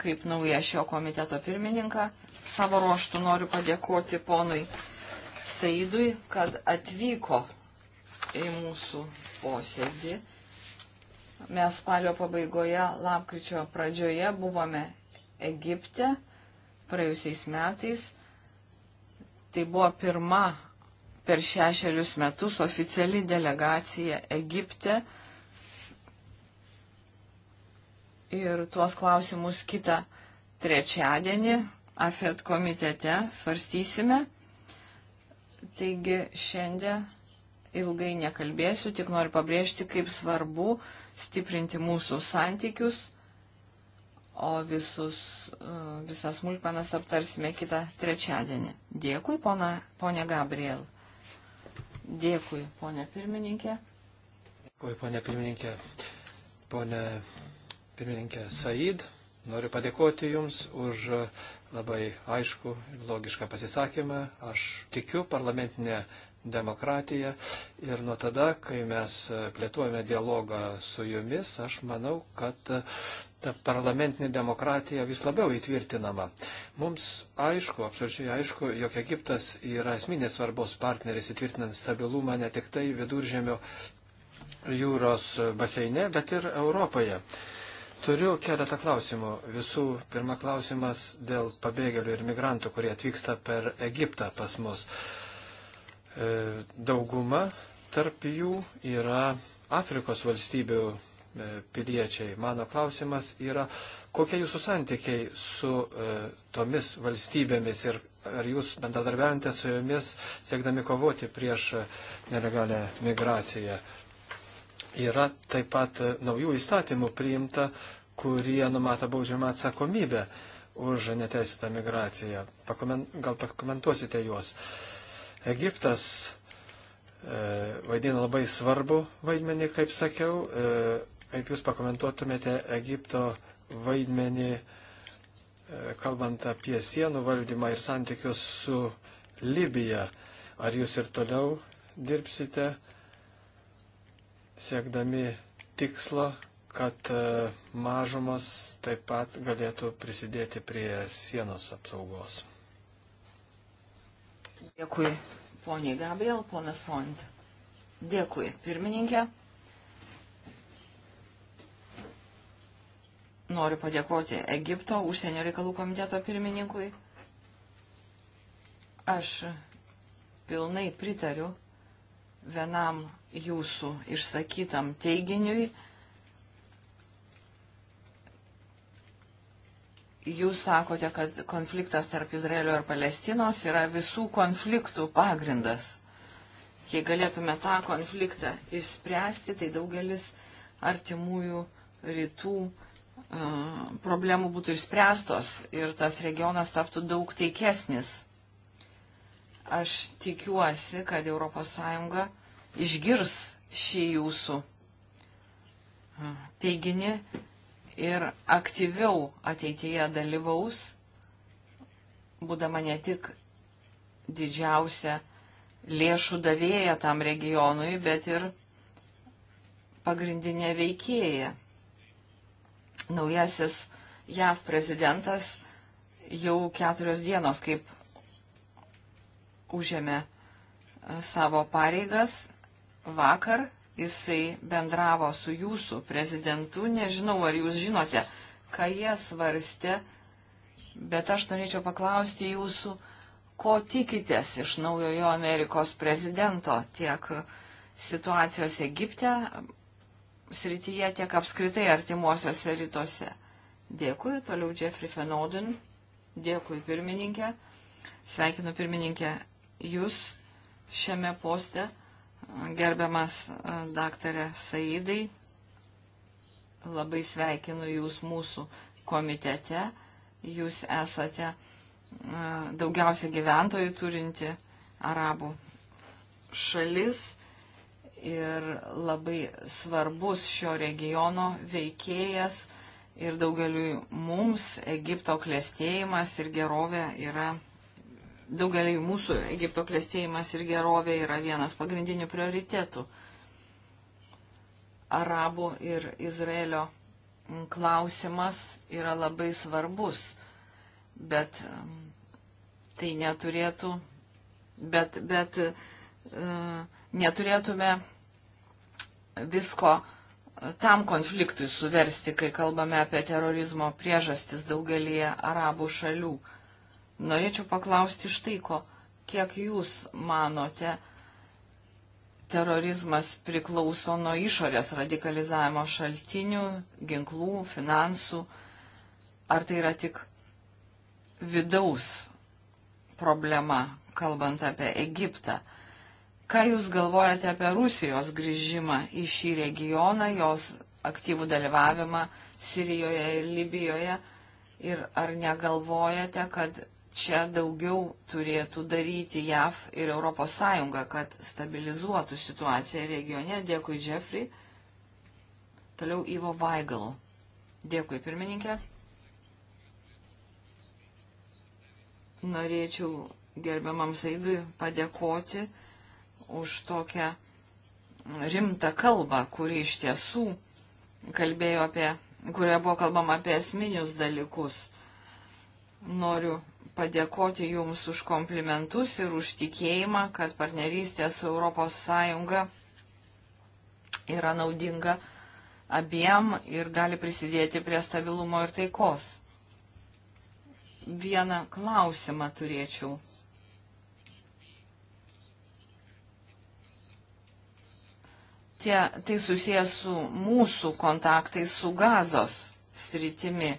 kaip nauja šio komiteto pirmininką savo ruoštų noriu padėkoti ponui Seidui, kad atvyko į mūsų posėdį. Mes spalio pabaigoje, lapkričio pradžioje buvome Egipte praėjusiais metais. Tai buvo pirma per šešerius metus oficiali delegacija Egipte. Ir tuos klausimus kitą trečiadienį AFET komitete svarstysime. Taigi šiandien ilgai nekalbėsiu, tik noriu pabrėžti, kaip svarbu stiprinti mūsų santykius, o visus, e, visas smulkmenas aptarsime kitą trečiadienį. Dėkui, pona, ponė Gabriel. Dėkui, ponė pirmininkė. Dėkui, ponė pirmininkė. Ponė pirmininkė Said, noriu padėkoti Jums už labai aišku ir logišką pasisakymą. Aš tikiu parlamentinę demokratiją ir nuo tada, kai mes e, plėtuojame dialogą su jumis, aš manau, kad e, ta parlamentinė demokratija vis labiau įtvirtinama. Mums aišku, absoliučiai aišku, jog Egiptas yra esminės svarbos partneris įtvirtinant stabilumą ne tik tai viduržėmio jūros baseine, bet ir Europoje. Uh, Turiu keletą klausimų. Visų pirma klausimas dėl pabėgėlių ir migrantų, kurie atvyksta per Egiptą pas mus. E, dauguma tarp jų yra Afrikos valstybių e, piliečiai. Mano klausimas yra, kokie jūsų santykiai su e, tomis valstybėmis ir ar jūs bendradarbiavate su jomis, siekdami kovoti prieš nelegalę migraciją. Yra taip pat e, naujų įstatymų priimta, kurie numato baudžiamą atsakomybę už neteisėtą migraciją. Pakomen, gal pakomentuosite juos. Egiptas e, vaidina labai svarbu vaidmenį, kaip sakiau. E, kaip jūs pakomentuotumėte Egipto vaidmenį, e, kalbant apie sienų valdymą ir santykius su Libija? Ar jūs ir toliau dirbsite? E, siekdami tikslo, kad e, mažumas taip pat galėtų prisidėti prie sienos apsaugos. Dėkui, poniai Gabriel, ponas Font. Dėkui, pirmininkė. Noriu padėkoti Egipto užsienio reikalų komiteto pirmininkui. Aš pilnai pritariu vienam jūsų išsakytam teiginiui. Jūs sakote, kad konfliktas tarp Izraelio ir Palestinos yra visų konfliktų pagrindas. Jei galėtume tą konfliktą išspręsti, tai daugelis artimųjų rytų uh, problemų būtų išspręstos ir tas regionas taptų daug taikesnis. Aš tikiuosi, kad ES išgirs šį jūsų teiginį ir aktyviau ateityje dalyvaus, būdama ne tik didžiausia lėšų davėja tam regionui, bet ir pagrindinė veikėja. Naujasis JAV prezidentas jau keturios dienos kaip užėmė e, savo pareigas vakar. Jisai bendravo su jūsų prezidentu. Nežinau, ar jūs žinote, ką jie svarstė, bet aš norėčiau paklausti jūsų, ko tikitės iš naujojo Amerikos prezidento tiek situacijos Egipte srityje, tiek apskritai artimuosiuose rytuose. Dėkui, toliau Jeffrey Fenoden. Dėkui, pirmininkė. Sveikinu pirmininkę jūs šiame poste, gerbiamas e, daktarė Saidai, labai sveikinu jūs mūsų komitete. Jūs esate e, daugiausia gyventojų turinti arabų šalis ir labai svarbus šio regiono veikėjas ir daugeliu mums Egipto klėstėjimas ir gerovė yra daugelį mūsų Egipto klėstėjimas ir gerovė yra vienas pagrindinių prioritetų. Arabų ir Izraelio klausimas yra labai svarbus, bet um, tai neturėtų, bet, bet uh, neturėtume visko tam konfliktui suversti, kai kalbame apie terorizmo priežastis daugelį arabų šalių. Norėčiau paklausti štai ko, kiek jūs manote, terorizmas priklauso nuo išorės radikalizavimo šaltinių, ginklų, finansų, ar tai yra tik vidaus problema, kalbant apie Egiptą. Ką Jūs galvojate apie Rusijos grįžimą į šį regioną, jos aktyvų dalyvavimą Sirijoje ir Libijoje? Ir ar negalvojate, kad čia daugiau turėtų daryti JAV ir ES, kad stabilizuotų situaciją regione. Dėkui, Jeffrey. Toliau Ivo Vaigal. Dėkui, pirmininkė. Norėčiau gerbiamam Saidui padėkoti už tokią rimtą kalbą, kuri iš tiesų kalbėjo apie, kurioje buvo kalbama apie esminius dalykus noriu padėkoti Jums už komplimentus ir už tikėjimą, kad partnerystė su ES yra naudinga abiem ir gali prisidėti prie stabilumo ir taikos. Vieną klausimą turėčiau. Tie, tai susijęs su mūsų kontaktais su gazos sritimi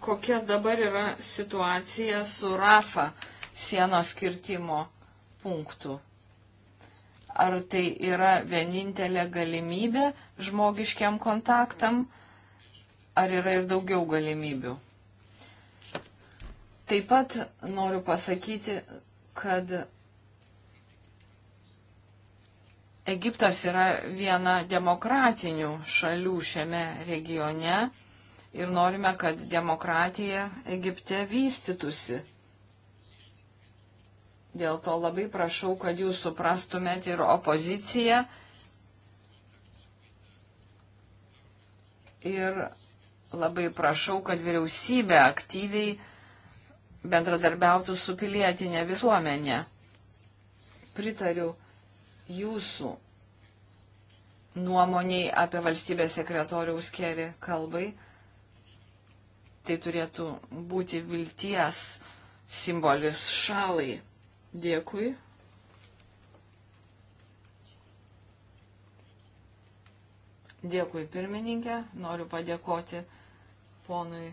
kokia dabar yra situacija su Rafa sienos kirtimo punktu. Ar tai yra vienintelė galimybė žmogiškiam kontaktam, ar yra ir daugiau galimybių? Taip pat noriu pasakyti, kad Egiptas yra viena demokratinių šalių šiame regione ir norime, kad demokratija Egipte vystytųsi. Dėl to labai prašau, kad jūs suprastumėt ir opoziciją ir labai prašau, kad vyriausybė aktyviai bendradarbiautų su pilietinė visuomenė. Pritariu jūsų nuomoniai apie valstybės sekretoriaus keli kalbai. Tai turėtų būti vilties simbolis šalai. Dėkui. Dėkui pirmininkė, noriu padėkoti ponui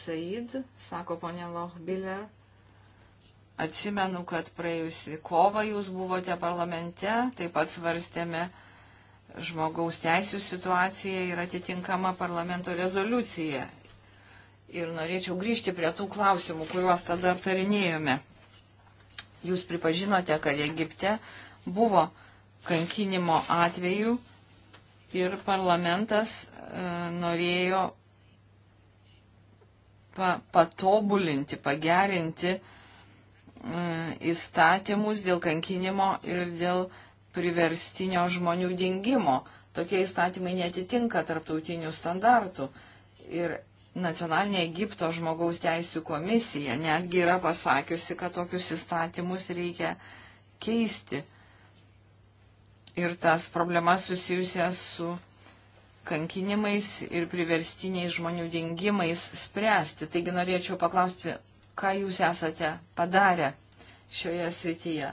Said, sako ponė Lochbiller. Atsimenu, kad praėjusi kova jūs buvote parlamente, taip pat svarstėme žmogaus teisų situaciją ir atitinkamą parlamento rezoliuciją. Ir norėčiau grįžti prie tų klausimų, kuriuos tada aptarinėjome. Jūs pripažinote, kad Egipte buvo kankinimo atvejų ir parlamentas e, norėjo pa, patobulinti, pagerinti e, įstatymus dėl kankinimo ir dėl priverstinio žmonių dingimo. Tokie įstatymai netitinka tarptautinių standartų. Ir Nacionalinė Egipto žmogaus teisų komisija netgi yra pasakiusi, kad tokius įstatymus reikia keisti. Ir tas problemas susijusias su kankinimais ir priverstiniais žmonių dingimais spręsti. Taigi norėčiau paklausti, ką jūs esate padarę šioje srityje.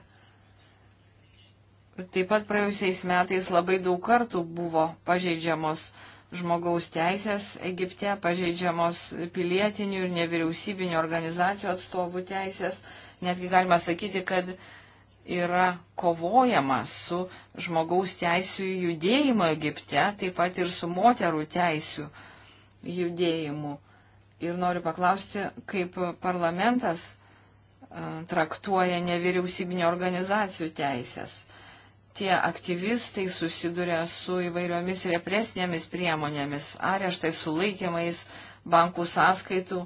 Taip pat praėjusiais metais labai daug kartų buvo pažeidžiamos žmogaus teisės Egipte, pažeidžiamos pilietinių ir nevyriausybinio organizacijų atstovų teisės. Netgi galima sakyti, kad yra kovojama su žmogaus teisų judėjimu Egipte, taip pat ir su moterų teisų judėjimu. Ir noriu paklausti, kaip parlamentas traktuoja nevyriausybinio organizacijų teisės tie aktyvistai susiduria su įvairiomis represinėmis priemonėmis, areštai sulaikymais, bankų sąskaitų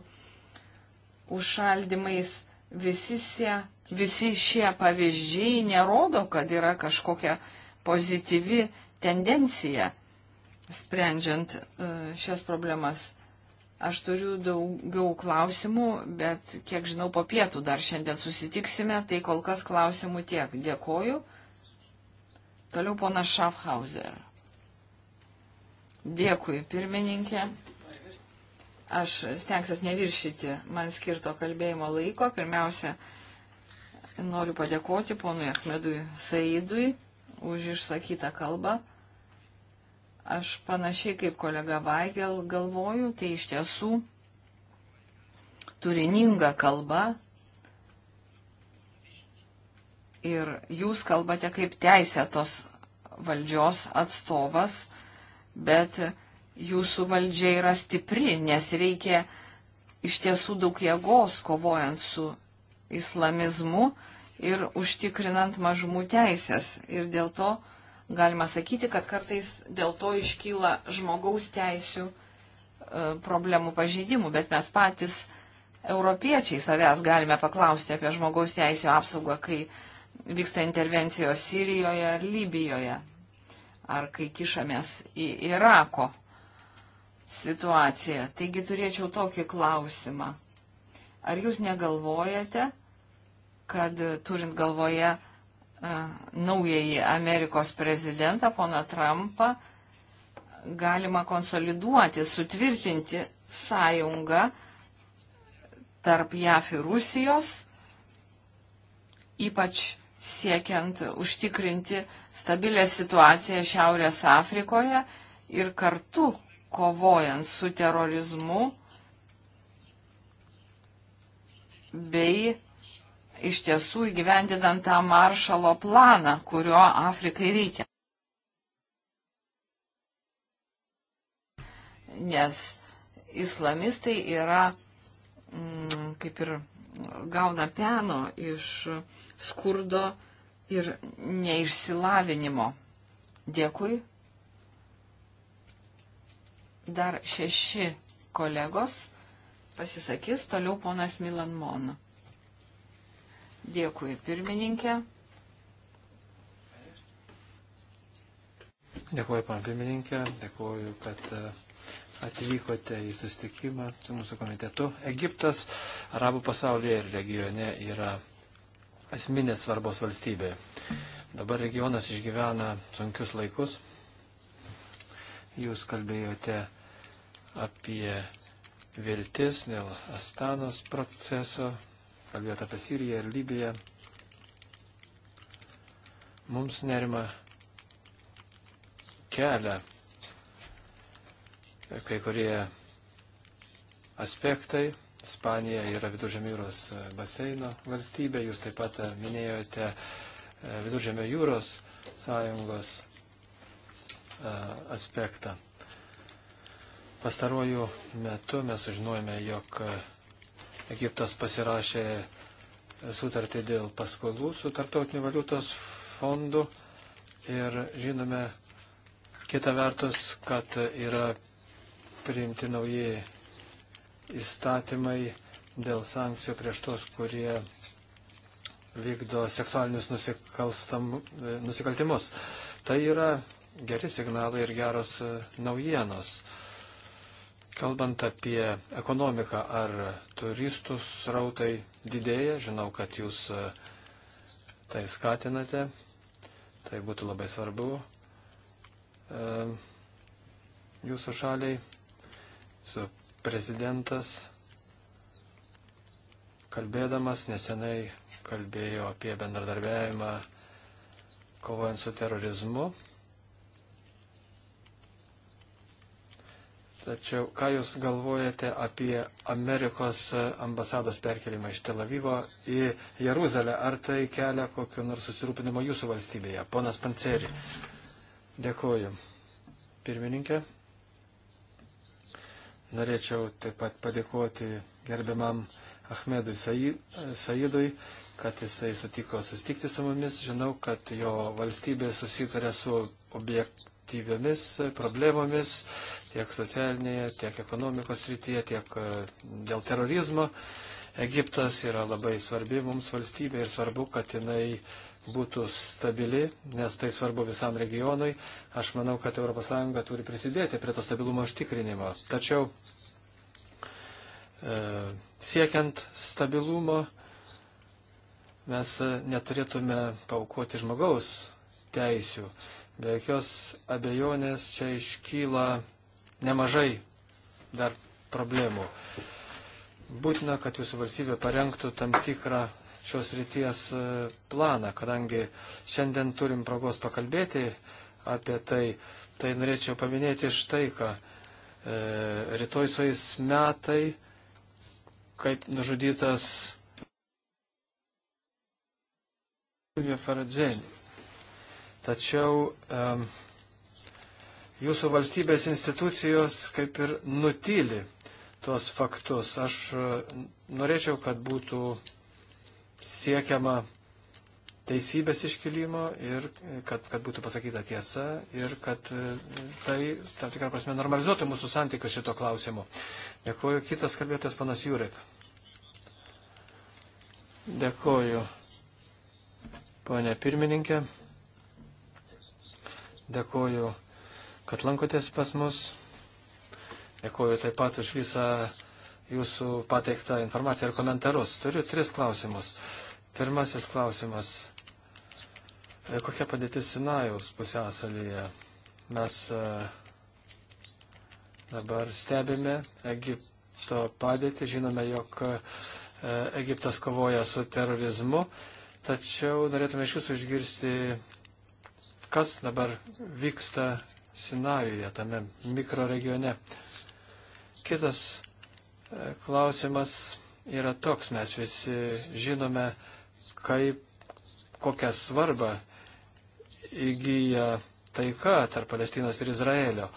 užšaldymais. Visi, sie, visi šie pavyzdžiai nerodo, kad yra kažkokia pozityvi tendencija sprendžiant e, šias problemas. Aš turiu daugiau klausimų, bet kiek žinau, po pietų dar šiandien susitiksime, tai kol kas klausimų tiek. Dėkoju. Toliau ponas Schaffhauser. Dėkui, pirmininkė. Aš stengsiuos neviršyti man skirto kalbėjimo laiko. Pirmiausia, noriu padėkoti ponui Ahmedui Saidui už išsakytą kalbą. Aš panašiai kaip kolega Vaigel galvoju, tai iš tiesų turininga kalba, Ir jūs kalbate kaip teisėtos valdžios atstovas, bet jūsų valdžia yra stipri, nes reikia iš tiesų daug jėgos kovojant su islamizmu ir užtikrinant mažumų teisės. Ir dėl to galima sakyti, kad kartais dėl to iškyla žmogaus teisių e, problemų pažydimų, bet mes patys europiečiai savęs galime paklausti apie žmogaus teisų apsaugą, kai vyksta intervencijos Sirijoje ar Libijoje, ar kai kišamės į Irako situaciją. Taigi turėčiau tokį klausimą. Ar jūs negalvojate, kad turint galvoje e, naująjį Amerikos prezidentą, poną Trumpą, galima konsoliduoti, sutvirtinti sąjungą tarp JAF ir Rusijos, ypač siekiant užtikrinti stabilę situaciją Šiaurės Afrikoje ir kartu kovojant su terorizmu bei iš tiesų įgyvendinant tą maršalo planą, kurio Afrikai reikia. Nes islamistai yra, mm, kaip ir gauna peno iš skurdo ir neišsilavinimo. Dėkui. Dar šeši kolegos pasisakys, toliau ponas Milan Mon. Dėkui, pirmininkė. Dėkuoju, pan pirmininkė, dėkuoju, kad e, atvykote į sustikimą su mūsų komitetu. Egiptas arabų pasaulyje ir regione yra asmenės svarbos valstybė. Dabar regionas išgyvena sunkius laikus. Jūs kalbėjote apie viltis dėl Astanos proceso, kalbėjote apie Siriją ir Libiją. Mums nerima kelia kai kurie aspektai Ispanija yra Viduržemjūros e, baseino valstybė, jūs taip pat e, minėjote e, Viduržemio jūros sąjungos aspektą. Pastaruoju metu mes sužinojame, jog Egiptas pasirašė sutartį dėl paskolų su tarptautiniu valiutos fondu ir žinome kitą vertus, kad yra priimti nauji įstatymai dėl sankcijų prieš tos, kurie vykdo seksualinius nusikaltimus. Tai yra geri signalai ir geros e, naujienos. Kalbant apie ekonomiką, ar turistų srautai didėja, žinau, kad jūs e, tai skatinate, tai būtų labai svarbu e, jūsų šaliai su prezidentas, kalbėdamas nesenai kalbėjo apie bendradarbiavimą kovojant su terorizmu. Tačiau ką Jūs galvojate apie Amerikos ambasados perkelimą iš Tel Avivo į Jeruzalę? Ar tai kelia kokiu nors susirūpinimo Jūsų valstybėje? Ponas Panceri. Dėkuoju. Pirmininkė. Norėčiau taip pat padėkoti gerbiamam Ahmedui Saidui, kad jisai sutiko susitikti su mumis. Žinau, kad jo valstybė susituria su objektyviomis problemomis tiek socialinėje, tiek ekonomikos srityje, tiek e, dėl terorizmo. Egiptas yra labai svarbi mums valstybė ir svarbu, kad jinai būtų stabili, nes tai svarbu visam regionui. Aš manau, kad ES turi prisidėti prie to stabilumo užtikrinimo. Tačiau e, siekiant stabilumo mes e, neturėtume paukoti žmogaus teisių. Be jokios abejonės čia iškyla nemažai dar problemų. Būtina, kad jūsų valstybė parengtų tam tikrą šios ryties e, planą, kadangi šiandien turim progos pakalbėti apie tai, tai norėčiau paminėti štai ką. E, rytoj suais metai, kaip nužudytas Silvija Faradženi. Tačiau e, jūsų valstybės institucijos kaip ir nutyli tuos faktus. Aš e, norėčiau, kad būtų siekiama teisybės iškilimo ir kad, kad būtų pasakyta tiesa ir kad e, tai, tam tikrą prasme, normalizuotų mūsų santykius šito klausimu. Dėkuoju, kitas kalbėtas panas Jurek. Dėkuoju, ponė pirmininkė. Dėkuoju, kad lankotės pas mus. Dėkuoju taip pat už visą jūsų pateiktą informaciją ir komentarus. Turiu tris klausimus. Pirmasis klausimas. E, kokia padėtis Sinajaus pusėsalyje? Mes e, dabar stebime Egipto padėtį, žinome, jog e, Egiptas kovoja su terorizmu, tačiau norėtume iš jūsų išgirsti, kas dabar vyksta Sinajuje, tame mikroregione. Kitas klausimas yra toks, mes visi žinome, kaip, kokią svarbą įgyja taika tarp Palestinos ir Izraelio.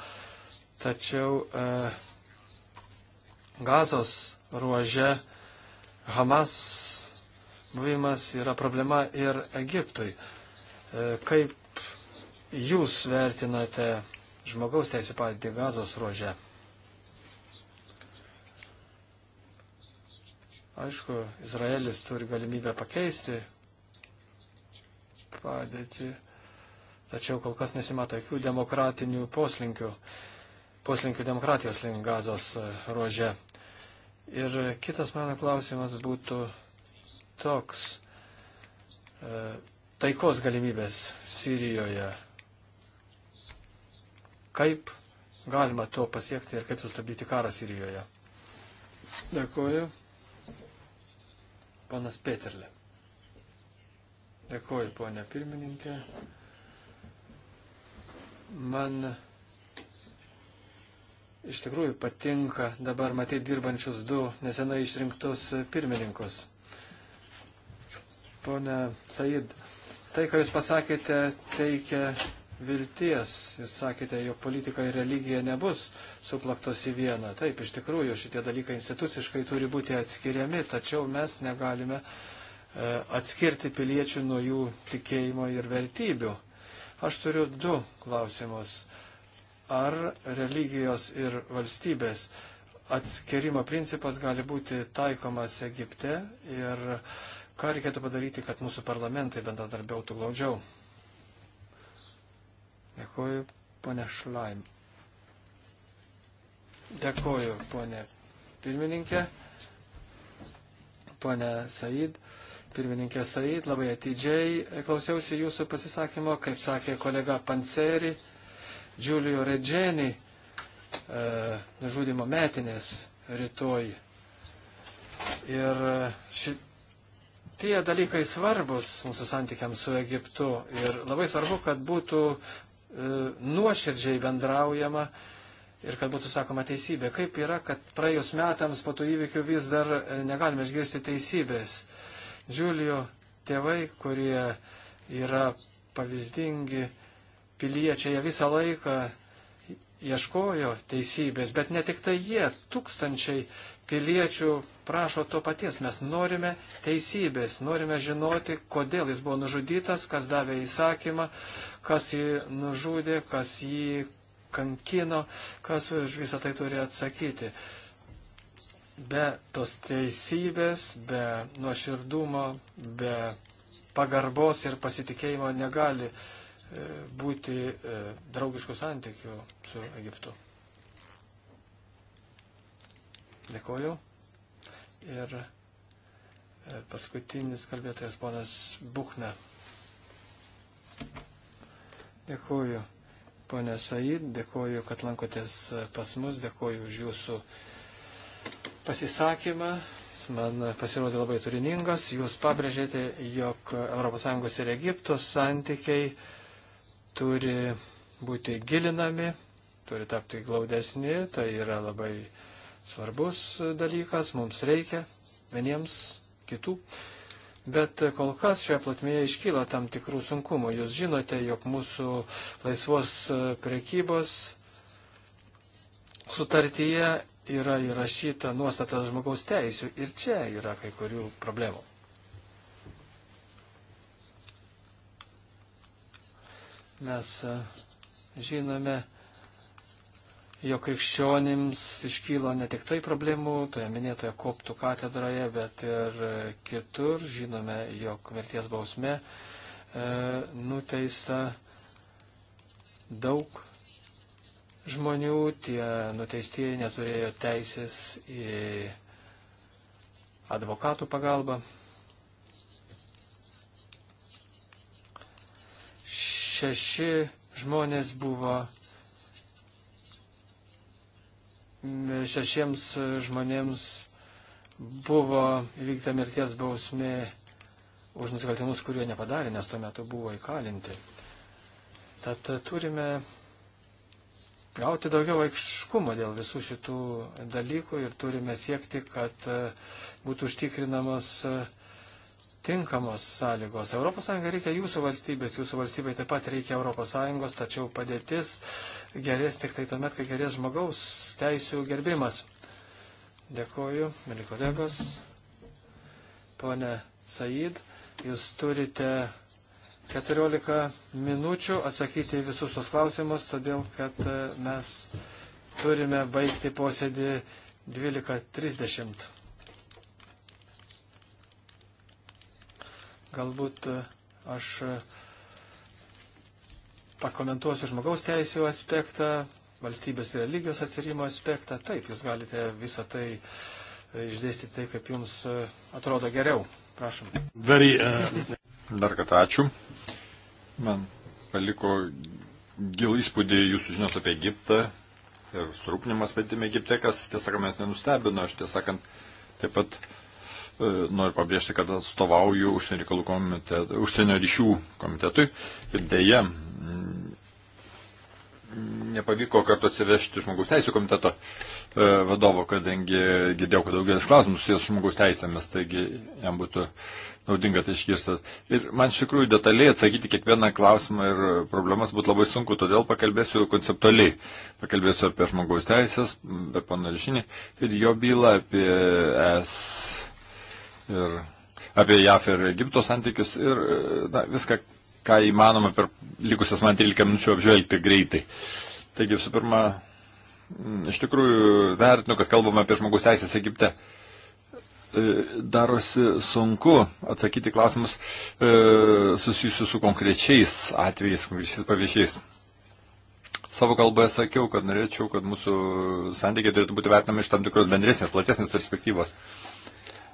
Tačiau e, gazos ruože Hamas buvimas yra problema ir Egiptui. E, kaip jūs vertinate žmogaus teisų padėtį gazos ruože? Aišku, Izraelis turi galimybę pakeisti padėtį, tačiau kol kas nesimato jokių demokratinių poslinkių, poslinkių demokratijos link gazos e, ruože. Ir kitas mano klausimas būtų toks. E, taikos galimybės Sirijoje. Kaip galima to pasiekti ir kaip sustabdyti karą Sirijoje? Dėkuoju. Panas Peterle. Dėkuoju, ponė pirmininkė. Man iš tikrųjų patinka dabar matyti dirbančius du nesenai išrinktus pirmininkus. Pone Said, tai, ką Jūs pasakėte, teikia vilties. Jūs sakėte, jo politika ir religija nebus suplaktos į vieną. Taip, iš tikrųjų, šitie dalykai instituciškai turi būti atskiriami, tačiau mes negalime e, atskirti piliečių nuo jų tikėjimo ir vertybių. Aš turiu du klausimus. Ar religijos ir valstybės atskirimo principas gali būti taikomas Egipte ir ką reikėtų padaryti, kad mūsų parlamentai bendradarbiautų glaudžiau? Dėkuoju, ponė Šlaim. Dėkuoju, ponė pirmininkė, ponė Said. Pirmininkė Said, labai atidžiai klausiausi jūsų pasisakymo, kaip sakė kolega Panceri, Giulio Regeni, e, nužudimo metinės rytoj. Ir šitie dalykai svarbus mūsų santykiams su Egiptu. Ir labai svarbu, kad būtų E, nuoširdžiai bendraujama ir kad būtų sakoma teisybė. Kaip yra, kad praėjus metams po tų įvykių vis dar e, negalime išgirsti teisybės. Džiulio tėvai, kurie yra pavyzdingi piliečiai, jie visą laiką ieškojo teisybės, bet ne tik tai jie, tūkstančiai piliečių prašo to paties. Mes norime teisybės, norime žinoti, kodėl jis buvo nužudytas, kas davė įsakymą, kas jį nužudė, kas jį kankino, kas už visą tai turi atsakyti. Be tos teisybės, be nuoširdumo, be pagarbos ir pasitikėjimo negali e, būti e, draugiškų santykių su Egiptu. Dėkuoju. Ir e, paskutinis kalbėtojas ponas Buchna. Dėkuoju, ponė Said, dėkuoju, kad lankotės pas mus, dėkuoju už jūsų pasisakymą. Jis man pasirodė labai turiningas. Jūs pabrėžėte, jog ES ir Egipto santykiai turi būti gilinami, turi tapti glaudesni. Tai yra labai uh, svarbus dalykas, mums reikia vieniems kitų. Bet kol kas šioje platmėje iškyla tam tikrų sunkumų. Jūs žinote, jog mūsų laisvos prekybos sutartyje yra įrašyta nuostata žmogaus teisų ir čia yra kai kurių problemų. Mes e, žinome, jo krikščionims iškylo ne tik tai problemų, toje minėtoje koptų katedroje, bet ir kitur. Žinome, jog mirties bausme e, nuteista daug žmonių, tie nuteistieji neturėjo teisės į advokatų pagalbą. Šeši žmonės buvo šešiems žmonėms buvo įvykta mirties bausmė už nusikaltimus, kuriuo nepadarė, nes tuo metu buvo įkalinti. Tad turime gauti daugiau aiškumo dėl visų šitų dalykų ir turime siekti, kad būtų užtikrinamos tinkamos sąlygos. ES reikia jūsų valstybės, jūsų valstybei taip pat reikia ES, tačiau padėtis gerės tik tai tuomet, kai gerės žmogaus teisų gerbimas. Dėkoju, mėly kolegos. Pone Said, jūs turite 14 minučių atsakyti visus tos klausimus, todėl kad e, mes turime baigti posėdį 12.30. Galbūt e, aš e, pakomentuosiu žmogaus teisų aspektą, valstybės ir religijos atsirimo aspektą. Taip, jūs galite visą tai e, išdėstyti tai, kaip jums e, atrodo geriau. Prašom. Very, uh... Dar kartą ačiū. Man paliko gilų įspūdį jūsų žinios apie Egiptą ir surūpinimas patime Egipte, kas, tiesą sakant, mes nenustebino. Aš tiesą sakant, taip pat uh, E, noriu pabrėžti, kad atstovauju užsienio, reikalų komitet, užsienio ryšių komitetui ir dėja nepavyko kartu atsivežti žmogaus teisų komiteto e, vadovo, kadangi girdėjau, kad daugelis klausimų susijęs su žmogaus teisėmis, taigi jam būtų naudinga tai išgirsti. Ir man iš tikrųjų detaliai atsakyti kiekvieną klausimą ir problemas būtų labai sunku, todėl pakalbėsiu konceptualiai. Pakalbėsiu apie žmogaus teisės, apie panarišinį ir jo bylą, apie es ir apie JAF ir Egipto santykius ir e, na, viską, ką įmanoma per likusias man 13 minučių apžvelgti greitai. Taigi, visų pirma, iš tikrųjų vertinu, kad kalbame apie žmogus teisės Egipte. E, darosi sunku atsakyti klausimus e, susijusius su konkrečiais atvejais, konkrečiais pavyzdžiais. Savo kalboje sakiau, kad norėčiau, kad mūsų santykiai turėtų būti vertinami iš tam tikros bendresnės, platesnės perspektyvos. E,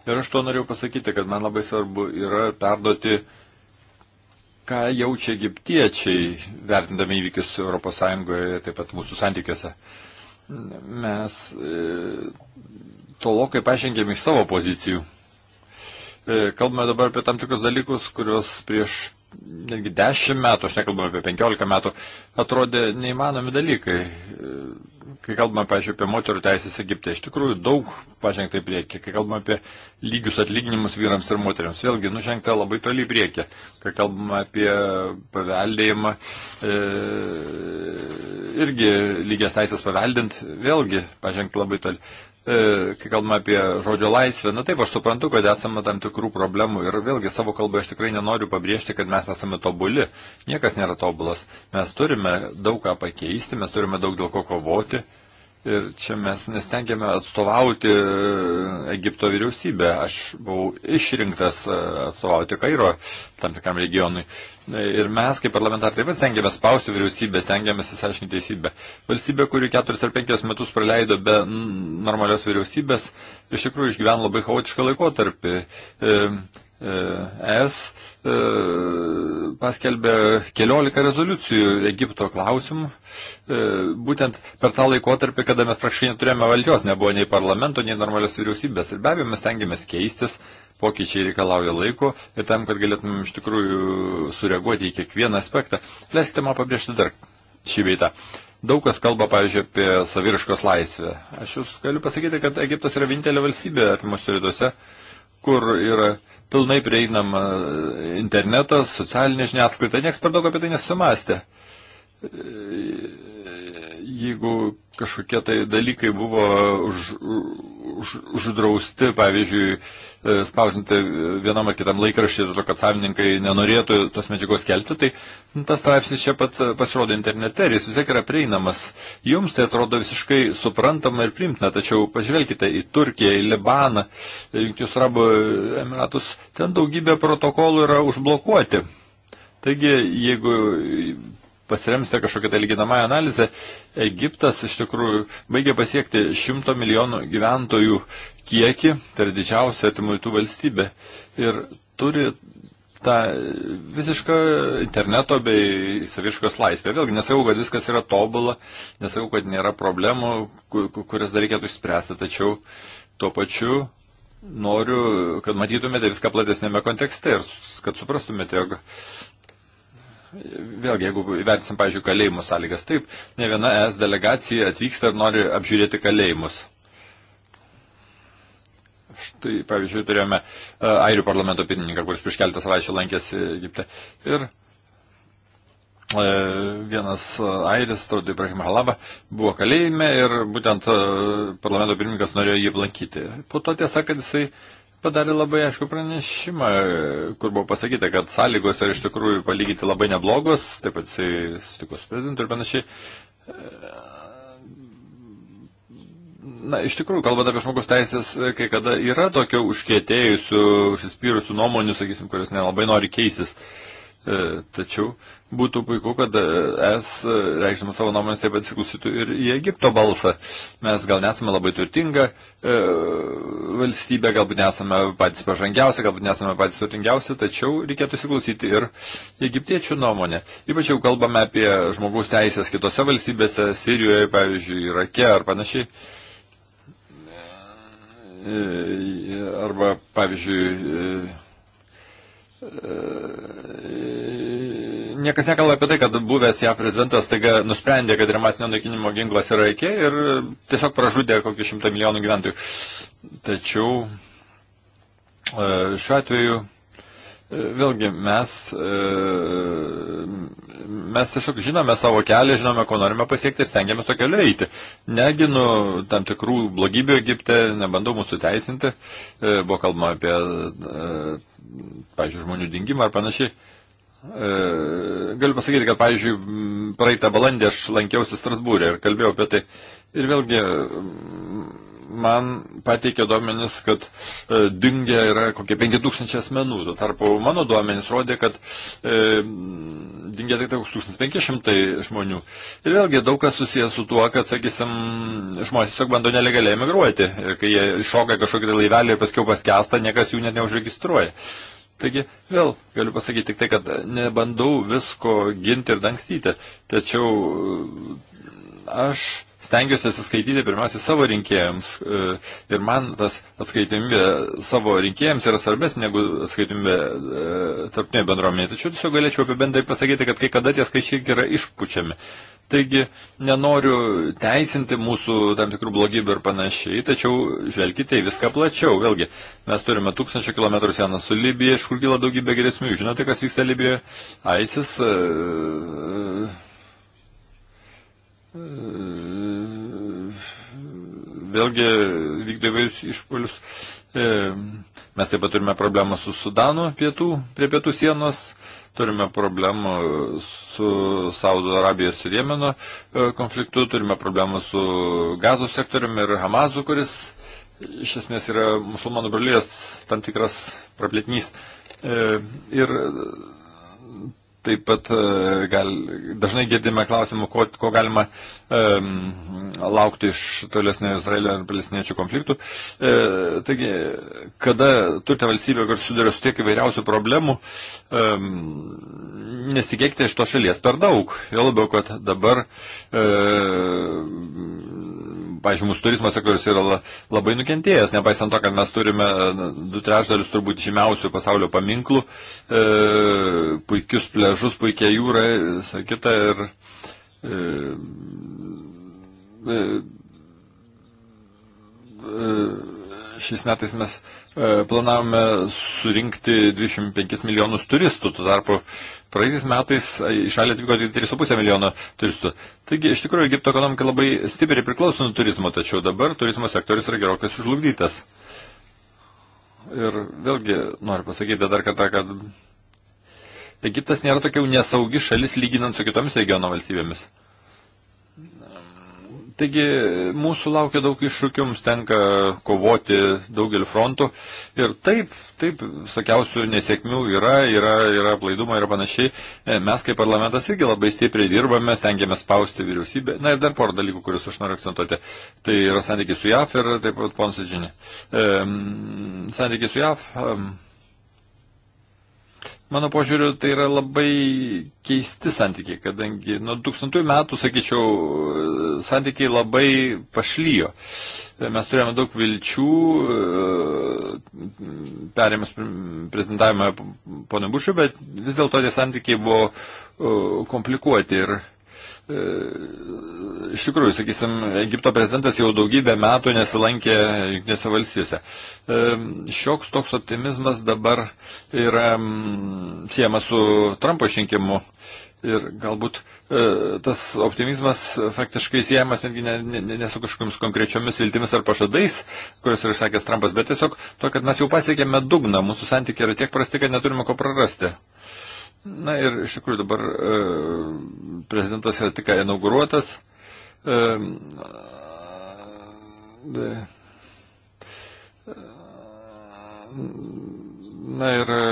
Ir aš to norėjau pasakyti, kad man labai svarbu yra perduoti, ką jaučia egiptiečiai, vertindami įvykius ES, taip pat mūsų santykiuose. Mes e, tolokai pažengėme iš savo pozicijų. E, kalbame dabar apie tam tikrus dalykus, kuriuos prieš netgi 10 metų, aš nekalbame apie 15 metų, atrodė neįmanomi dalykai. E, kai kalbame, pažiūrėjau, apie moterų teisės Egipte, iš tikrųjų daug pažengta į priekį. Kai kalbame apie lygius atlyginimus vyrams ir moteriams, vėlgi nužengta labai toli į priekį. Kai kalbame apie paveldėjimą, e, irgi lygias teisės paveldint, vėlgi pažengta labai toli. E, kai kalbame apie žodžio laisvę, na taip, aš suprantu, kad esame tam tikrų problemų ir vėlgi savo kalbą aš tikrai nenoriu pabrėžti, kad mes esame tobuli, niekas nėra tobulas, mes turime daug ką pakeisti, mes turime daug dėl ko kovoti Ir čia mes nestengiame atstovauti Egipto vyriausybę. Aš buvau išrinktas e, atstovauti Kairo tam tikram regionui. Ir mes, kaip parlamentarai, taip pat stengiamės spausti vyriausybę, stengiamės įsiaiškinti teisybę. Valstybė, kuri keturis ar penkias metus praleido be normalios vyriausybės, iš tikrųjų išgyveno labai chaotišką laikotarpį. E, E, ES e, paskelbė keliolika rezoliucijų Egipto klausimų. E, būtent per tą laikotarpį, kada mes praktiškai neturėjome valdžios, nebuvo nei parlamento, nei normalios vyriausybės. Ir be abejo, mes tengiamės keistis, pokyčiai reikalauja laiko ir tam, kad galėtumėm iš tikrųjų sureaguoti į kiekvieną aspektą. Leiskite man pabrėžti dar šį beitą. Daug kas kalba, pavyzdžiui, apie saviriškos laisvę. Aš jūs galiu pasakyti, kad Egiptas yra vienintelė valstybė artimuose rytuose, kur yra e, pilnai prieinama e, internetas, socialinė žiniasklaida, niekas per daug apie tai nesimastė. E, jeigu kažkokie tai dalykai buvo už, už, uždrausti, pavyzdžiui, E, spausdinti vienam ar kitam laikraštį, dėl to, kad savininkai nenorėtų tos medžiagos kelti, tai nu, tas straipsnis čia pat e, pasirodo internete ir jis vis tiek yra prieinamas. Jums tai atrodo visiškai suprantama ir primtina, tačiau pažvelkite į Turkiją, į Libaną, Junktinius Arabų Emiratus, ten daugybė protokolų yra užblokuoti. Taigi, jeigu pasiremsite kažkokią tai lyginamąją analizę, Egiptas iš tikrųjų baigė pasiekti 100 milijonų gyventojų kiekį, tai yra didžiausia atimuitų valstybė. Ir turi tą visišką interneto bei saviškos laisvę. Vėlgi nesakau, kad viskas yra tobula, nesakau, kad nėra problemų, kurias dar reikėtų išspręsti, tačiau tuo pačiu noriu, kad matytumėte viską platesnėme kontekste ir kad suprastumėte, jog vėlgi, jeigu įvertinsim, pavyzdžiui, kalėjimų sąlygas, taip, ne viena es delegacija atvyksta ir nori apžiūrėti kalėjimus. Štai, pavyzdžiui, turėjome e, Airių parlamento pirmininką, kuris prieš keletą savaičių lankėsi Egipte. Ir e, vienas e, airis, Taudu Ibrahim Halaba, buvo kalėjime ir būtent parlamento pirmininkas norėjo jį aplankyti. Po to tiesa, kad jisai padarė labai aišku pranešimą, kur buvo pasakyta, kad sąlygos yra iš tikrųjų palyginti labai neblogos, taip pat jisai sutiko su prezidentu ir panašiai. Na, iš tikrųjų, kalbant apie žmogus teisės, e, kai kada yra tokio užkėtėjusių, užsispyrusių nuomonių, sakysim, kurios nelabai nori keistis. E, tačiau būtų puiku, kad e, es, reikšdamas savo nuomonės, taip pat įsiklausytų ir į Egipto balsą. Mes gal nesame labai turtinga valstybė, galbūt nesame patys pažangiausi, galbūt nesame patys turtingiausi, tačiau reikėtų įsiklausyti ir egiptiečių nuomonę. Ypač jau kalbame apie žmogaus teisės kitose valstybėse, Sirijoje, pavyzdžiui, Irake ar panašiai. E, e, arba, pavyzdžiui, e, niekas nekalba apie tai, kad buvęs JAV prezidentas taiga nusprendė, kad ir masinio naikinimo ginklas yra iki ir tiesiog pražudė kokį šimtą milijonų gyventojų. Tačiau šiuo atveju Vėlgi mes, e, mes tiesiog žinome savo kelią, žinome, ko norime pasiekti ir stengiamės to keliu eiti. Neginu tam tikrų blogybių Egipte, nebandau mūsų teisinti, e, buvo kalbama apie, e, pažiūrėjau, žmonių dingimą ar panašiai. Galiu pasakyti, kad, pavyzdžiui, praeitą balandį aš lankiausi Strasbūrė ir kalbėjau apie tai. Ir vėlgi man pateikė duomenis, kad e, dingė yra kokie 5000 asmenų. Tuo tarpu mano duomenis rodė, kad e, dingė tik 1500 žmonių. Ir vėlgi daug kas susijęs su tuo, kad, sakysim, žmonės tiesiog bando nelegaliai emigruoti. Ir kai jie šoka kažkokį tai laivelį ir paskiau paskesta, niekas jų net neužregistruoja. Taigi vėl galiu pasakyti tik tai, kad nebandau visko ginti ir dangstyti. Tačiau e, aš stengiuosi atsiskaityti pirmiausia savo rinkėjams. E, ir man tas atskaitimybė savo rinkėjams yra svarbesnė negu atskaitimybė e, tarptinė bendruomenė. Tačiau tiesiog galėčiau apibendrai pasakyti, kad kai kada tie skaičiai yra išpučiami. Taigi nenoriu teisinti mūsų tam tikrų blogybių ir panašiai, tačiau žvelkite į viską plačiau. Vėlgi, mes turime tūkstančių kilometrų sieną su Libija, iš kur gila daugybė grėsmių. Žinote, kas vyksta Libijoje? ISIS. Uh, vėlgi vykdo įvairius išpolius. E, mes taip pat turime problemą su Sudanu pietų, prie pietų sienos, turime problemų su Saudo Arabijos ir Jemeno e, konfliktu, turime problemų su gazų sektoriumi ir Hamazu, kuris iš esmės yra musulmanų brolyjas tam tikras praplėtinys. E, ir Taip pat e, gal, dažnai girdime klausimų, ko, ko galima um, laukti iš tolesnio Izraelio ir palestiniečių konfliktų. E, taigi, kada turite valstybę, kur sudarė su tiek įvairiausių problemų, um, nesikėkite iš to šalies per daug. Jo labiau, kad dabar, e, pažiūrėjau, mūsų turizmo sektorius yra labai nukentėjęs, nepaisant to, kad mes turime du trešdalius turbūt žymiausių pasaulio paminklų, e, puikius plėšimų peizažus, puikia jūra, visą kitą ir e, e, e, šiais metais mes e, planavome surinkti 25 milijonus turistų, tuo tarpu praeitais metais į šalį atvyko 3,5 milijono turistų. Taigi, iš tikrųjų, Egipto ekonomika labai stipriai priklauso nuo turizmo, tačiau dabar turizmo sektorius yra gerokai sužlugdytas. Ir vėlgi noriu pasakyti dar kartą, kad Egiptas nėra tokia jau nesaugi šalis lyginant su kitomis regiono valstybėmis. Taigi mūsų laukia daug iššūkių, mums tenka kovoti daugelį frontų ir taip, taip, sakiausių nesėkmių yra, yra, yra plaidumo ir panašiai. E, mes kaip parlamentas irgi labai stipriai dirbame, stengiamės spausti vyriausybę. Na ir dar porą dalykų, kuriuos aš noriu akcentuoti. Tai yra santykiai su JAF ir taip pat ponsidžinė. E, santykiai su JAF. E, Mano požiūriu, tai yra labai keisti santykiai, kadangi nuo 2000 metų, sakyčiau, santykiai labai pašlyjo. Mes turėjome daug vilčių, perėmės prezidentavimą ponui Bušui, bet vis dėlto tie santykiai buvo komplikuoti ir E, iš tikrųjų, sakysim, Egipto prezidentas jau daugybę metų nesilankė Junktinėse valstijose. E, šioks toks optimizmas dabar yra siejamas su Trumpo išrinkimu. Ir galbūt e, tas optimizmas faktiškai siejamas netgi ne, ne, ne su kažkokiams konkrečiomis viltimis ar pažadais, kuriuos yra išsakęs Trumpas, bet tiesiog to, kad mes jau pasiekėme dugną, mūsų santykiai yra tiek prasti, kad neturime ko prarasti. Uh, Na ir iš tikrųjų dabar e, prezidentas yra tik inauguruotas. E, de, na ir e,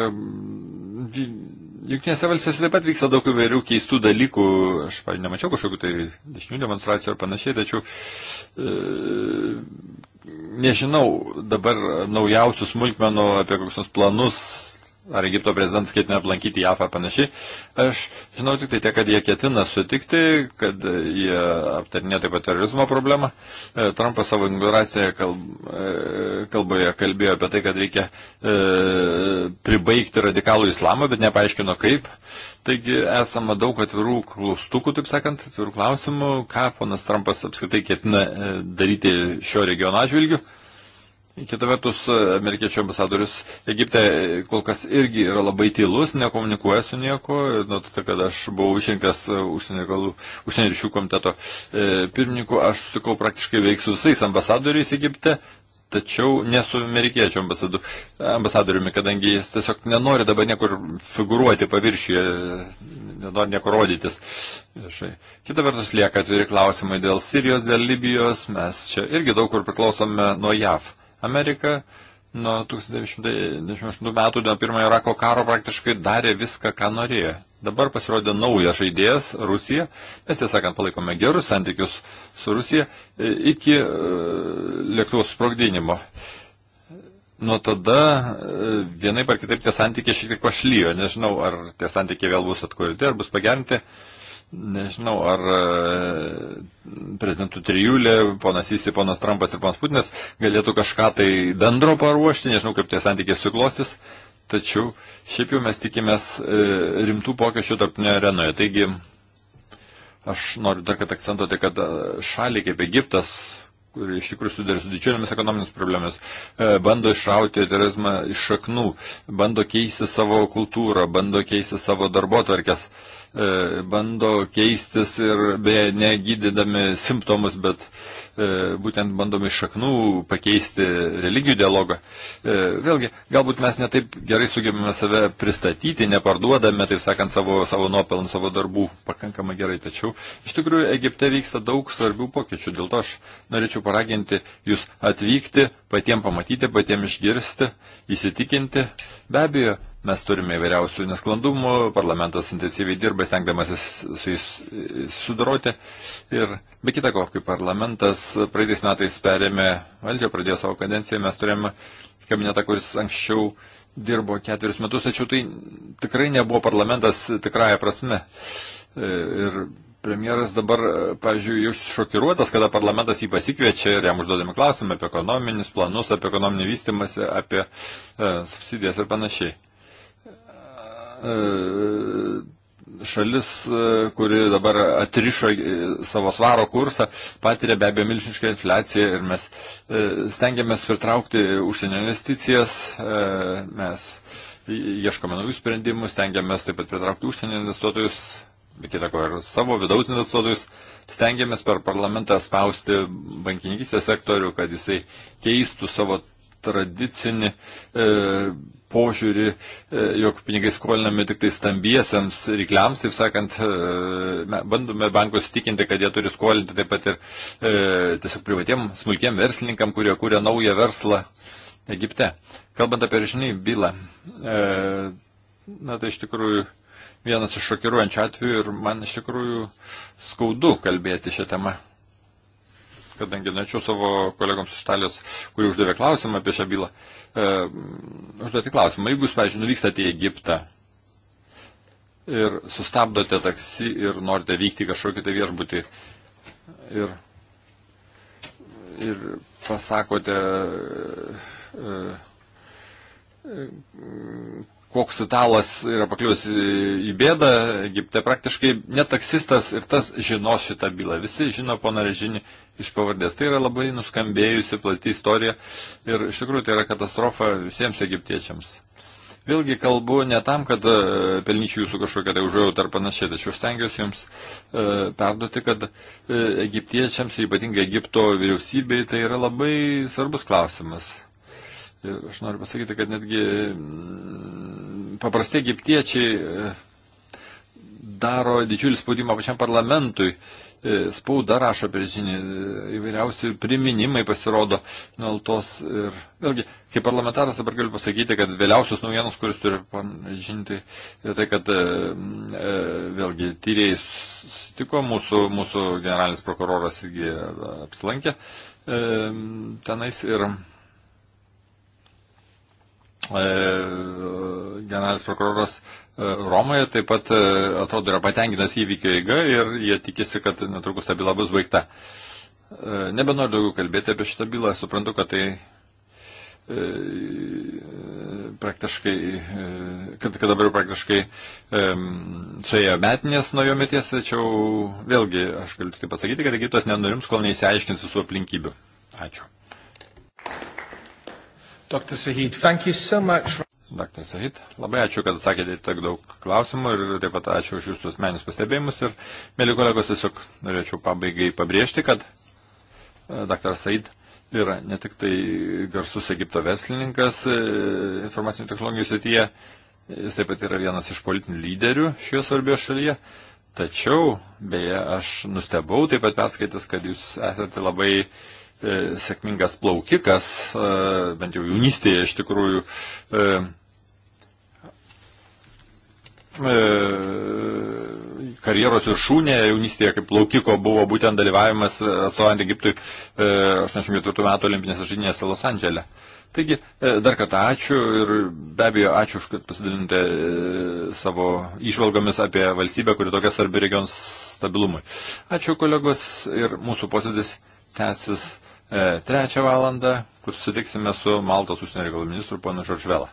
Junktinėse valstijose taip pat vyksta daug įvairių keistų dalykų. Aš, pavyzdžiui, nemačiau kažkokių tai dešinių demonstracijų ar panašiai, tačiau e, nežinau dabar naujausių smulkmenų apie kokius planus ar Egipto prezidentas ketina aplankyti JAF ar panašiai. Aš žinau tik tai tiek, kad jie ketina sutikti, kad jie aptarinė taip pat terorizmo problemą. E, Trumpas savo inauguraciją kalb, e, kalboje kalbėjo apie tai, kad reikia e, pribaigti radikalų islamą, bet nepaaiškino kaip. Taigi esama daug atvirų klaustukų, taip sakant, atvirų klausimų, ką ponas Trumpas apskritai ketina e, daryti šio regiono atžvilgiu. Kita vertus, amerikiečių ambasadorius Egipte kol kas irgi yra labai tylus, nekomunikuoja su nieko. Nuo tada, kad aš buvau išrinktas užsienio ryšių komiteto e, pirmininku, aš sutikau praktiškai veik su visais ambasadoriais Egipte, tačiau ne su amerikiečių ambasadu, ambasadoriumi, kadangi jis tiesiog nenori dabar niekur figuruoti paviršyje, nenori niekur rodytis. Šai. Kita vertus lieka atviri klausimai dėl Sirijos, dėl Libijos, mes čia irgi daug kur priklausome nuo JAV. Amerika nuo 1998 metų dėl pirmojo Irako karo praktiškai darė viską, ką norėjo. Dabar pasirodė naujas žaidėjas - Rusija. Mes tiesąkant palaikome gerus santykius su Rusija e, iki e, lėktuvo sprogdinimo. Nuo tada e, vienai par kitaip tie santykiai šiek tiek pašlyjo. Nežinau, ar tie santykiai vėl bus atkurti, ar bus pagerinti. Uh, Nežinau, ar e, prezidentų trijulė, ponas Isi, ponas Trumpas ir ponas Putinas galėtų kažką tai bendro paruošti, nežinau, kaip tie santykiai suklostys, tačiau šiaip jau mes tikimės e, rimtų pokyčių tarptinio arenoje. Taigi, aš noriu dar kartą akcentuoti, kad e, šaliai kaip Egiptas, kuri iš tikrųjų sudarė su didžiulėmis ekonominėmis problemomis, bando išrauti terorizmą iš šaknų, bando keisti savo kultūrą, bando keisti savo darbo tvarkės. E, bando keistis ir beje negydydami simptomus, bet E, būtent bandome iš šaknų pakeisti religijų dialogą. E, vėlgi, galbūt mes netaip gerai sugebame save pristatyti, neparduodame, taip sakant, savo, savo nuopelnų, savo darbų pakankamai gerai. Tačiau iš tikrųjų Egipte vyksta daug svarbių pokyčių. Dėl to aš norėčiau paraginti jūs atvykti, patiems pamatyti, patiems išgirsti, įsitikinti. Be abejo, mes turime įvairiausių nesklandumų, parlamentas intensyviai dirba, stengdamasis su jais e, sudaroti. Ir Be kita ko, kai parlamentas praeitais metais perėmė valdžią, pradėjo savo kadenciją, mes turėjome kabinetą, kuris anksčiau dirbo ketverius metus, tačiau tai tikrai nebuvo parlamentas tikrąją prasme. E, ir premjeras dabar, pavyzdžiui, jūs šokiruotas, kada parlamentas jį pasikviečia ir jam užduodami klausimą apie ekonominius planus, apie ekonominį vystimąsi, apie e, subsidijas ir panašiai. E, šalis, e, kuri dabar atrišo e, savo svaro kursą, patiria be abejo milžinišką infliaciją ir mes e, stengiamės pritraukti užsienio investicijas, mes ieškome naujų sprendimų, stengiamės taip pat pritraukti užsienio investuotojus, be kitako ir savo vidaus investuotojus stengiamės per parlamentą spausti bankininkystės sektorių, kad jisai keistų savo tradicinį e, požiūrį, e, jog pinigai skolinami tik tai stambiesiams reikliams, taip sakant, e, bandome bankus tikinti, kad jie turi skolinti taip pat ir e, tiesiog privatiem smulkiem verslininkam, kurie kūrė naują verslą Egipte. Kalbant apie žiniai bylą, na tai iš tikrųjų vienas iš šokiruojančių atvejų ir man iš tikrųjų skaudu kalbėti šią temą kadangi norėčiau savo kolegoms iš Italijos, kurie uždavė klausimą apie šią bylą, e, užduoti klausimą. Jeigu jūs, pavyzdžiui, nuvykstate į Egiptą ir sustabdote taksi ir norite vykti kažkokį tai viešbutį ir, ir pasakote. E, e, koks italas yra pakliuvęs į bėdą Egipte, praktiškai netaksistas ir tas žinos šitą bylą. Visi žino poną Režinį iš pavardės. Tai yra labai nuskambėjusi plati istorija ir iš tikrųjų tai yra katastrofa visiems egiptiečiams. Vėlgi kalbu ne tam, kad e, pelnyčiau jūsų kažkokią tai užuojautą ar panašiai, tačiau stengiuosi jums e, perduoti, kad e, egiptiečiams, ypatingai Egipto vyriausybei, tai yra labai svarbus klausimas. Ir aš noriu pasakyti, kad netgi paprastai egiptiečiai e, daro didžiulį spaudimą pačiam parlamentui. E, spauda rašo per žinį, e, įvairiausi priminimai pasirodo nuoltos. Ir vėlgi, kaip parlamentaras dabar galiu pasakyti, kad vėliausios naujienos, kuris turi žinti, yra tai, kad vėlgi tyrėjai sutiko, mūsų, mūsų generalinis prokuroras irgi apsilankė tenais ir. Yra E, generalinis prokuroras e, Romoje taip pat, e, atrodo, yra patenkinęs įvykio eiga ir jie tikisi, kad netrukus ta byla bus baigta. Nebenoriu daugiau kalbėti apie šitą bylą, suprantu, kad tai praktiškai, kad, kad dabar praktiškai um, suėjo metinės nuo jo mirties, tačiau vėlgi aš galiu tik pasakyti, kad Egiptas nenurims, kol neįsiaiškins visų aplinkybių. Ačiū. Dr. Sahid, thank you so much. For... Dr. Sahid, labai ačiū, kad atsakėte tiek daug klausimų ir taip pat ačiū už jūsų asmenius pastebėjimus. Ir, mėly kolegos, tiesiog norėčiau pabaigai pabrėžti, kad e, Dr. Said yra ne tik tai garsus Egipto verslininkas e, informacinių technologijų srityje, jis taip pat yra vienas iš politinių lyderių šioje svarbioje šalyje. Tačiau, beje, aš nustebau taip pat perskaitęs, kad jūs esate labai uh, E, sėkmingas plaukikas, e, bent jau jaunystėje iš tikrųjų, e, karjeros viršūnėje jaunystėje kaip plaukiko buvo būtent dalyvavimas atstovant Egiptui 84 metų olimpinėse žaidynėse Los Andželė. Taigi, dar kartą ačiū ir be abejo ačiū, už, kad pasidalinote savo išvalgomis apie valstybę, kuri tokia svarbi regionų stabilumui. Ačiū kolegos ir mūsų posėdis tęsis E, trečią valandą, kur sutiksime su Maltos užsienio reikalų ministru ponu Žoržvelą.